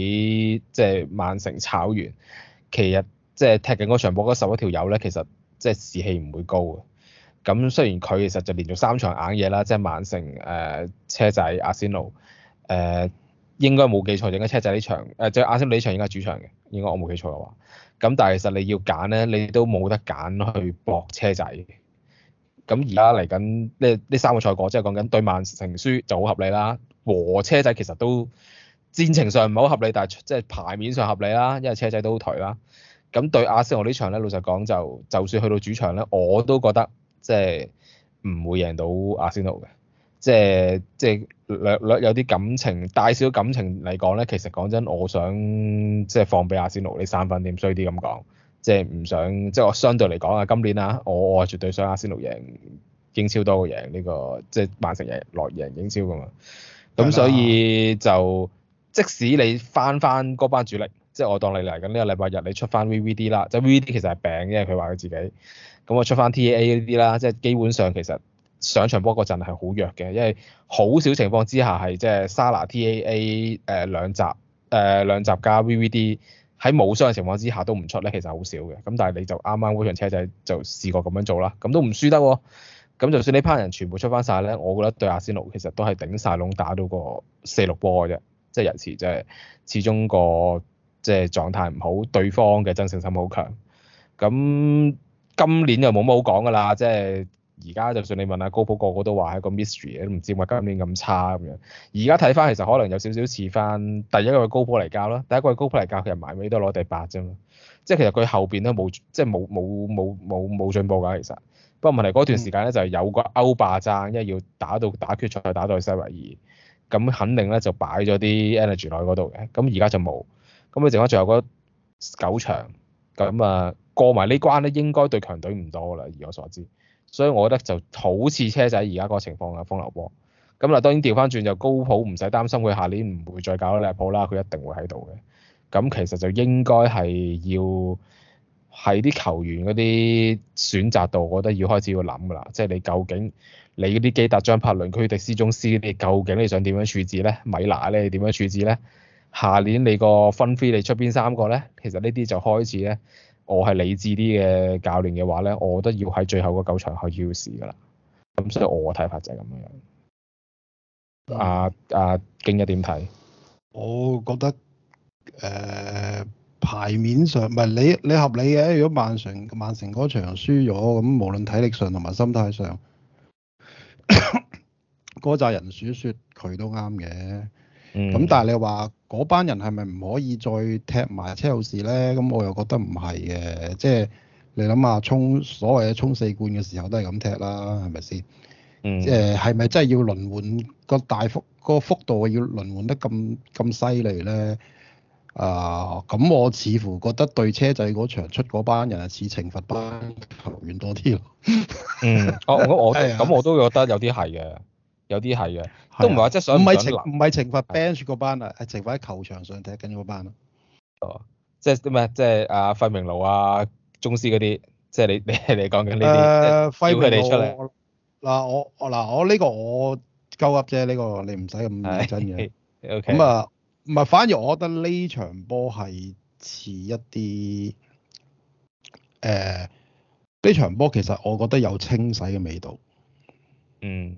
即係曼城炒完，其實即係踢緊嗰場波嗰十一條友咧，其實即係士氣唔會高嘅。咁雖然佢其實就連續三場硬嘢啦，即係曼城誒、呃、車仔阿仙奴誒、呃，應該冇記錯，應該車仔呢場誒、呃、即阿仙奴呢場應該係主場嘅，應該我冇記錯嘅話。咁但係其實你要揀咧，你都冇得揀去搏車仔。咁而家嚟緊呢呢三個賽果，即係講緊對曼城輸就好合理啦。和車仔其實都戰情上唔係好合理，但係即係牌面上合理啦，因為車仔都好頹啦。咁對阿仙奴呢場咧，老實講就就算去到主場咧，我都覺得即係唔會贏到阿仙奴嘅。即係即係略略有啲感情，帶少感情嚟講咧，其實講真，我想即係放俾阿仙奴呢三分衰點衰啲咁講，即係唔想即係我相對嚟講啊，今年啊，我我係絕對想阿仙奴贏英超多過贏呢個即係曼城贏落贏英超㗎嘛，咁所以就即使你返返嗰班主力，即係我當你嚟緊呢個禮拜日，你出返 VVD 啦，即係 VVD 其實係病，因為佢話佢自己，咁我出返 TAA 呢啲啦，即係基本上其實。上場波嗰陣係好弱嘅，因為好少情況之下係即係沙拿 TAA 誒兩集誒、呃、兩集加 VVD 喺冇傷嘅情況之下都唔出咧，其實好少嘅。咁但係你就啱啱嗰場車仔就試過咁樣做啦，咁都唔輸得喎。咁就算呢班人全部出翻晒咧，我覺得對阿仙奴其實都係頂晒籠打到個四六波嘅啫，即係人時即係始終個即係狀態唔好，對方嘅爭勝心好強。咁今年就冇乜好講噶啦，即係。而家就算你問阿、啊、高普個個都話係一個 mystery，都唔知點解今年咁差咁樣。而家睇翻其實可能有少少似翻第一季高普嚟教啦，第一季高普嚟教佢入埋尾都攞第八啫嘛。即係其實佢後邊都冇，即係冇冇冇冇冇進步㗎。其實不過問題嗰段時間咧就係、是、有個歐霸爭，因為要打到打決賽打到去西維爾，咁肯定咧就擺咗啲 energy 落去嗰度嘅。咁而家就冇，咁佢剩翻最後嗰九場，咁啊過埋呢關咧應該對強隊唔多啦。以我所知。所以，我覺得就好似車仔而家嗰個情況嘅風流波。咁啊，當然調翻轉就高普唔使擔心，佢下年唔會再搞到利物浦啦，佢一定會喺度嘅。咁其實就應該係要喺啲球員嗰啲選擇度，我覺得要開始要諗㗎啦。即係你究竟你嗰啲基達、張柏倫、區迪斯、中斯，你究竟你想點樣處置咧？米拿呢你點樣處置咧？下年你個分飛你出邊三個咧？其實呢啲就開始咧。我係理智啲嘅教練嘅話咧，我覺得要喺最後嗰九場去要事㗎喇。咁所以我嘅睇法就係咁樣。阿阿經一京一點睇？我覺得誒牌、呃、面上唔係你你合理嘅。如果曼城曼城嗰場輸咗，咁無論體力上同埋心態上，嗰扎 人鼠説佢都啱嘅。咁、嗯、但係你話嗰班人係咪唔可以再踢埋車路士咧？咁我又覺得唔係嘅，即係你諗下，衝所謂嘅衝四冠嘅時候都係咁踢啦，係咪先？誒、嗯，係咪、呃、真係要輪換個大幅個幅，幅度要輪換得咁咁犀利咧？啊、咁、呃、我似乎覺得對車仔嗰場出嗰班人係似懲罰班球員多啲咯。 嗯，哦，我覺得我咁 我都覺得有啲係嘅。有啲係嘅，都唔係話即係想唔係懲唔係懲罰 bench 個班啊，係懲罰喺球場上踢緊嗰班啦。哦，即係咩、啊啊？即係阿費明奴啊、宗師嗰啲，即係你你你講緊呢啲，叫佢哋出嚟嗱，我嗱、啊、我呢個我鳩噏啫，呢、呢個你唔使咁認真嘅。 o Okay . K、嗯。咁啊，唔係反而我覺得呢場波係似一啲誒呢場波其實我覺得有清洗嘅味道。嗯。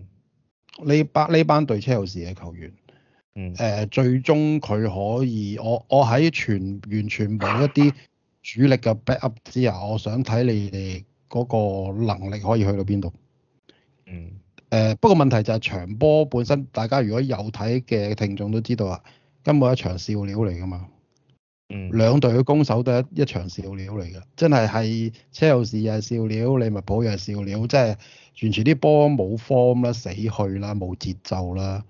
呢班呢班對車路士嘅球員，嗯、呃，誒最終佢可以，我我喺全完全冇一啲主力嘅 back up 之下，我想睇你哋嗰個能力可以去到邊度？嗯、呃，誒不過問題就係場波本身，大家如果有睇嘅聽眾都知道啊，根本一場笑料嚟㗎嘛，嗯，兩隊嘅攻守都係一一場笑料嚟㗎，真係係車路士又係笑料，利物浦又係笑料，即係。完全啲波冇 form 啦，死去啦，冇節奏啦，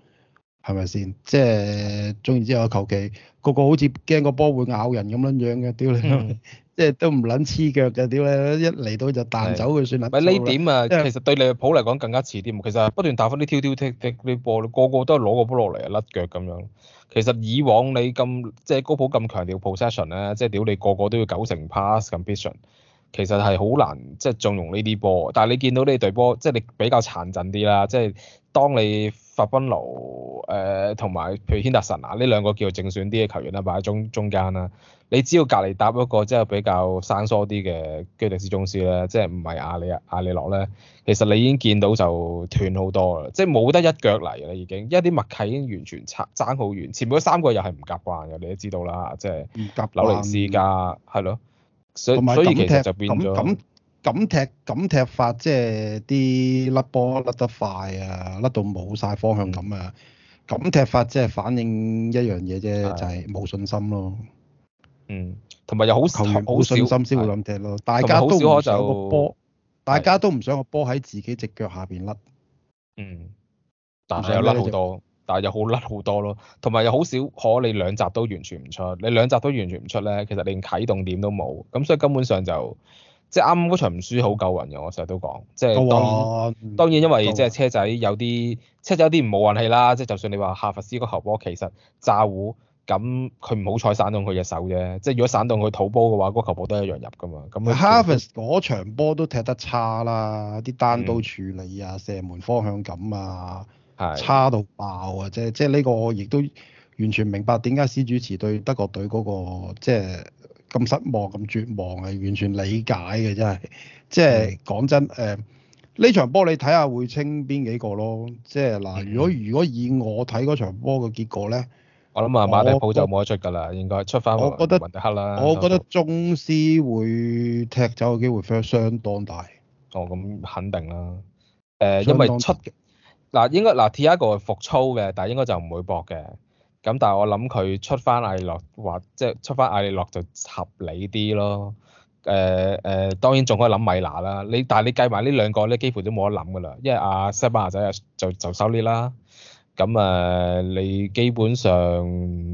係咪先？即係終於之後，求其個，個個好似驚個波會咬人咁樣樣嘅，屌你、嗯！即係 都唔撚黐腳嘅，屌你！一嚟到就彈走佢的算啦了。咪呢點啊？就是、其實對利物浦嚟講更加遲啲。其實不斷打返啲跳跳踢踢啲波，個個都係攞個波落嚟就甩腳咁樣。其實以往你咁即係高普咁強調 possession 啊，即係屌你個個都要九成 pass completion 其實係好難即係縱容呢啲波，但係你見到呢隊波，即係你比較殘陣啲啦。即係當你法賓奴誒同埋譬如軒達臣啊呢兩個叫做正選啲嘅球員啦，擺喺中中間啦，你只要隔離搭一個即係比較生疏啲嘅基迪斯鍾斯咧，即係唔係阿里阿里洛咧，其實你已經見到就斷好多啦，即係冇得一腳嚟啦已經，一啲默契已經完全差爭好遠，前面嗰三個又係唔夾慣嘅，你都知道啦，即係唔夾。紐尼斯加係咯。同埋咁踢咁咁咁踢咁踢法，即係啲甩波甩得快啊，甩到冇晒方向感啊！咁、嗯、踢法即係反映一樣嘢啫，是的 就係冇信心咯。嗯，同埋又好少，好冇信心先會咁踢咯。有就大家都唔想個波，是的 大家都唔想個波喺自己隻腳下邊甩。嗯，但係又甩好多。但係又好甩好多咯，同埋又好少可你兩集都完全唔出，你兩集都完全唔出咧，其實連啟動點都冇，咁所以根本上就即係啱嗰場唔輸好夠運嘅，我成日都講，即係當，玩當然因為玩即係車仔有啲車仔有啲唔冇運氣啦，即係就算你話哈佛斯嗰球波，其實炸糊咁佢唔好彩散動佢隻手啫，即係如果散動佢肚波嘅話，嗰球波都一樣入噶嘛，咁佢哈佛斯嗰場波都踢得差啦，啲單刀處理啊，嗯、射門方向感啊。差到爆啊！即係即係呢個，我亦都完全明白點解史主持對德國隊嗰、那個即係咁失望、咁絕望，係完全理解嘅，就是嗯、真係。即係講真，誒，呢場波你睇下會清邊幾個咯？即係嗱，如果如果以我睇嗰場波嘅結果咧，我諗啊馬德普就冇得出噶啦，應該出翻我覺得文啦。我覺得中斯會踢走嘅機會非常相當大。哦，咁肯定啦、啊。誒、呃，因為七。嗱，應該嗱，貼一個復操嘅，但係應該就唔會博嘅。咁但係我諗佢出翻艾利諾或者即係出翻艾利諾就合理啲咯。誒、呃、誒、呃，當然仲可以諗米娜啦。你但係你計埋呢兩個咧，幾乎都冇得諗噶啦。因為阿西班牙仔就就收啲啦。咁誒、呃，你基本上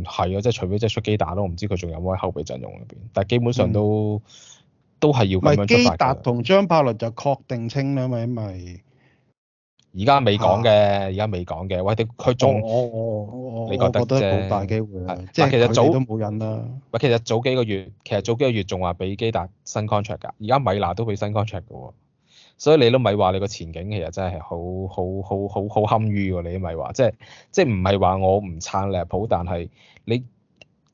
係啊，即係除非即係出基達咯，唔知佢仲有冇喺後備陣容入邊。但係基本上都、嗯、都係要咁樣出發嘅。咪基達同張柏倫就確定清啦嘛，因為。而家未講嘅，而家未講嘅。喂、啊，佢仲，你覺得好大機會？即係是其實早，都冇引啦。喂，其實早幾個月，其實早幾個月仲話畀基達新 contract 㗎。而家米娜都畀新 contract 㗎喎。所以你都咪話你個前景其實真係好好好好好堪於喎。你咪話，即係即係唔係話我唔撐利物浦，但係你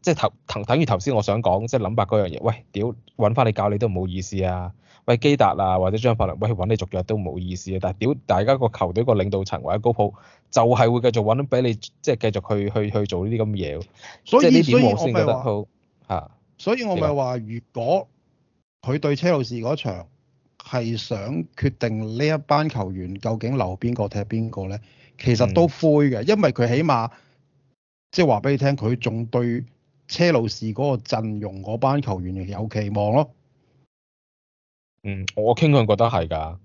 即係頭頭等於頭先我想講，即係諗白嗰樣嘢。喂，屌，揾翻你教你都唔好意思啊！喂，基達啊，或者張伯倫，喂，揾你續約都冇意思啊。但係屌大家個球隊個領導層或者高普，就係、是、會繼續揾俾你，即、就、係、是、繼續去去去做呢啲咁嘅嘢。所以得好，所以我咪話嚇，啊、所以我咪話，如果佢對車路士嗰場係想決定呢一班球員究竟留邊個踢邊個咧，其實都灰嘅，嗯、因為佢起碼即係話俾你聽，佢仲對車路士嗰個陣容嗰班球員有期望咯。嗯，我傾向覺得係㗎，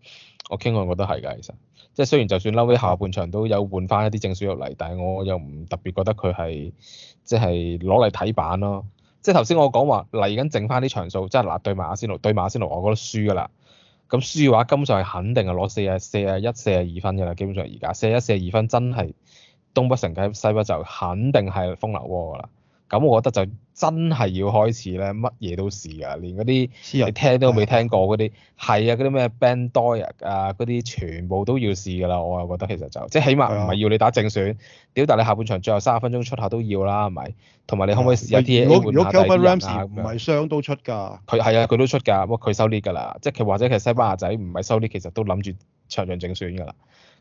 我傾向覺得係㗎，其實，即係雖然就算紐威下半場都有換翻一啲正選入嚟，但係我又唔特別覺得佢係即係攞嚟睇板咯、啊。即係頭先我講話嚟緊剩翻啲場數，即係嗱對埋阿先奴，對埋阿先奴，我覺得輸㗎啦。咁輸嘅話，根本上係肯定係攞四啊四啊一四啊二分㗎啦。基本上而家四啊一四啊二分真係東北城雞，西北就肯定係風流鍋㗎啦。咁我覺得就真係要開始咧，乜嘢都試㗎，連嗰啲你聽都未聽過嗰啲，係啊嗰啲咩 Ben Dyre 啊嗰啲，全部都要試㗎啦！我又覺得其實就即係起碼唔係要你打正選，屌、哎、呀但你下半場最後三十分鐘出下都要啦，係咪？同埋你可唔可以試一啲換下第二啲人啊？如果唔係傷都出㗎，佢係啊佢都出㗎，哇佢收呢㗎啦，即係佢或者其實西班牙仔唔係收呢，其實都諗住長遠正選㗎啦。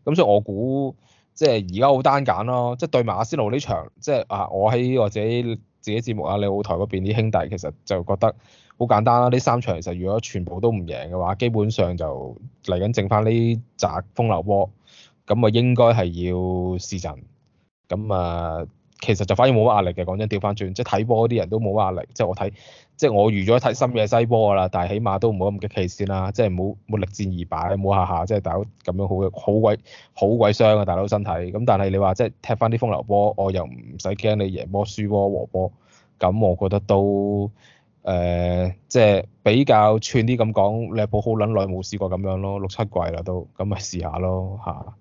咁所以我估。即係而家好單簡咯，即係對埋斯路呢場，即係啊，我喺我自己自己節目啊，你舞台嗰邊啲兄弟其實就覺得好簡單啦。呢三場其實如果全部都唔贏嘅話，基本上就嚟緊剩翻呢紮風流波，咁啊，應該係要試陣。咁啊，其實就反而冇乜壓力嘅。講真，調翻轉即係睇波啲人都冇乜壓力。即係我睇。即係我預咗睇深夜西波噶啦，但係起碼都唔好咁激氣先啦，即係冇冇力戰而敗冇下下，即係大佬咁樣好鬼好鬼好鬼傷啊！大佬身體咁，但係你話即係踢翻啲風流波，我又唔使驚你贏波輸波和波，咁我覺得都誒、呃、即係比較串啲咁講，你係冇好撚耐冇試過咁樣咯，六七季啦都，咁咪試下咯嚇。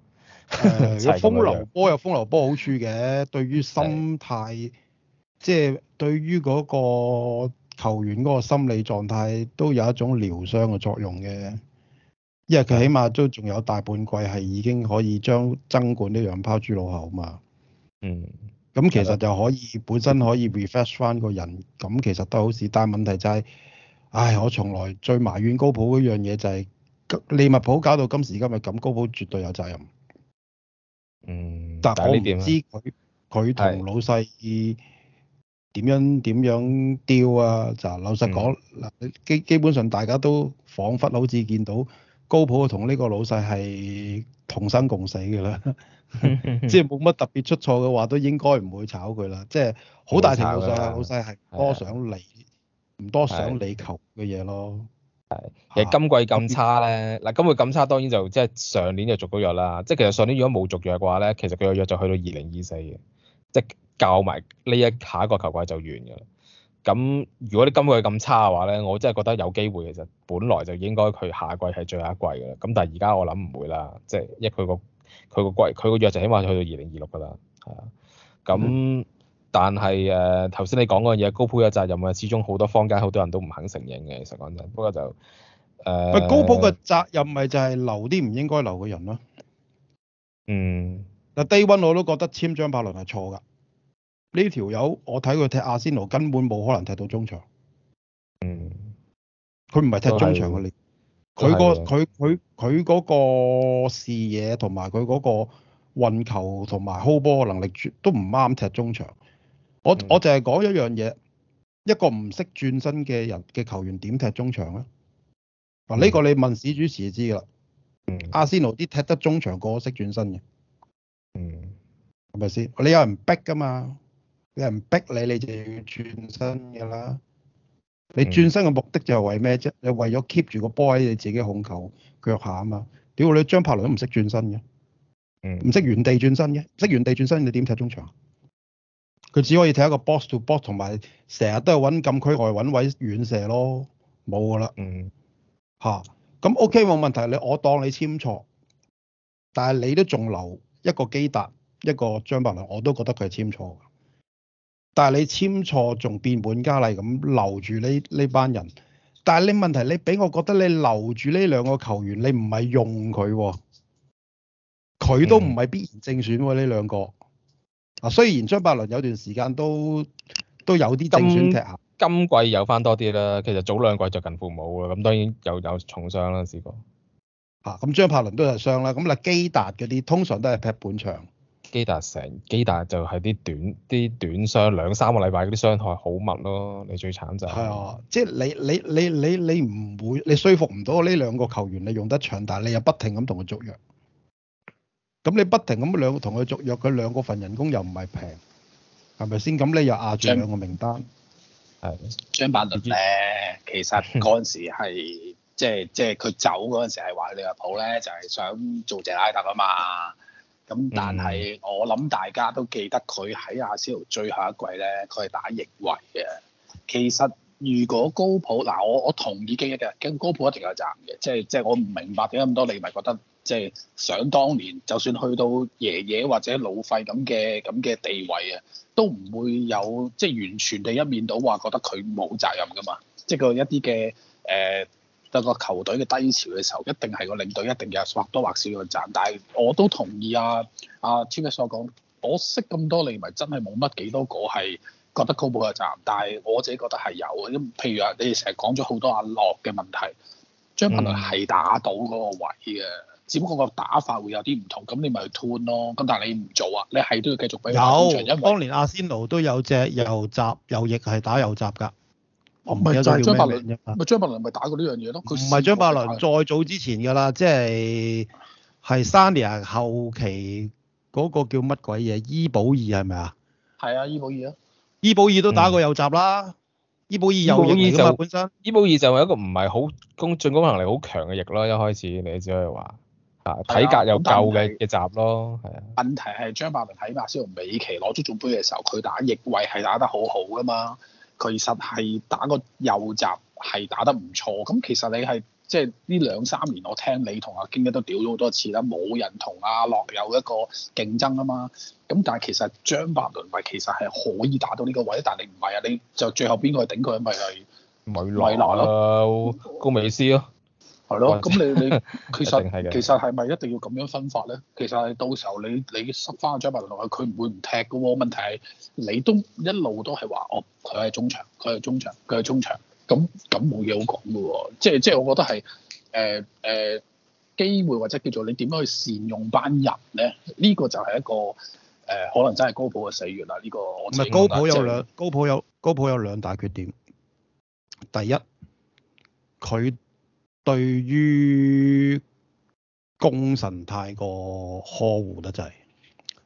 風流波有風流波好處嘅，對於心態，即係、嗯嗯、對於嗰個。球員嗰個心理狀態都有一種療傷嘅作用嘅，因為佢起碼都仲有大半季係已經可以將爭冠呢樣拋諸腦後嘛。嗯，咁其實就可以、嗯、本身可以 refresh 翻個人，咁其實都好事。但係問題就係、是，唉，我從來最埋怨高普嗰樣嘢就係、是、利物浦搞到今時今日咁，高普絕對有責任。嗯，但係我唔知佢佢同老細。點樣點樣掉啊！就老實講，嗱基、嗯、基本上大家都彷彿好似見到高普同呢個老細係同生共死嘅啦，即係冇乜特別出錯嘅話，都應該唔會炒佢啦。即係好大程度上，老細係多想利，唔、啊、多想利是、啊、求嘅嘢咯。係其實今季咁差咧，嗱今季咁差，當然就是、即係上年就續咗約啦。即係其實上年如果冇續約嘅話咧，其實佢個約就去到二零二四嘅，即教埋呢一下一個球季就完噶啦。咁如果你今季咁差嘅話咧，我真係覺得有機會，其實本來就應該佢下季係最後一季噶啦。咁但係而家我諗唔會啦，即係一佢個佢個季佢個約就起碼去到二零二六噶啦，係啊。咁但係誒，頭、呃、先你講嗰樣嘢，高普嘅責任啊，始終好多坊間好多人都唔肯承認嘅。其實講真，不過就誒，呃、高普嘅責任咪就係留啲唔應該留嘅人咯。嗯。嗱 d a 我都覺得簽張柏倫係錯噶。呢條友我睇佢踢阿仙奴根本冇可能踢到中場，嗯，佢唔係踢中場嘅力，佢是、嗰個佢佢佢個視野同埋佢嗰個運球同埋 hold 波嘅能力都唔啱踢中場。我、嗯、我淨係講一樣嘢，一個唔識轉身嘅人嘅球員點踢中場咧？嗱呢個你問史主持就知噶啦。嗯嗯、阿仙奴啲踢得中場個識轉身嘅，嗯，係咪先？你有人逼噶嘛？有人逼你，你就要轉身㗎啦。你轉身嘅目的就係為咩啫？你為咗 keep 住個波喺你自己控球腳下啊嘛。屌你張柏倫都唔識轉身嘅，唔識原地轉身嘅，識原地轉身你點踢中場？佢只可以踢一個 box to box 同埋成日都係揾禁區外揾位遠射咯，冇㗎啦。嗯、mm，嚇、hmm. 咁、啊、OK 冇問題。你我當你簽錯，但係你都仲留一個基達一個張柏倫，我都覺得佢係簽錯。但係你簽錯仲變本加厲咁留住呢呢班人，但係你問題你俾我覺得你留住呢兩個球員，你唔係用佢、哦，佢都唔係必然正選喎呢兩個。啊，雖然張伯倫有段時間都都有啲正選踢下，今季有翻多啲啦。其實早兩季就近父母近乎冇啦，咁當然有有重傷啦，試過。嚇、啊！咁張伯倫都有傷啦。咁阿基達嗰啲通常都係劈本場，基達成基達就係啲短啲短傷兩三個禮拜嗰啲傷害好密咯。你最慘就係、是、啊！即係你你你你你唔會你説服唔到呢兩個球員，你用得長，但係你又不停咁同佢續約。咁你不停咁兩個同佢續約，佢兩個份人工又唔係平，係咪先？咁你又壓住兩個名單。係張。的張伯倫咧，知 其實嗰陣時係即係即係佢走嗰陣時係話利物浦咧就係、是、想做謝拉特啊嘛。咁、嗯、但係我諗大家都記得佢喺亞視最後一季咧，佢係打逆位嘅。其實如果高普嗱，啊，我我同意京一嘅，咁高普一定有責嘅。即係即係我唔明白點解咁多你咪係覺得，即係想當年就算去到爺爺或者老費咁嘅咁嘅地位啊，都唔會有即係完全一面倒話覺得佢冇責任㗎嘛。即係個一啲嘅誒。呃就個球隊嘅低潮嘅時候，一定係個領隊一定有或多或少嘅站。但係我都同意啊，啊 Cheap 所講，我識咁多你咪真係冇乜幾多個係覺得高普嘅站。但係我自己覺得係有嘅，譬如啊，你哋成日講咗好多阿利嘅問題，張伯倫係打到嗰個位嘅，只不過個打法會有啲唔同。咁你咪去 tune 咯。咁但係你唔做啊？你係都要繼續俾。有當年阿仙奴都有隻右閘右翼係打右閘㗎。哦，唔係，就係張伯倫咪張伯倫咪打過呢樣嘢咯？唔係張伯倫，再早之前噶啦，即係係三年後期嗰個叫乜鬼嘢？伊保二係咪啊？係啊，伊保二啊。伊保二都打過右閘啦。嗯、伊保二右翼啊嘛，本身伊保二就係一個唔係好攻進攻能力好強嘅翼咯。一開始你只可以話啊，體格又夠嘅嘅閘咯，係啊。問題係張伯倫喺馬斯隆尾期攞足總杯嘅時候，佢打翼位係打得好好噶嘛。其實係打個右閘係打得唔錯，咁其實你係即係呢兩三年，我聽你同阿京一都屌咗好多次啦，冇人同阿諾有一個競爭啊嘛，咁但係其實張伯倫咪其實係可以打到呢個位，但係你唔係啊，你就最後邊個去頂佢咪係米拿咯，高美斯咯，啊。係咯，咁你你其實其實係咪一定要咁樣分法咧？其實係到時候你你塞翻個張伯倫落去，佢唔會唔踢嘅喎。問題係你都一路都係話哦，佢係中場，佢係中場，佢係中場，咁咁冇嘢好講嘅喎。即係即係我覺得係誒誒機會或者叫做你點樣去善用班人咧？呢、這個就係一個誒、呃、可能真係高普嘅死穴啦。呢、這個我認為高普有兩、就是、高普有高普有，高普有兩大缺點，第一佢。對於功臣太過呵護得滯，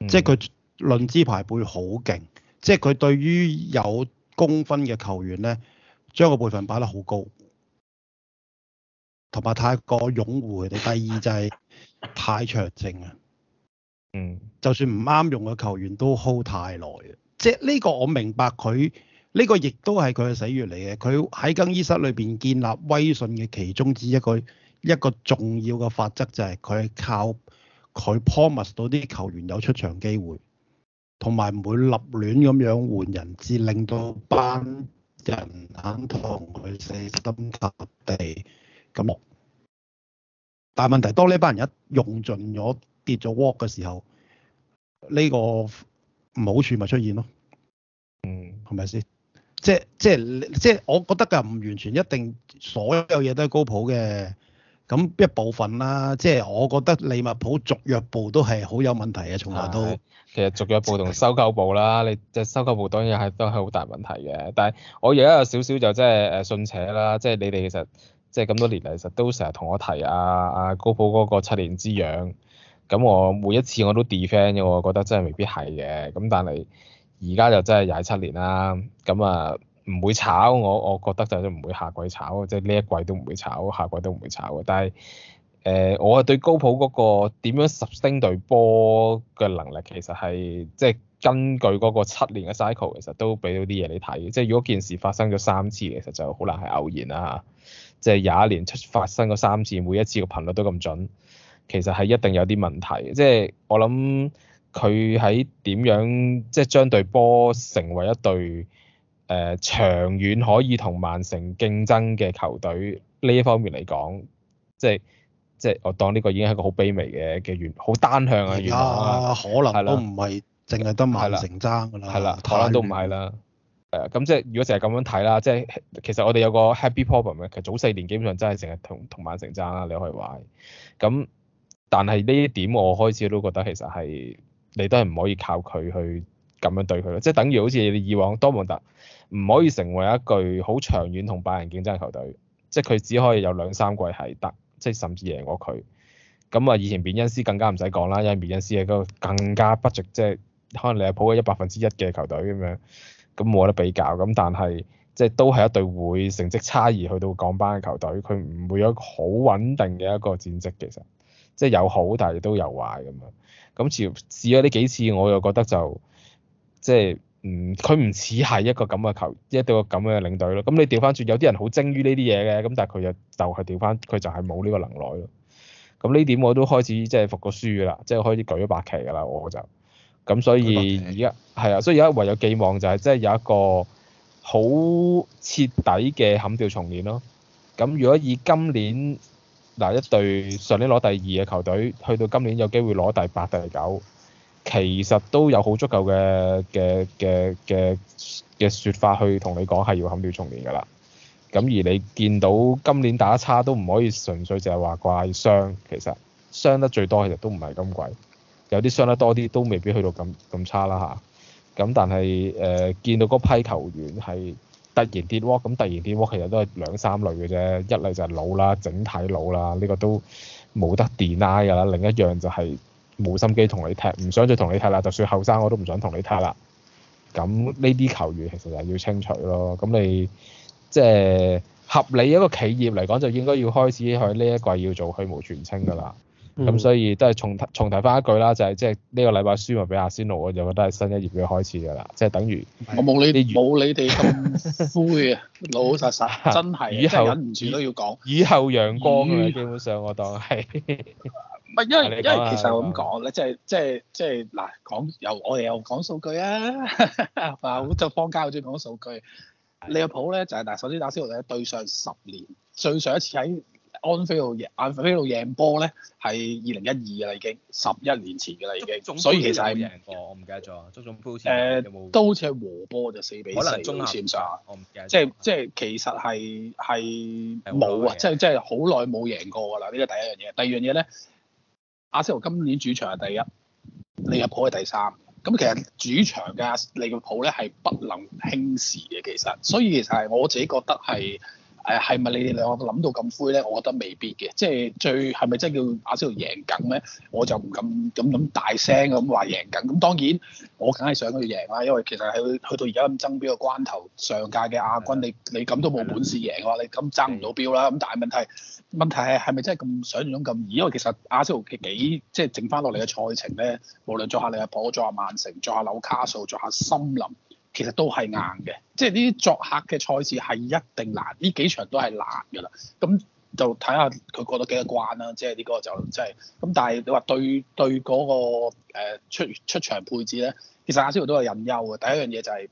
即係佢論資排輩好勁，即係佢對於有功分嘅球員咧，將個輩分擺得好高，同埋太過擁護佢哋。第二就係太長情啊，嗯，就算唔啱用嘅球員都 hold 太耐，即係呢個我明白佢。呢個亦都係佢嘅死穴嚟嘅。佢喺更衣室裏邊建立威信嘅其中之一個一個重要嘅法則就係佢係靠佢 promise 到啲球員有出場機會，同埋唔會立亂咁樣換人，至令到班人肯同佢死心塌地咁落。但係問題當呢班人一用盡咗跌咗 watt 嘅時候，呢、呢個唔好處咪出現咯。嗯，係咪先？即即即我覺得㗎唔完全一定所有嘢都係高普嘅，咁一部分啦。即係我覺得利物浦續約部都係好有問題嘅，從來都、哎、其實續約部同收購部啦，就是、你即係收購部當然係都係好大問題嘅。但係我而家有少少就即係誒信邪啦，即、就、係、是、你哋其實即係咁多年嚟，其實都成日同我提啊啊高普嗰個七年之癢，咁我每一次我都 defend 嘅，我覺得真係未必係嘅。咁但係。而家就真係廿七年啦，咁啊，唔會炒，我我覺得就都唔會下季炒，即係呢一季都唔會炒，下季都唔會炒嘅。但係誒、呃，我對高普嗰個點樣十星對波嘅能力，其實係即係根據嗰個七年嘅 cycle，其實都俾到啲嘢你睇。即係如果件事發生咗三次，其實就好難係偶然啦。即係廿一年出發生過三次，每一次嘅頻率都咁準，其實係一定有啲問題。即係我諗。佢喺點樣即係將對波成為一隊誒、呃、長遠可以同曼城競爭嘅球隊呢一方面嚟講，即係即係我當呢個已經係個好卑微嘅嘅源，好單向嘅源、哎、可能都唔係淨係得曼城爭㗎啦，係啦亂，泰蘭都唔係啦。誒、呃，咁即係如果淨係咁樣睇啦，即係其實我哋有個 happy problem 嘅，其實早四年基本上真係淨係同同曼城爭啦，你可以話。咁但係呢一點我開始都覺得其實係。你都係唔可以靠佢去咁樣對佢咯，即係等於好似你以往多蒙特唔可以成為一隊好長遠同拜仁競爭嘅球隊，即係佢只可以有兩三季係得，即係甚至贏過佢。咁啊，以前變恩斯更加唔使講啦，因為變恩斯係嗰個更加不值，即係可能利物浦嘅一百分之一嘅球隊咁樣，咁冇得比較。咁但係即係都係一隊會成績差而去到降班嘅球隊，佢唔會有好穩定嘅一個戰績，其實即係有好，但係亦都有壞咁樣。咁似試咗呢幾次，我又覺得就即係嗯，佢唔似係一個咁嘅球，一個咁嘅領隊咯。咁你調翻轉，有啲人好精於呢啲嘢嘅，咁但係佢又就係調翻，佢就係冇呢個能耐咯。咁呢點我都開始即係服個輸㗎啦，即係開始舉咗白旗㗎啦，我就。咁所以而家係啊，所以而家唯有寄望就係即係有一個好徹底嘅冚掉重練咯。咁如果以今年。嗱，一隊上年攞第二嘅球隊，去到今年有機會攞第八、第九，其實都有好足夠嘅嘅嘅嘅嘅説法去同你講係要冚掉重練㗎啦。咁而你見到今年打得差都唔可以純粹就係話怪傷，其實傷得最多其實都唔係今季，有啲傷得多啲都未必去到咁咁差啦嚇。咁但係誒、呃、見到嗰批球員係。突然跌喎，咁突然跌喎，其實都係兩三類嘅啫。一嚟就係老啦，整體老啦，呢、這個都冇得 deny 㗎啦。另一樣就係冇心機同你踢，唔想再同你踢啦。就算後生我都唔想同你踢啦。咁呢啲球員其實就要清除咯。咁你即係、就是、合理一個企業嚟講，就應該要開始喺呢一季要做去蕪存菁㗎啦。咁所以都係重重提翻一句啦，就係即係呢個禮拜輸埋俾阿仙奴，我就覺得係新一頁嘅開始㗎啦，即係等於我冇你冇你哋咁灰啊，老實曬，真係，真係以後忍唔住都要講以，以後陽光啊，基本上我當係唔係因為因為其實，即係即係、我咁講咧，即係即係即係嗱講又我哋又講數據啊，嗱 好就放膠先講數據，利物浦咧就係，嗱首先阿仙奴咧對上十年最上一次喺。安菲路贏，安菲路贏波咧，係二零一二啦，已經十一年前嘅啦，已經。所以其實係。我唔記得咗，周總鋪有冇、呃、都好似係和波，就四比四。可能中下。我唔記得。即係即係其實係係冇啊，即係即係好耐冇贏過㗎啦。呢個是第一樣嘢，第二樣嘢咧，阿仙奴今年主場係第一，嗯、利物浦係第三。咁其實主場嘅利物浦咧係不能輕視嘅，其實。所以其實係我自己覺得係。嗯誒係咪你哋兩個諗到咁灰咧？我覺得未必嘅，即係最係咪真係叫阿仙奴贏緊咧？我就唔敢咁咁大聲咁話贏緊。咁當然我梗係想佢贏啦，因為其實喺去，去到而家咁爭標嘅關頭，上屆嘅亞軍你你咁都冇本事贏嘅話，你咁爭唔到標啦。咁但係問題問題係係咪真係咁想像中咁易？因為其實阿仙奴嘅幾即係剩翻落嚟嘅賽程咧，無論做下你阿破，做下曼城，做下紐卡素，做下森林。其實都係硬嘅，即係呢啲作客嘅賽事係一定難，呢幾場都係難㗎啦。咁就睇下佢過咗幾多關啦，即係呢個就即係。咁但係你話對對嗰、嗰個、呃、出出場配置咧，其實阿小都有隱憂嘅。第一樣嘢就係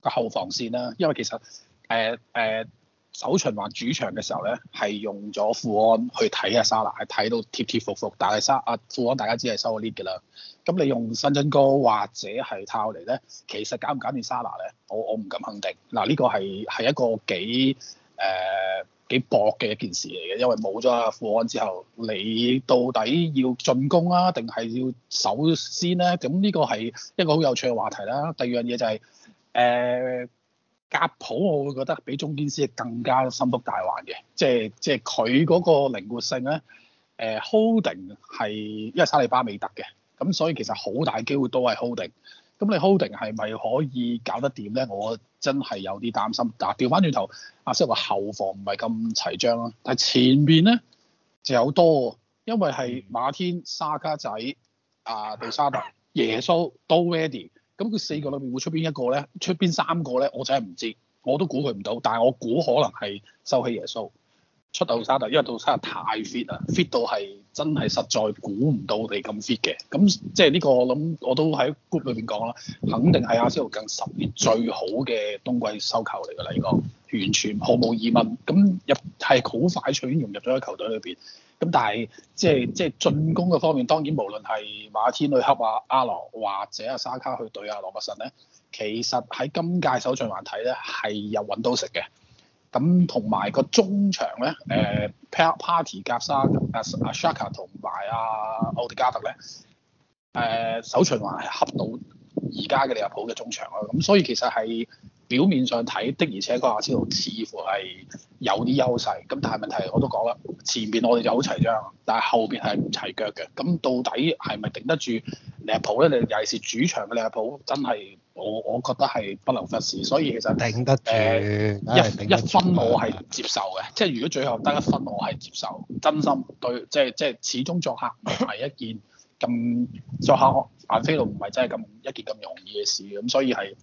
個後防線啦，因為其實誒誒、呃呃、首循環主場嘅時候咧，係用咗富安去睇阿沙拿，係睇到貼貼服服，但係沙阿富安大家只係收咗啲㗎啦。咁你用新津哥或者係靠嚟咧，其實減唔減變沙拿咧？我我唔敢肯定。嗱，呢、這個係係一個幾誒幾薄嘅一件事嚟嘅，因為冇咗阿富安之後，你到底要進攻啊，定係要守先咧？咁、這、呢個係一個好有趣嘅話題啦。第二樣嘢就係誒甲普，我會覺得比中堅師更加心腹大患嘅，即係即係佢嗰個靈活性咧。誒、呃、holding 係因為沙利巴未得嘅。咁所以其實好大機會都係 holding，咁你 holding 係咪可以搞得掂咧？我真係有啲擔心。嗱，調翻轉頭，阿 Sir 話後防唔係咁齊整啦，但係前邊咧就有多，因為係馬天、沙卡仔、阿杜沙特、耶穌都 ready，咁佢四個裏邊會出邊一個咧？出邊三個咧？我真係唔知，我都估佢唔到，但係我估可能係收起耶穌。出到沙特，因為豆沙特太 fit 啦，fit 到係真係實在估唔到你咁 fit 嘅。咁即係呢個我諗我都喺 group 裏邊講啦，肯定係阿仙奴近十年最好嘅冬季收購嚟㗎啦，呢個完全毫無疑問。咁入係好快脆融入咗喺球隊裏邊。咁但係即係即係進攻嘅方面，當然無論係馬天磊黑啊阿羅或者阿沙卡去對阿羅伯臣咧，其實喺今屆首循環睇咧係有揾到食嘅。咁同埋個中場咧，誒、呃、Party 格沙阿阿 Shaka 同埋阿奧迪加特咧，誒、uh, 呃、首循環係恰到而家嘅利物浦嘅中場啊。咁所以其實係。表面上睇的，而且個亞非路似乎係有啲優勢。咁但係問題我都講啦，前邊我哋就好齊將，但係後邊係唔齊腳嘅。咁到底係咪頂得住利物浦咧？你尤其是主場嘅利物浦，真係我我覺得係不能忽視。所以其實頂得住，頂得住、呃、一一分我係接受嘅，嗯、即係如果最後得一分我係接受。真心對，即係即係始終作客唔係一件咁作客亞非路唔係真係咁一件咁容易嘅事嘅，咁所以係。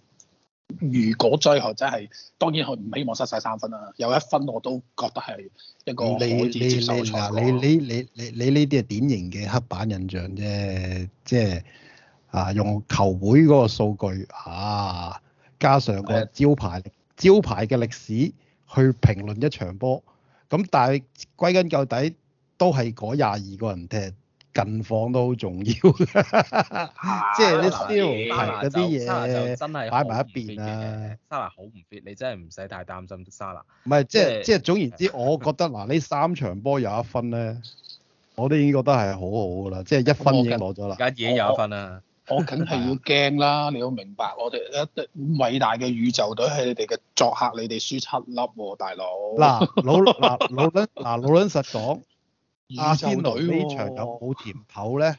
如果最後真係，當然佢唔希望失晒三分啦。有一分我都覺得係一個可以接受嘅賽果。你你你你你呢啲係典型嘅黑板印象啫，即係啊，用球會嗰個數據、啊、加上個招牌招牌嘅歷史去評論一場波。咁但係歸根究底都係嗰廿二個人踢。近況都好重要。 即是你、啊，即係啲 s t 嗰啲嘢，真係擺埋一邊啦、啊。沙拿好唔 fit，你真係唔使太擔心沙拿。唔係，即係、嗯、即係是總言之， 我覺得嗱呢 三場波有一分咧，我都已經覺得係好好㗎啦。即係一分已經攞咗啦，而家我已經有一分啦 我梗係要驚啦，你要明白。我哋一隊偉大嘅宇宙隊係你哋嘅作客，你哋輸七粒喎、啊，大佬。嗱，老嗱老撚嗱實講。阿仙奴呢場有冇甜頭咧？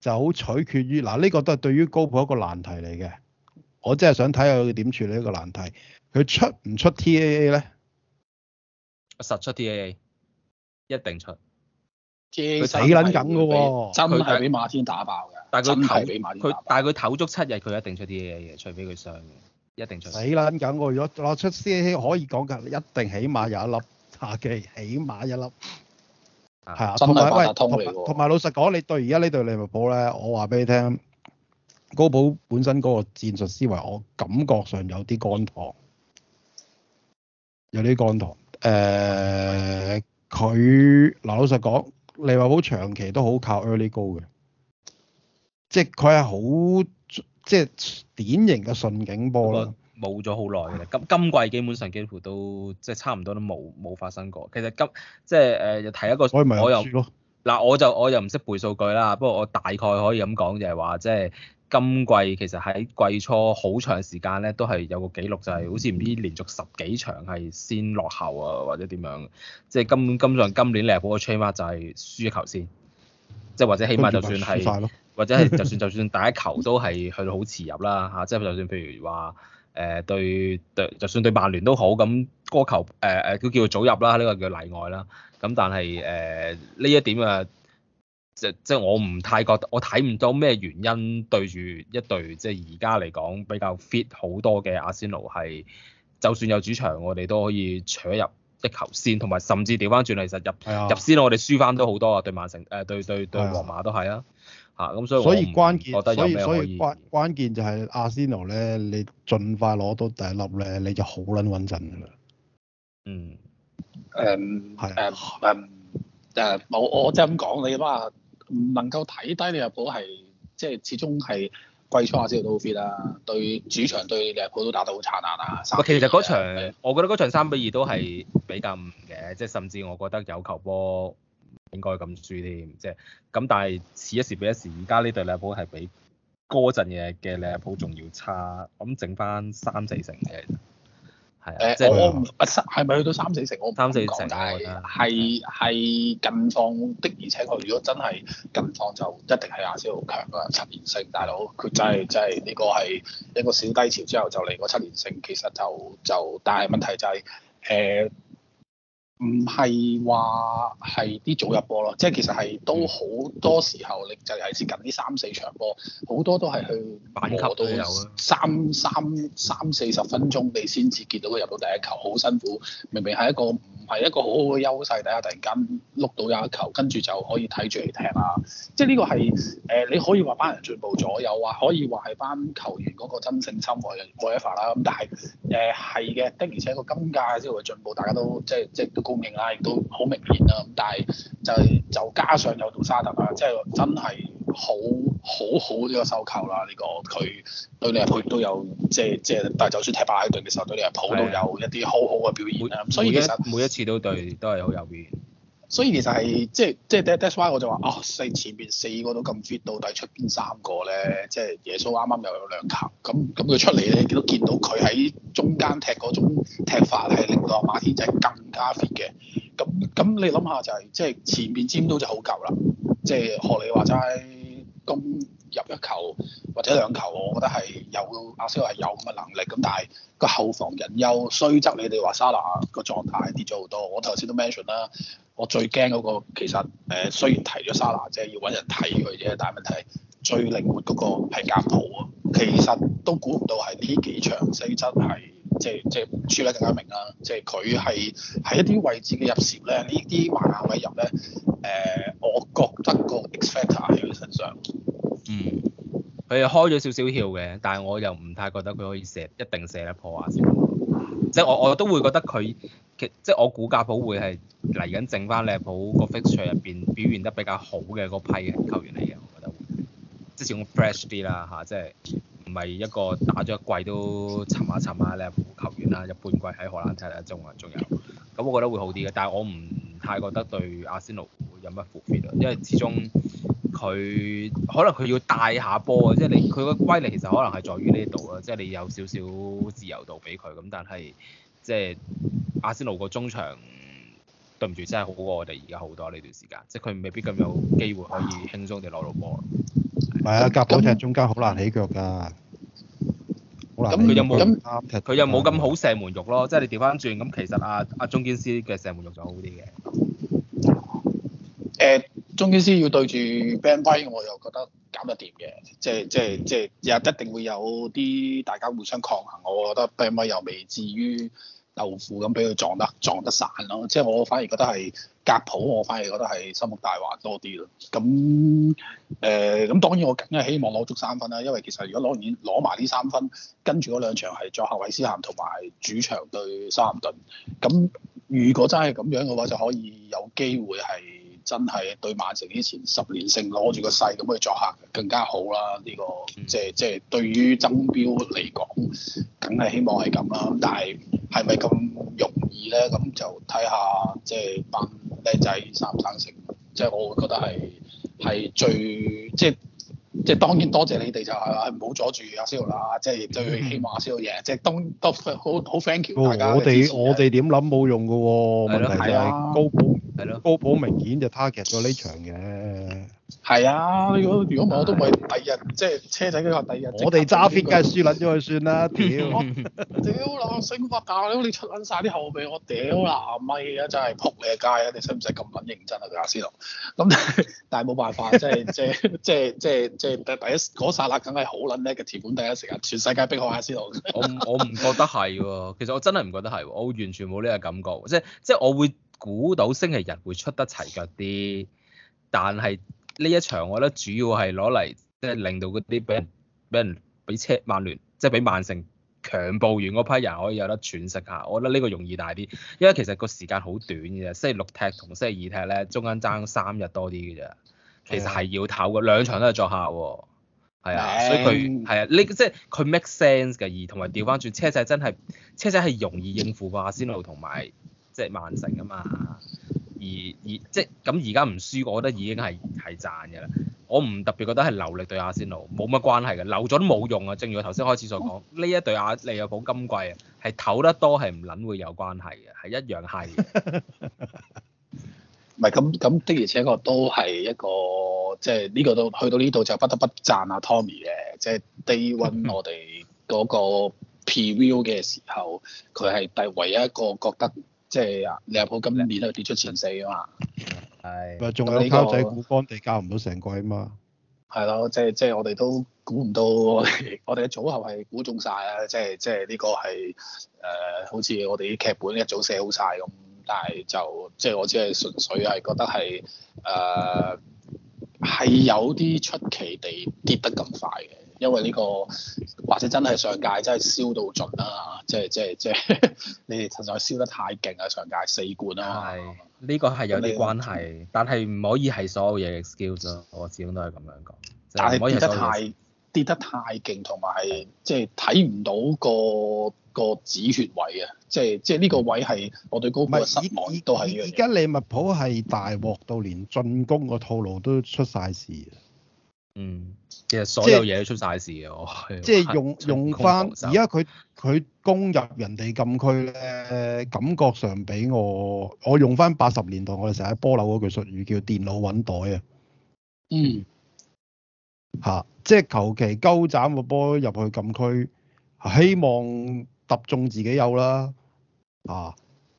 就好取決於嗱，呢個都係對於高普一個難題嚟嘅。我真係想睇下佢點處理呢個難題。佢出唔出 TAA 咧？實出 TAA，一定出。佢 TAA 死撚梗嘅喎，真係俾馬天打爆嘅。但係佢唞，佢但係佢唞足七日，佢一定出 TAA 嘅，除非佢傷嘅，一定出。死撚梗！我如果攞出 TAA 可以講嘅，一定起碼有一粒下機，起碼一粒。係啊，同埋喂，同埋老實講，你對而家呢對利物浦咧，我話俾你聽，高普本身嗰個戰術思維，我感覺上有啲乾糖，有啲乾糖。誒、呃，佢嗱老實講，利物浦長期都好靠 early goal 嘅，即係佢係好即係典型嘅順景波啦。冇咗好耐嘅啦，咁今季基本上幾乎都即係差唔多都冇冇發生過。其實今即係誒又睇一個我，我又嗱，我就我又唔識背數據啦。不過我大概可以咁講，就係話即係今季其實喺季初好長時間咧，都係有個紀錄就係好似唔知連續十幾場係先落後啊，或者點樣。即係今今上今年利物浦嘅 train 嘛，tra 就係輸一球先，即係或者起碼就算係 或者係就算就算第一球都係去到好遲入啦嚇。即係就算譬如話。誒對對，就算對曼聯都好，咁、那個球誒誒，佢、呃、叫做早入啦，呢、這個叫例外啦。咁但係誒呢一點啊，即即我唔太覺得，我睇唔到咩原因對住一隊即係而家嚟講比較 fit 好多嘅阿仙奴係，就算有主場，我哋都可以搶入一球先，同埋甚至調翻轉嚟實入、哎、呀入先，我哋輸翻都好多啊！對曼城誒、呃、對對對皇馬都係啊！嚇，咁、啊、所以，以所以關鍵，所以所以關關鍵就係阿仙奴咧，你盡快攞到第一粒咧，你就好撚穩陣㗎啦。嗯。誒誒誒誒，冇、嗯，我即係咁講你啦，能夠睇低利物浦係，即係始終係季初阿仙奴都 fit 啦，對主場對利物浦都打得好燦爛啊。嗯、其實嗰場，對我覺得嗰場三比二都係比較唔嘅，嗯、即係甚至我覺得有球波。應該咁輸添，即係咁，但係此一時比一時，而家呢對利物浦係比嗰陣嘅嘅利物浦仲要差，咁整翻三四成嘅，係啊，呃、即係是、呃、我唔係咪去到三四成？我三四成，但係係係近況的，而且佢如果真係近況就一定係阿仙奴好強啊，七連勝，大佬，佢真係真係呢個係一個小低潮之後就嚟個七連勝，其實就就，但係問題就係、是、誒。呃唔係話係啲早入波咯，即係其實係都好多時候，你就係接近呢三四場波，好多都係去球都有，三三三四十分鐘，你先至見到佢入到第一球，好辛苦。明明係一個唔係一個好好嘅優勢，底下突然間碌到有一球，跟住就可以睇住嚟踢啦。即係呢個係誒、呃，你可以話班人進步咗右，啊，可以話係班球員嗰個真正心愛嘅 whatever 啦。咁但係誒係嘅，呃、的而且個今屆先會進步，大家都即係即係。供應啦，亦都好明顯啦。咁但係就係就加上有杜沙特啦，即係真係好，好好好呢個收購啦。呢、這個佢對利物浦都有即係即係，但係就算踢拜仁嘅時候，對利物浦都有一啲好好嘅表現啦。所以其實每一次都對都係好有料。所以其實係即係即係 Dash d 我就話啊、哦，四前邊四個都咁 fit，到底出邊三個咧？即係耶穌啱啱又有兩球，咁咁佢出嚟咧，你都見到佢喺中間踢嗰種踢法係令到馬天仔更加 fit 嘅。咁咁你諗下就係、是、即係前面尖到就好球啦。即係學你話齋咁入一球或者兩球，我覺得係有阿 s i 有咁嘅能力。咁但係個後防人又衰側，雖則你哋話沙 a r a 個狀態跌咗好多。我頭先都 mention 啦。我最驚嗰、嗰個其實誒、呃，雖然提咗沙拿，即係要揾人睇佢啫，但係問題最靈活嗰個係高普喎。其實都估唔到係呢幾場四側係即係即係輸得更加明啦。即係佢係喺一啲位置嘅入錫咧，呢啲慢行嘅入咧，誒、呃，我覺得個 expecter 喺佢身上。嗯，佢又開咗少少竅嘅，但係我又唔太覺得佢可以射一定射得破壞先。即係我我都會覺得佢。即係我估高普會係嚟緊剩翻利物浦個 fixture 入邊表現得比較好嘅嗰批球員嚟嘅，我覺得會，即係個 fresh 啲啦吓，即係唔係一個打咗一季都沉下、啊、沉下利物浦球員啦，入半季喺荷蘭踢啦，仲仲有。咁我覺得會好啲嘅，但係我唔太覺得對阿仙奴有乜 full fit 啊，因為始終佢可能佢要帶下波啊，即係你佢個規例其實可能係在於呢度啊，即係你有少少自由度俾佢咁，但係。即係阿仙奴個中場，對唔住，真係好過我哋而家好多呢段時間。即係佢未必咁有機會可以輕鬆地攞到波。係啊，夾波的踢中間好難起腳㗎，好那難。咁佢那有冇？咁那？佢又冇咁好射門肉咯。即係你調翻轉咁，其實阿阿中堅師嘅射門肉就好啲嘅。誒、啊，中堅師、呃、要對住 Ben White 我又覺得搞得掂嘅。即係即係即係，一定會有啲大家互相互抗衡。我覺得 Ben White 又未至於。豆腐咁俾佢撞得撞得散咯，即係我反而覺得係高普，我反而覺得係心腹大患多啲咯。咁誒，咁、呃、當然我梗係希望攞足三分啦，因為其實如果攞完攞埋呢三分，跟住嗰兩場係作客維斯咸同埋主場對修咸頓，咁如果真係咁樣嘅話，就可以有機會係。真係對曼城之前十年成攞住個勢咁去作客更加好啦、啊！呢、呢個即係即係對於爭標嚟講，梗係希望係咁啦。但係係咪咁容易咧？咁就睇下即係班靚仔生唔生性。即、就、係、是、我會覺得係係最即係即係當然多謝,謝你哋就係唔好阻住阿小豪啦。即係最希望阿小豪嘢。即係當多好，好 thank you、哦、我哋我哋點諗冇用嘅喎、哦？啊、問題係、就、高、是高普明顯就 target 咗呢場嘅。係啊，如果我都唔係第日即係車仔嗰個第日。我哋揸 fit 梗係輸撚咗佢算啦，屌！ 屌啦，死瓜蛋！你出撚晒啲後備，我屌啦咪啊！真係仆你嘅街啊！你使唔使咁撚認真啊？阿、啊、仙奴，咁但係冇辦法，即係即係即係即係即係第一嗰剎那，梗係好撚叻嘅。填滿第一時間，全世界逼、啊、我阿仙奴。我唔我唔覺得係喎，其實我真係唔覺得係喎，我完全冇呢個感覺，即係即係我會。估到星期日會出得齊腳啲，但係呢一場我覺得主要係攞嚟即係令到啲俾人俾、mm. 人俾車曼聯即係俾曼城強暴完嗰批人可以有得喘息下，我覺得呢個容易大啲，因為其實個時間好短嘅啫。星期六踢同星期二踢咧中間爭三日多啲嘅啫，其實係要唞嘅，兩場都係作客，係啊，mm. 所以佢係啊，呢即係佢 make sense 嘅，而同埋調翻轉車仔真係車仔係容易應付過阿仙奴同埋。即係曼城啊嘛，而而即咁而家唔輸，我覺得已經係係賺嘅啦。我唔特別覺得係留力對阿仙奴冇乜關係嘅，留咗都冇用啊。正如我頭先開始所講，呢、哦、一對阿利又堡今季啊係唞得多係唔撚會有關係嘅，係一樣係唔係咁咁的，而且 確，確都係一個即係呢個都去到呢度就不得不讚阿、啊、Tommy 嘅，即、就、係、是、day one 我哋嗰個 preview 嘅時候，佢係第唯一一個覺得。即係啊，你阿到今年都跌出前四啊嘛，係的。仲有膠仔股，干地教唔到成季啊嘛。係咯，即係即係我哋都估唔到我，我哋我哋嘅組合係估中晒啊。即係即係呢個係誒、呃，好似我哋啲劇本一早寫好晒咁，但係就即係我只係純粹係覺得係誒係有啲出奇地跌得咁快嘅。因為呢個或者真係上屆真係燒到盡啦，即係即係即係你哋實在燒得太勁啊！上屆四冠啦，係呢個係有啲關係，你但係唔可以係所有嘢 skills 咯，me, 我始終都係咁樣講，但係是唔可以太跌得太勁，同埋即係睇唔到、嗰個、嗰個止血位啊！即係即係呢個位係我對高普失望、嗯，都係而家利物浦係大鑊到連進攻個套路都出晒事，嗯。即係所有嘢都出晒事嘅，我係即係用用翻，而家佢佢攻入人哋禁區咧，感覺上俾我我用翻八十年代我哋成日喺波樓嗰句術語叫電腦揾袋、嗯、啊，嗯，吓，即係求其鳩斬個波入去禁區，希望揼中自己有啦，啊！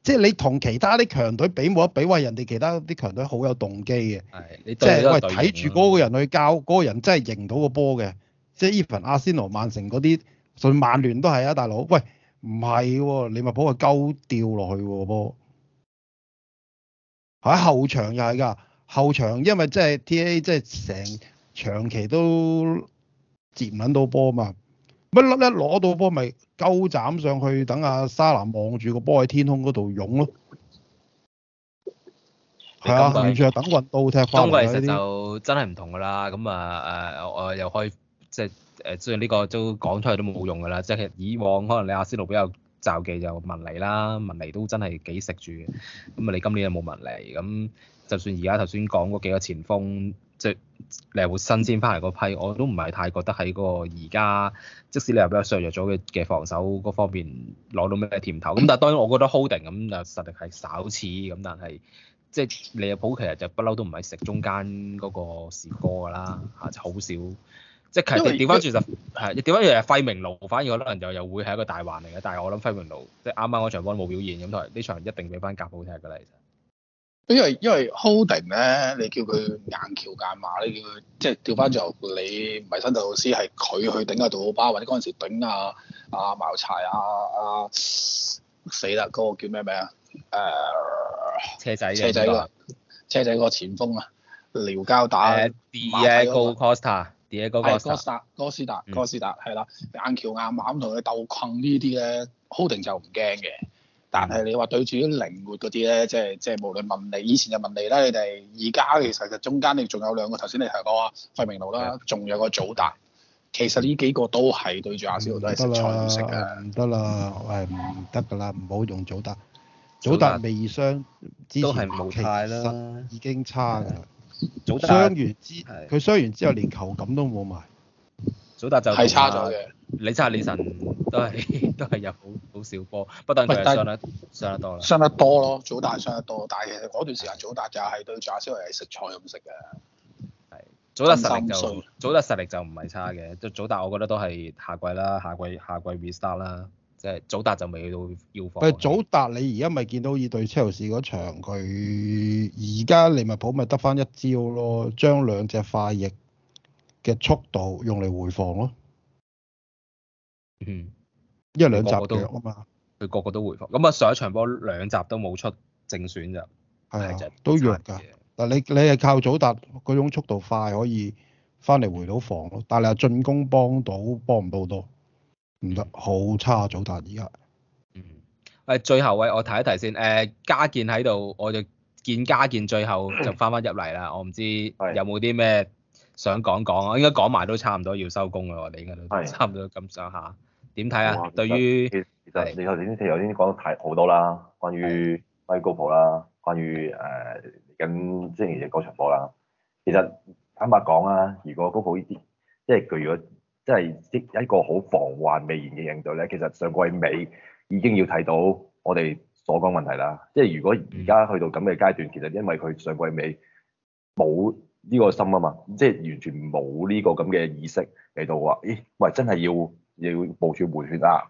即係你同其他啲強隊比冇得比，話人哋其他啲強隊好有動機嘅，係你即係喂睇住嗰個人去教，嗰、嗯、個人真係贏到個波嘅，即係 Even 阿仙奴、曼城嗰啲，甚至曼聯都係啊，大佬，喂唔係你咪浦佢鳩掉落去個波，喺後場又係㗎，後場，後場因為即係 TA 即係成長期都接唔到波嘛。一粒一攞到波咪勾斬上去，等阿沙拿望住個波喺天空嗰度湧咯。係啊，完全係等運到踢翻嚟就真係唔同噶啦。咁啊誒，我又可以即係誒，雖然呢個都講出嚟都冇用噶啦。即係以往可能你阿斯路比較罩忌，就文尼啦，文尼都真係幾食住。咁啊，你今年有冇文尼？咁就算而家頭先講嗰幾個前鋒，即係你又會新鮮翻嚟嗰批，我都唔係太覺得喺嗰個而家，即使你又比較削弱咗嘅嘅防守嗰方面攞到咩甜頭。咁但係當然我覺得 holding 咁就實力係稍次，咁但係即係你阿普其實就不嬲都唔係食中間嗰個時歌㗎啦嚇，就好少。即係其實調翻轉就係調翻轉係費明路，反而我可能就又，又會係一個大患嚟嘅。但係我諗費明路即係啱啱嗰場波冇表現，咁同係呢場一定俾翻格好踢㗎啦。其實因為因為 holding 咧，你叫佢硬橋硬馬，你叫佢即係調翻轉，你唔係新秀老師，係佢去頂阿、啊、杜奧巴，或者嗰陣時頂阿阿茅柴啊，啊，阿死啦，嗰、那個叫咩名啊？誒、呃，車仔、那個，車仔啦，車仔個前鋒啊，撩交打 Diego Costa，Diego、uh, Costa，哥斯達，哥斯達，哥斯達係啦，硬橋硬馬咁同佢鬥困呢啲咧，holding 就唔驚嘅。但係你話對住啲靈活嗰啲咧，即係即係無論問你，以前就問你啦，你哋而家其實就中間你仲有兩個，頭先你提過啊，費明奴啦，仲有個祖達，其實呢幾個都係對住阿仙奴都係菜唔食啊，得啦，唔得啦，誒唔得㗎啦，唔好用祖達，祖達未傷祖達，都係冇太啦，已經差㗎，祖達傷完之，佢傷完之後連球感都冇埋，祖達就係差咗嘅。李差李神都係都係入好好少波，不單佢係上得上是得多啦，上得多咯，祖達上得多，嗯、但係其實嗰段時間祖達就係對炸少係食菜咁食嘅。係、嗯，祖達實力就祖達實力就唔係差嘅，即係祖達我覺得都係下季啦，下季下季 best 啦，即係祖達就未去到要防。但係祖達你而家咪見到二對車路士嗰場佢，而家利物浦咪得翻一招咯，將兩隻快翼嘅速度用嚟回防咯。嗯，因為兩集都有啊嘛，佢個都個都回復咁啊。上一場波兩集都冇出正選咋，係啊的，都弱噶。但係你你係靠祖達嗰種速度快可以翻嚟回到防，咯，但係進攻幫到幫唔到多，唔得，好差、啊、早達而家。嗯，誒，最後位我提一提先。誒、呃，家健喺度，我就見家健最後就翻翻入嚟啦。我唔知有冇啲咩想講講啊？應該講埋都差唔多要收工噶啦。我哋應該都差唔多咁上下。點睇啊？對於其實,是其實你頭先啲，頭先啲講得太好多啦。關於是關於高普啦，關於誒嚟緊星期二嘅嗰場波啦。其實坦白講啊，如果高普呢啲，即係佢如果即係一一個好防患未然嘅應對咧，其實上季尾已經要睇到我哋所講問題啦。即係如果而家去到咁嘅階段，嗯、其實因為佢上季尾冇呢個心啊嘛，即係完全冇呢個咁嘅意識嚟到話，咦？喂，真係要。要部署換血啊，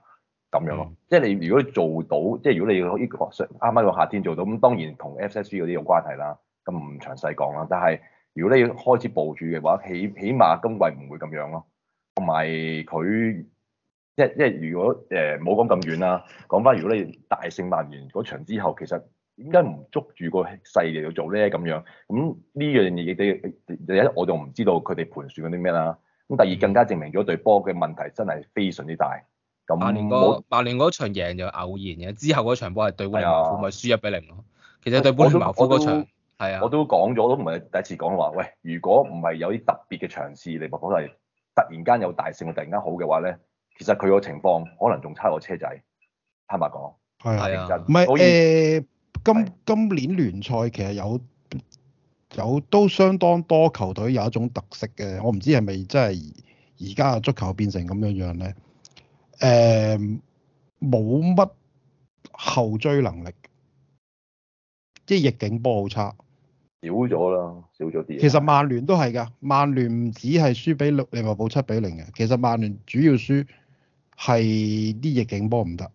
咁樣咯，即係你如果做到，即係如果你要，呢個，啱啱個夏天做到，咁當然同 FSC 嗰啲有關係啦，咁唔詳細講啦。但係如果你要開始部署嘅話，起起碼今季唔會咁樣咯。同埋佢，即係即係如果誒冇講咁遠啦，講翻如果你大勝萬源嗰場之後，其實點解唔捉住個細嘅嚟做咧？咁樣，咁呢樣嘢亦都，第一我就唔知道佢哋盤算緊啲咩啦。咁第二更加證明咗對波嘅問題真係非常之大。咁曼聯，曼、嗰個、場贏就偶然嘅，之後嗰場波係對般尼茅夫咪輸一比零咯。啊、其實對般尼茅夫嗰場，啊，我都講咗，啊、都唔係第一次講話。喂，如果唔係有啲特別嘅嘗試，你唔好話係突然間有大勝，突然間好嘅話咧，其實佢個情況可能仲差過車仔，坦白講。係啊，唔係誒，呃、今年今年聯賽其實有。有都相當多球隊有一種特色嘅，我唔知係咪真係而家嘅足球變成咁樣樣咧？誒、呃，冇乜後追能力，即係逆境波好差，少咗啦，少咗啲。其實曼聯都係㗎，曼聯唔止係輸俾利物浦七比零嘅，其實曼聯主要輸係啲逆境波唔得，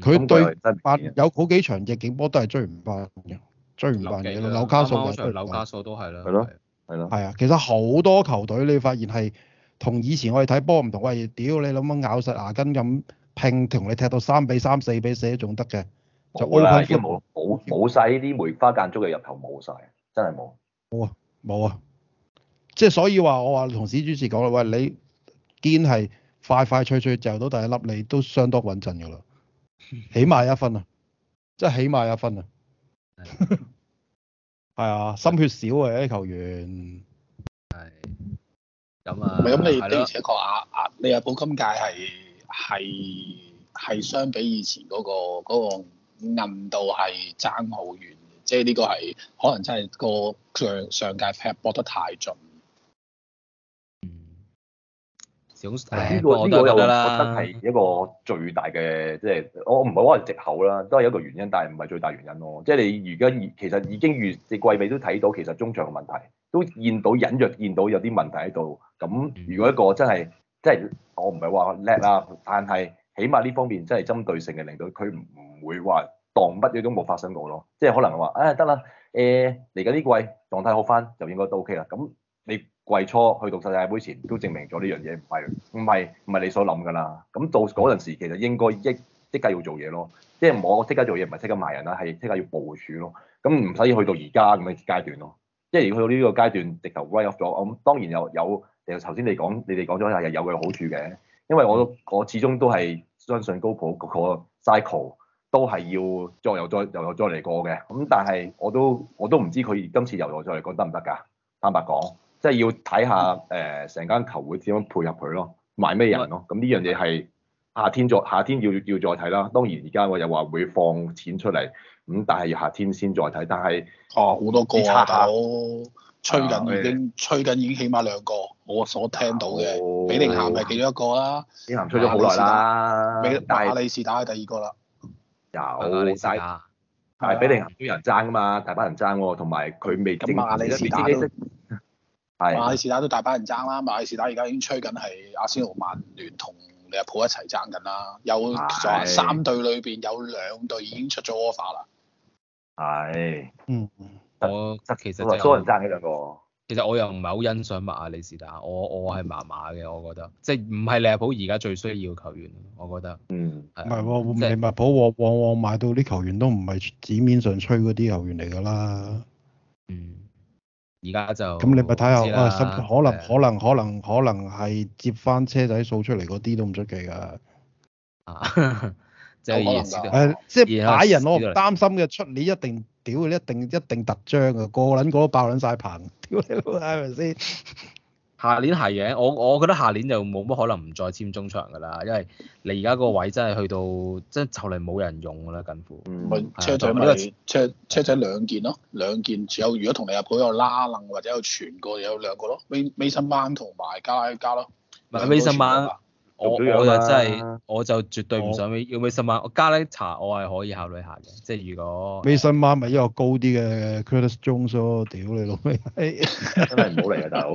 佢對曼有好幾場逆境波都係追唔翻嘅。追唔翻嘅，紐卡素就都唔翻。係咯，係咯。係啊，其實好多球隊你發現係同以前我哋睇波唔同，喂，屌你諗乜咬實牙根咁拼同你踢到三比三、四比四都仲得嘅。就 open 冇冇曬，呢啲梅花間竹嘅入球冇晒。真係冇。冇啊，冇啊。即係所以話，我話同史主持講啦，喂，你堅係快快脆脆就到，第一粒你都相當穩陣㗎啦，起碼一分啊，即係起碼一分啊。係 啊，哎，心血少啊，啲球員係咁啊，唔係咁你，而且確阿阿，你阿布今屆係係係相比以前，嗰個，嗰個硬度係爭好遠，即係呢個係可能真係個上上屆踢波得太盡。呢、這個呢、這個又覺得係一個最大嘅，即係我我唔係可能藉口啦，都係一， 一個原因，但係唔係最大原因咯。即係你而家其實已經越季季尾都睇到，其實中場嘅問題都見到隱約見到有啲問題喺度。咁如果一個真係即係，我唔係話叻啊，但係起碼呢方面真係針對性嘅，令到佢唔會話當乜嘢都冇發生過咯。即係可能話誒得啦，誒嚟緊呢季狀態好返就應該都 OK 啦。咁。季初去到世界杯前都證明咗呢樣嘢唔係唔係唔係你所諗㗎啦。咁到嗰陣時其實應該即即刻要做嘢咯，即係我即刻做嘢唔係即刻賣人啦，係即刻要部署咯。咁唔使去到而家咁嘅階段咯。即係如果去到呢個階段直頭 write off 咗，咁、嗯、當然又有其實頭先你講你哋講咗係有佢嘅好處嘅，因為我我始終都係相信高普個 cycle 都係要再又再又再嚟過嘅。咁、嗯、但係我都我都唔知佢今次又又再嚟過得唔得㗎？坦白講。即係要睇下誒成間球會點樣配合佢咯，買咩人咯？咁呢樣嘢係夏天再夏天要要再睇啦。當然而家我又話會放錢出嚟，咁但係要夏天先再睇。但係哦，好多個啊！吹緊已經吹緊已經起碼兩個，我所聽到嘅。比利鹹係其中一個啦。比利鹹吹咗好耐啦。麥亞里士打係第二個啦。有冇曬啊？係比利鹹有人爭㗎嘛，大班人爭喎，同埋佢未正式未知馬里士達都大班人爭啦，馬里士達而家已經吹緊係阿仙奴、曼聯同利物浦一齊爭緊啦。有三隊裏邊有兩隊已經出咗 offer 啦。係的，嗯，我得其實即多人爭呢兩個。其實我又唔係好欣賞馬里士達，我我係麻麻嘅，我覺得即係唔係利物浦而家最需要嘅球員，我覺得。嗯，唔係喎，即係利物浦往往往買到啲球員都唔係紙面上吹嗰啲球員嚟㗎啦。嗯。而家就咁、啊、你咪睇下啊可，可能可能可能可能係接翻車仔數出嚟嗰啲都唔出奇㗎。 啊，即係可即係擺人，我唔擔心嘅出，你一定屌，你一定一定特張啊，個撚個都爆撚晒棚，屌你老閪咪先。 是下年係嘅，我我覺得下年就冇乜可能唔再簽中場㗎啦，因為你而家個位真係去到，即係就嚟冇人用啦，近乎、嗯。唔係車仔子，我覺得車車仔兩件咯，兩件有如果同你入嗰個拉楞或者有傳過有兩個咯，威威森班同埋加拉加咯。唔係威森班。我，我就真係，我就絕對唔想俾，oh. 要唔要十萬？我加呢啲茶我係可以考慮下嘅，即係如果。俾十萬咪一個高啲嘅 credit zone，屌你老味，真係唔好嚟啊大佬！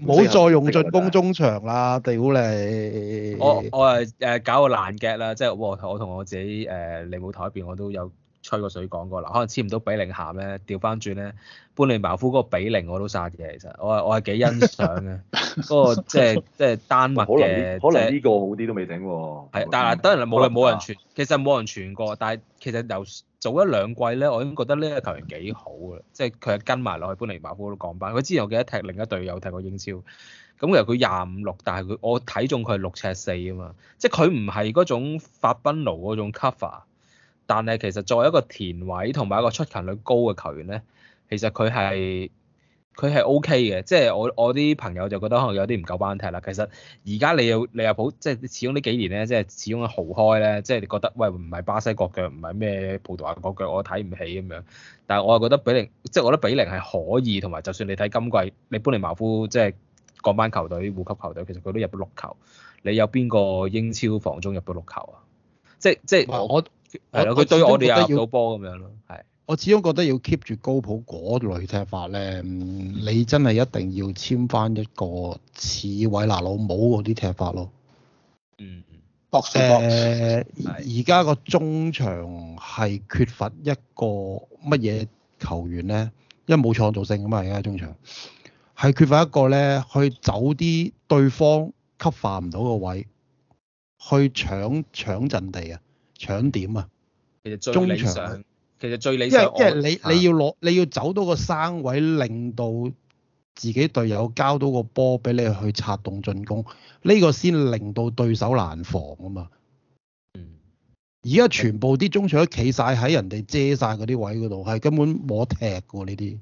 冇 再用進攻中場啦，屌你！我我係誒、呃、搞個爛 gag 啦，即係我同我，我自己誒利物浦嗰邊我都有。吹個水講過啦，可能簽唔到比零下咧，調翻轉咧，搬尼茅夫嗰個比零我都曬嘅，其實我係我係幾欣賞嘅，嗰 個即係即係丹麥嘅，即係可能呢、就是、個好啲都未整喎。是但係當然冇人冇人傳，啊、其實冇人傳過，但係其實由早一兩季咧，我已經覺得呢個球員幾好嘅，即係佢係跟埋落去搬尼茅夫都啲講。佢之前我記得踢另一隊有踢過英超，咁其實佢廿五六，6，但係佢我睇中佢係六尺四啊嘛，即係佢唔係嗰種法賓奴嗰種 cover。但係其實作為一個田位同埋一個出勤率高嘅球員咧，其實佢係佢係 O K 嘅，即係我我啲朋友就覺得可能有啲唔夠班踢啦。其實而家你，你又你又好即係始終呢幾年咧，即係始終豪開咧，即係你覺得喂唔係巴西國腳唔係咩葡萄牙國腳，我睇唔起咁樣。但係我又覺得比寧，即係我覺得比寧係可以，同埋就算你睇今季你般尼茅夫即係降班球隊、護級球隊，其實佢都入到六球。你有邊個英超防中入到六球啊？即係即係我。係咯，佢對我哋入到波咁樣咯。係，我始終覺得要 keep 住高普嗰類踢法咧，嗯，你真係一定要簽翻一個似位娜老母嗰啲踢法咯。嗯，博士。誒，而家個中場係缺乏一個乜嘢球員咧？因為冇創造性啊嘛，而家中場係缺乏一個咧，去走啲對方吸化唔到個位，去搶搶陣地啊！搶點啊！其實最理想，其實最理想，因為因為我你你要攞你要走到個生位，令到自己隊友交到個波俾你去策動進攻，呢、呢個先令到對手難防啊嘛。嗯，而家全部啲中場都企晒喺人哋遮晒嗰啲位嗰度，係根本冇踢過呢啲。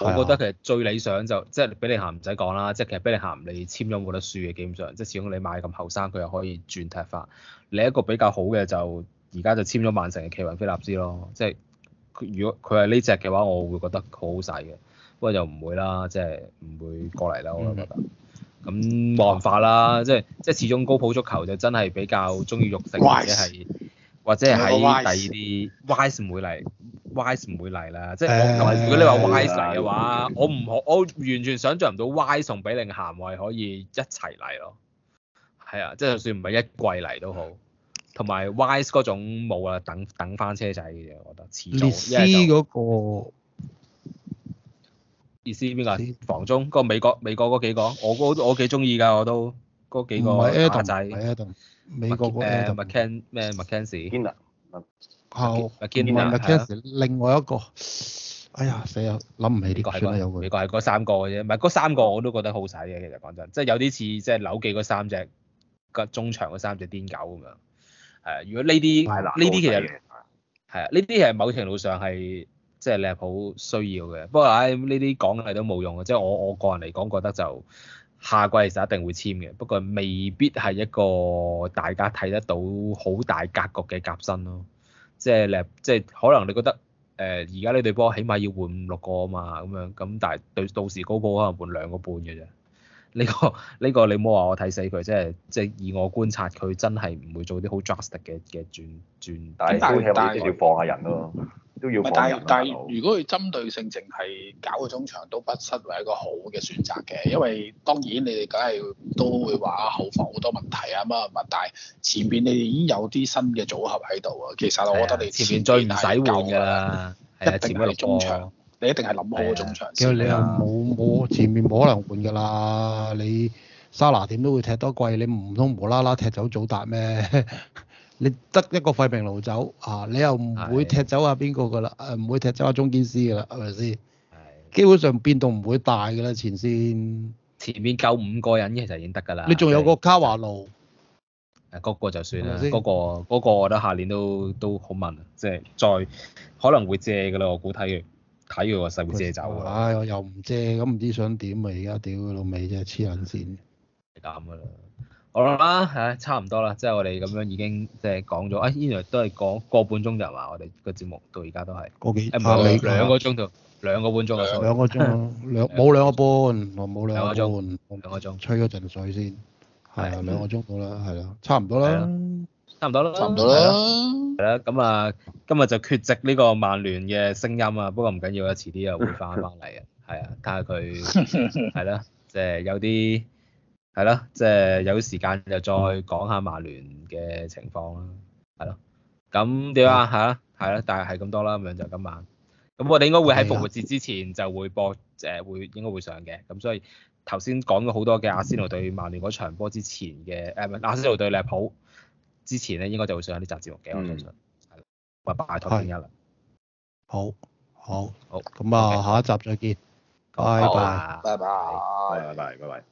我覺得其實最理想就即係俾你行，唔使講啦，即係其實俾你行，你簽咗冇得輸嘅基本上，即係始終你買咁後生，佢又可以轉踢法。另一個比較好嘅就而家就簽咗曼城嘅奇雲菲力斯咯，即係如果佢係呢隻嘅話，我會覺得好好使嘅。又不過就唔會啦，即係唔會過嚟啦，我覺得。咁冇辦法啦，即係即係始終高普足球就真係比較中意肉性或者係。或者係喺第二啲，wise 唔會嚟，wise 唔會嚟啦。即係如果你話 wise 嚟嘅話，的我唔可，我完全想象唔到 wise 同比嘅咸維可以一齊嚟咯。係啊，即係就算唔係一季嚟都好，同埋 wise 嗰種冇啊，等等翻車仔嘅嘢，我覺得遲早一、嗰個、意思嗰個意思邊個？枝房中、嗰個美國美國嗰幾個，我我幾中意㗎，我都嗰幾，幾個馬仔。是美國嗰個誒 McKen 咩 McKenzie MacKenzie 另外一個。啊、哎呀死啊，諗唔起呢個係咩？美國係嗰、那個、三個嘅啫，唔係嗰三個我都覺得好嘥嘅。其實講真，即、就、係、是、有啲似即係紐記嗰三隻個中場嗰三隻癲狗咁樣。係啊，如果呢啲呢啲其實係啊，呢啲其實某程度上係即係利物浦好需要嘅。不過呢啲、哎、講嚟都冇用嘅。即、就、係、是、我我,我個人嚟講，覺得,覺,得覺得就。下季其實一定會簽嘅，不過未必係一個大家睇得到好大格局嘅革新咯。即係你，即係可能你覺得誒，而家呢隊波起碼要換五六個啊嘛，咁樣咁，但係到到時嗰個可能換兩個半嘅啫。呢、這個呢、這個你唔好話我睇死佢，即係即係以我觀察，佢真係唔會做啲好 drastic 嘅嘅轉轉。咁但係要放下人咯、啊，但都要、啊、但係但係如果佢針對性淨係搞個中場都不失為一個好嘅選擇嘅，因為當然你哋梗係都會話後防好多問題啊乜乜，但係前邊你哋已經有啲新嘅組合喺度啊，其實我覺得你前面最唔使換㗎啦，係一定要中場。你一定係諗好嗰種長線、哎、你又冇冇、啊、前面冇可能換㗎啦！你沙拿點都會踢多季，你唔通無啦啦踢走祖達咩？你得一個費明奴走啊！你又唔會踢走阿邊個㗎啦？唔是的、啊、會踢走阿中堅師㗎啦，係咪先？是的 基本上變動唔會大㗎啦，前線。前面夠五個人其實已經得㗎啦。你仲有個卡華路，誒，嗰個就算啦。嗰個嗰個，那個、我覺得下年都都好問，即係再可能會借㗎啦，我估睇嘅。睇佢個細妹借走啊！唉、哎，我又唔借，咁唔知想點啊！而家屌佢老味，真係，黐眼線。係咁噶啦，好啦，唉，差唔多啦，即係我哋咁樣已經即係講咗啊，依都係講個，個半鐘就話我哋個節目到而家都係個幾？唔係、哎啊、兩個鐘頭，兩個半鐘啊！兩個鐘，兩冇 兩個半，我冇兩個半，兩個鐘吹咗陣水先，係的、嗯、兩個鐘到啦，係啊，差唔多啦。差唔多咯，係咯，係啦了。咁啊、嗯，今日就缺席呢個曼聯嘅聲音啊。不過唔緊要啊，遲啲又會翻翻嚟嘅。係啊， 睇下佢係啦，即係有啲係啦，即係有時間就再講下曼聯嘅情況啦。係咯，咁點啊嚇？係啦，但係係咁多啦。咁樣就今晚。咁我哋應該會喺復活節之前就會播，即誒會應該會上嘅。咁所以頭先講咗好多嘅阿仙奴對曼聯嗰場波之前嘅，誒唔係阿仙奴對利物浦。之前咧應該就會上一啲雜誌用嘅，我相信係、嗯、拜拜拜拜好，好，好，咁啊、嗯、okay. 下一集再見，拜拜 Okay.，拜拜，拜拜，拜拜。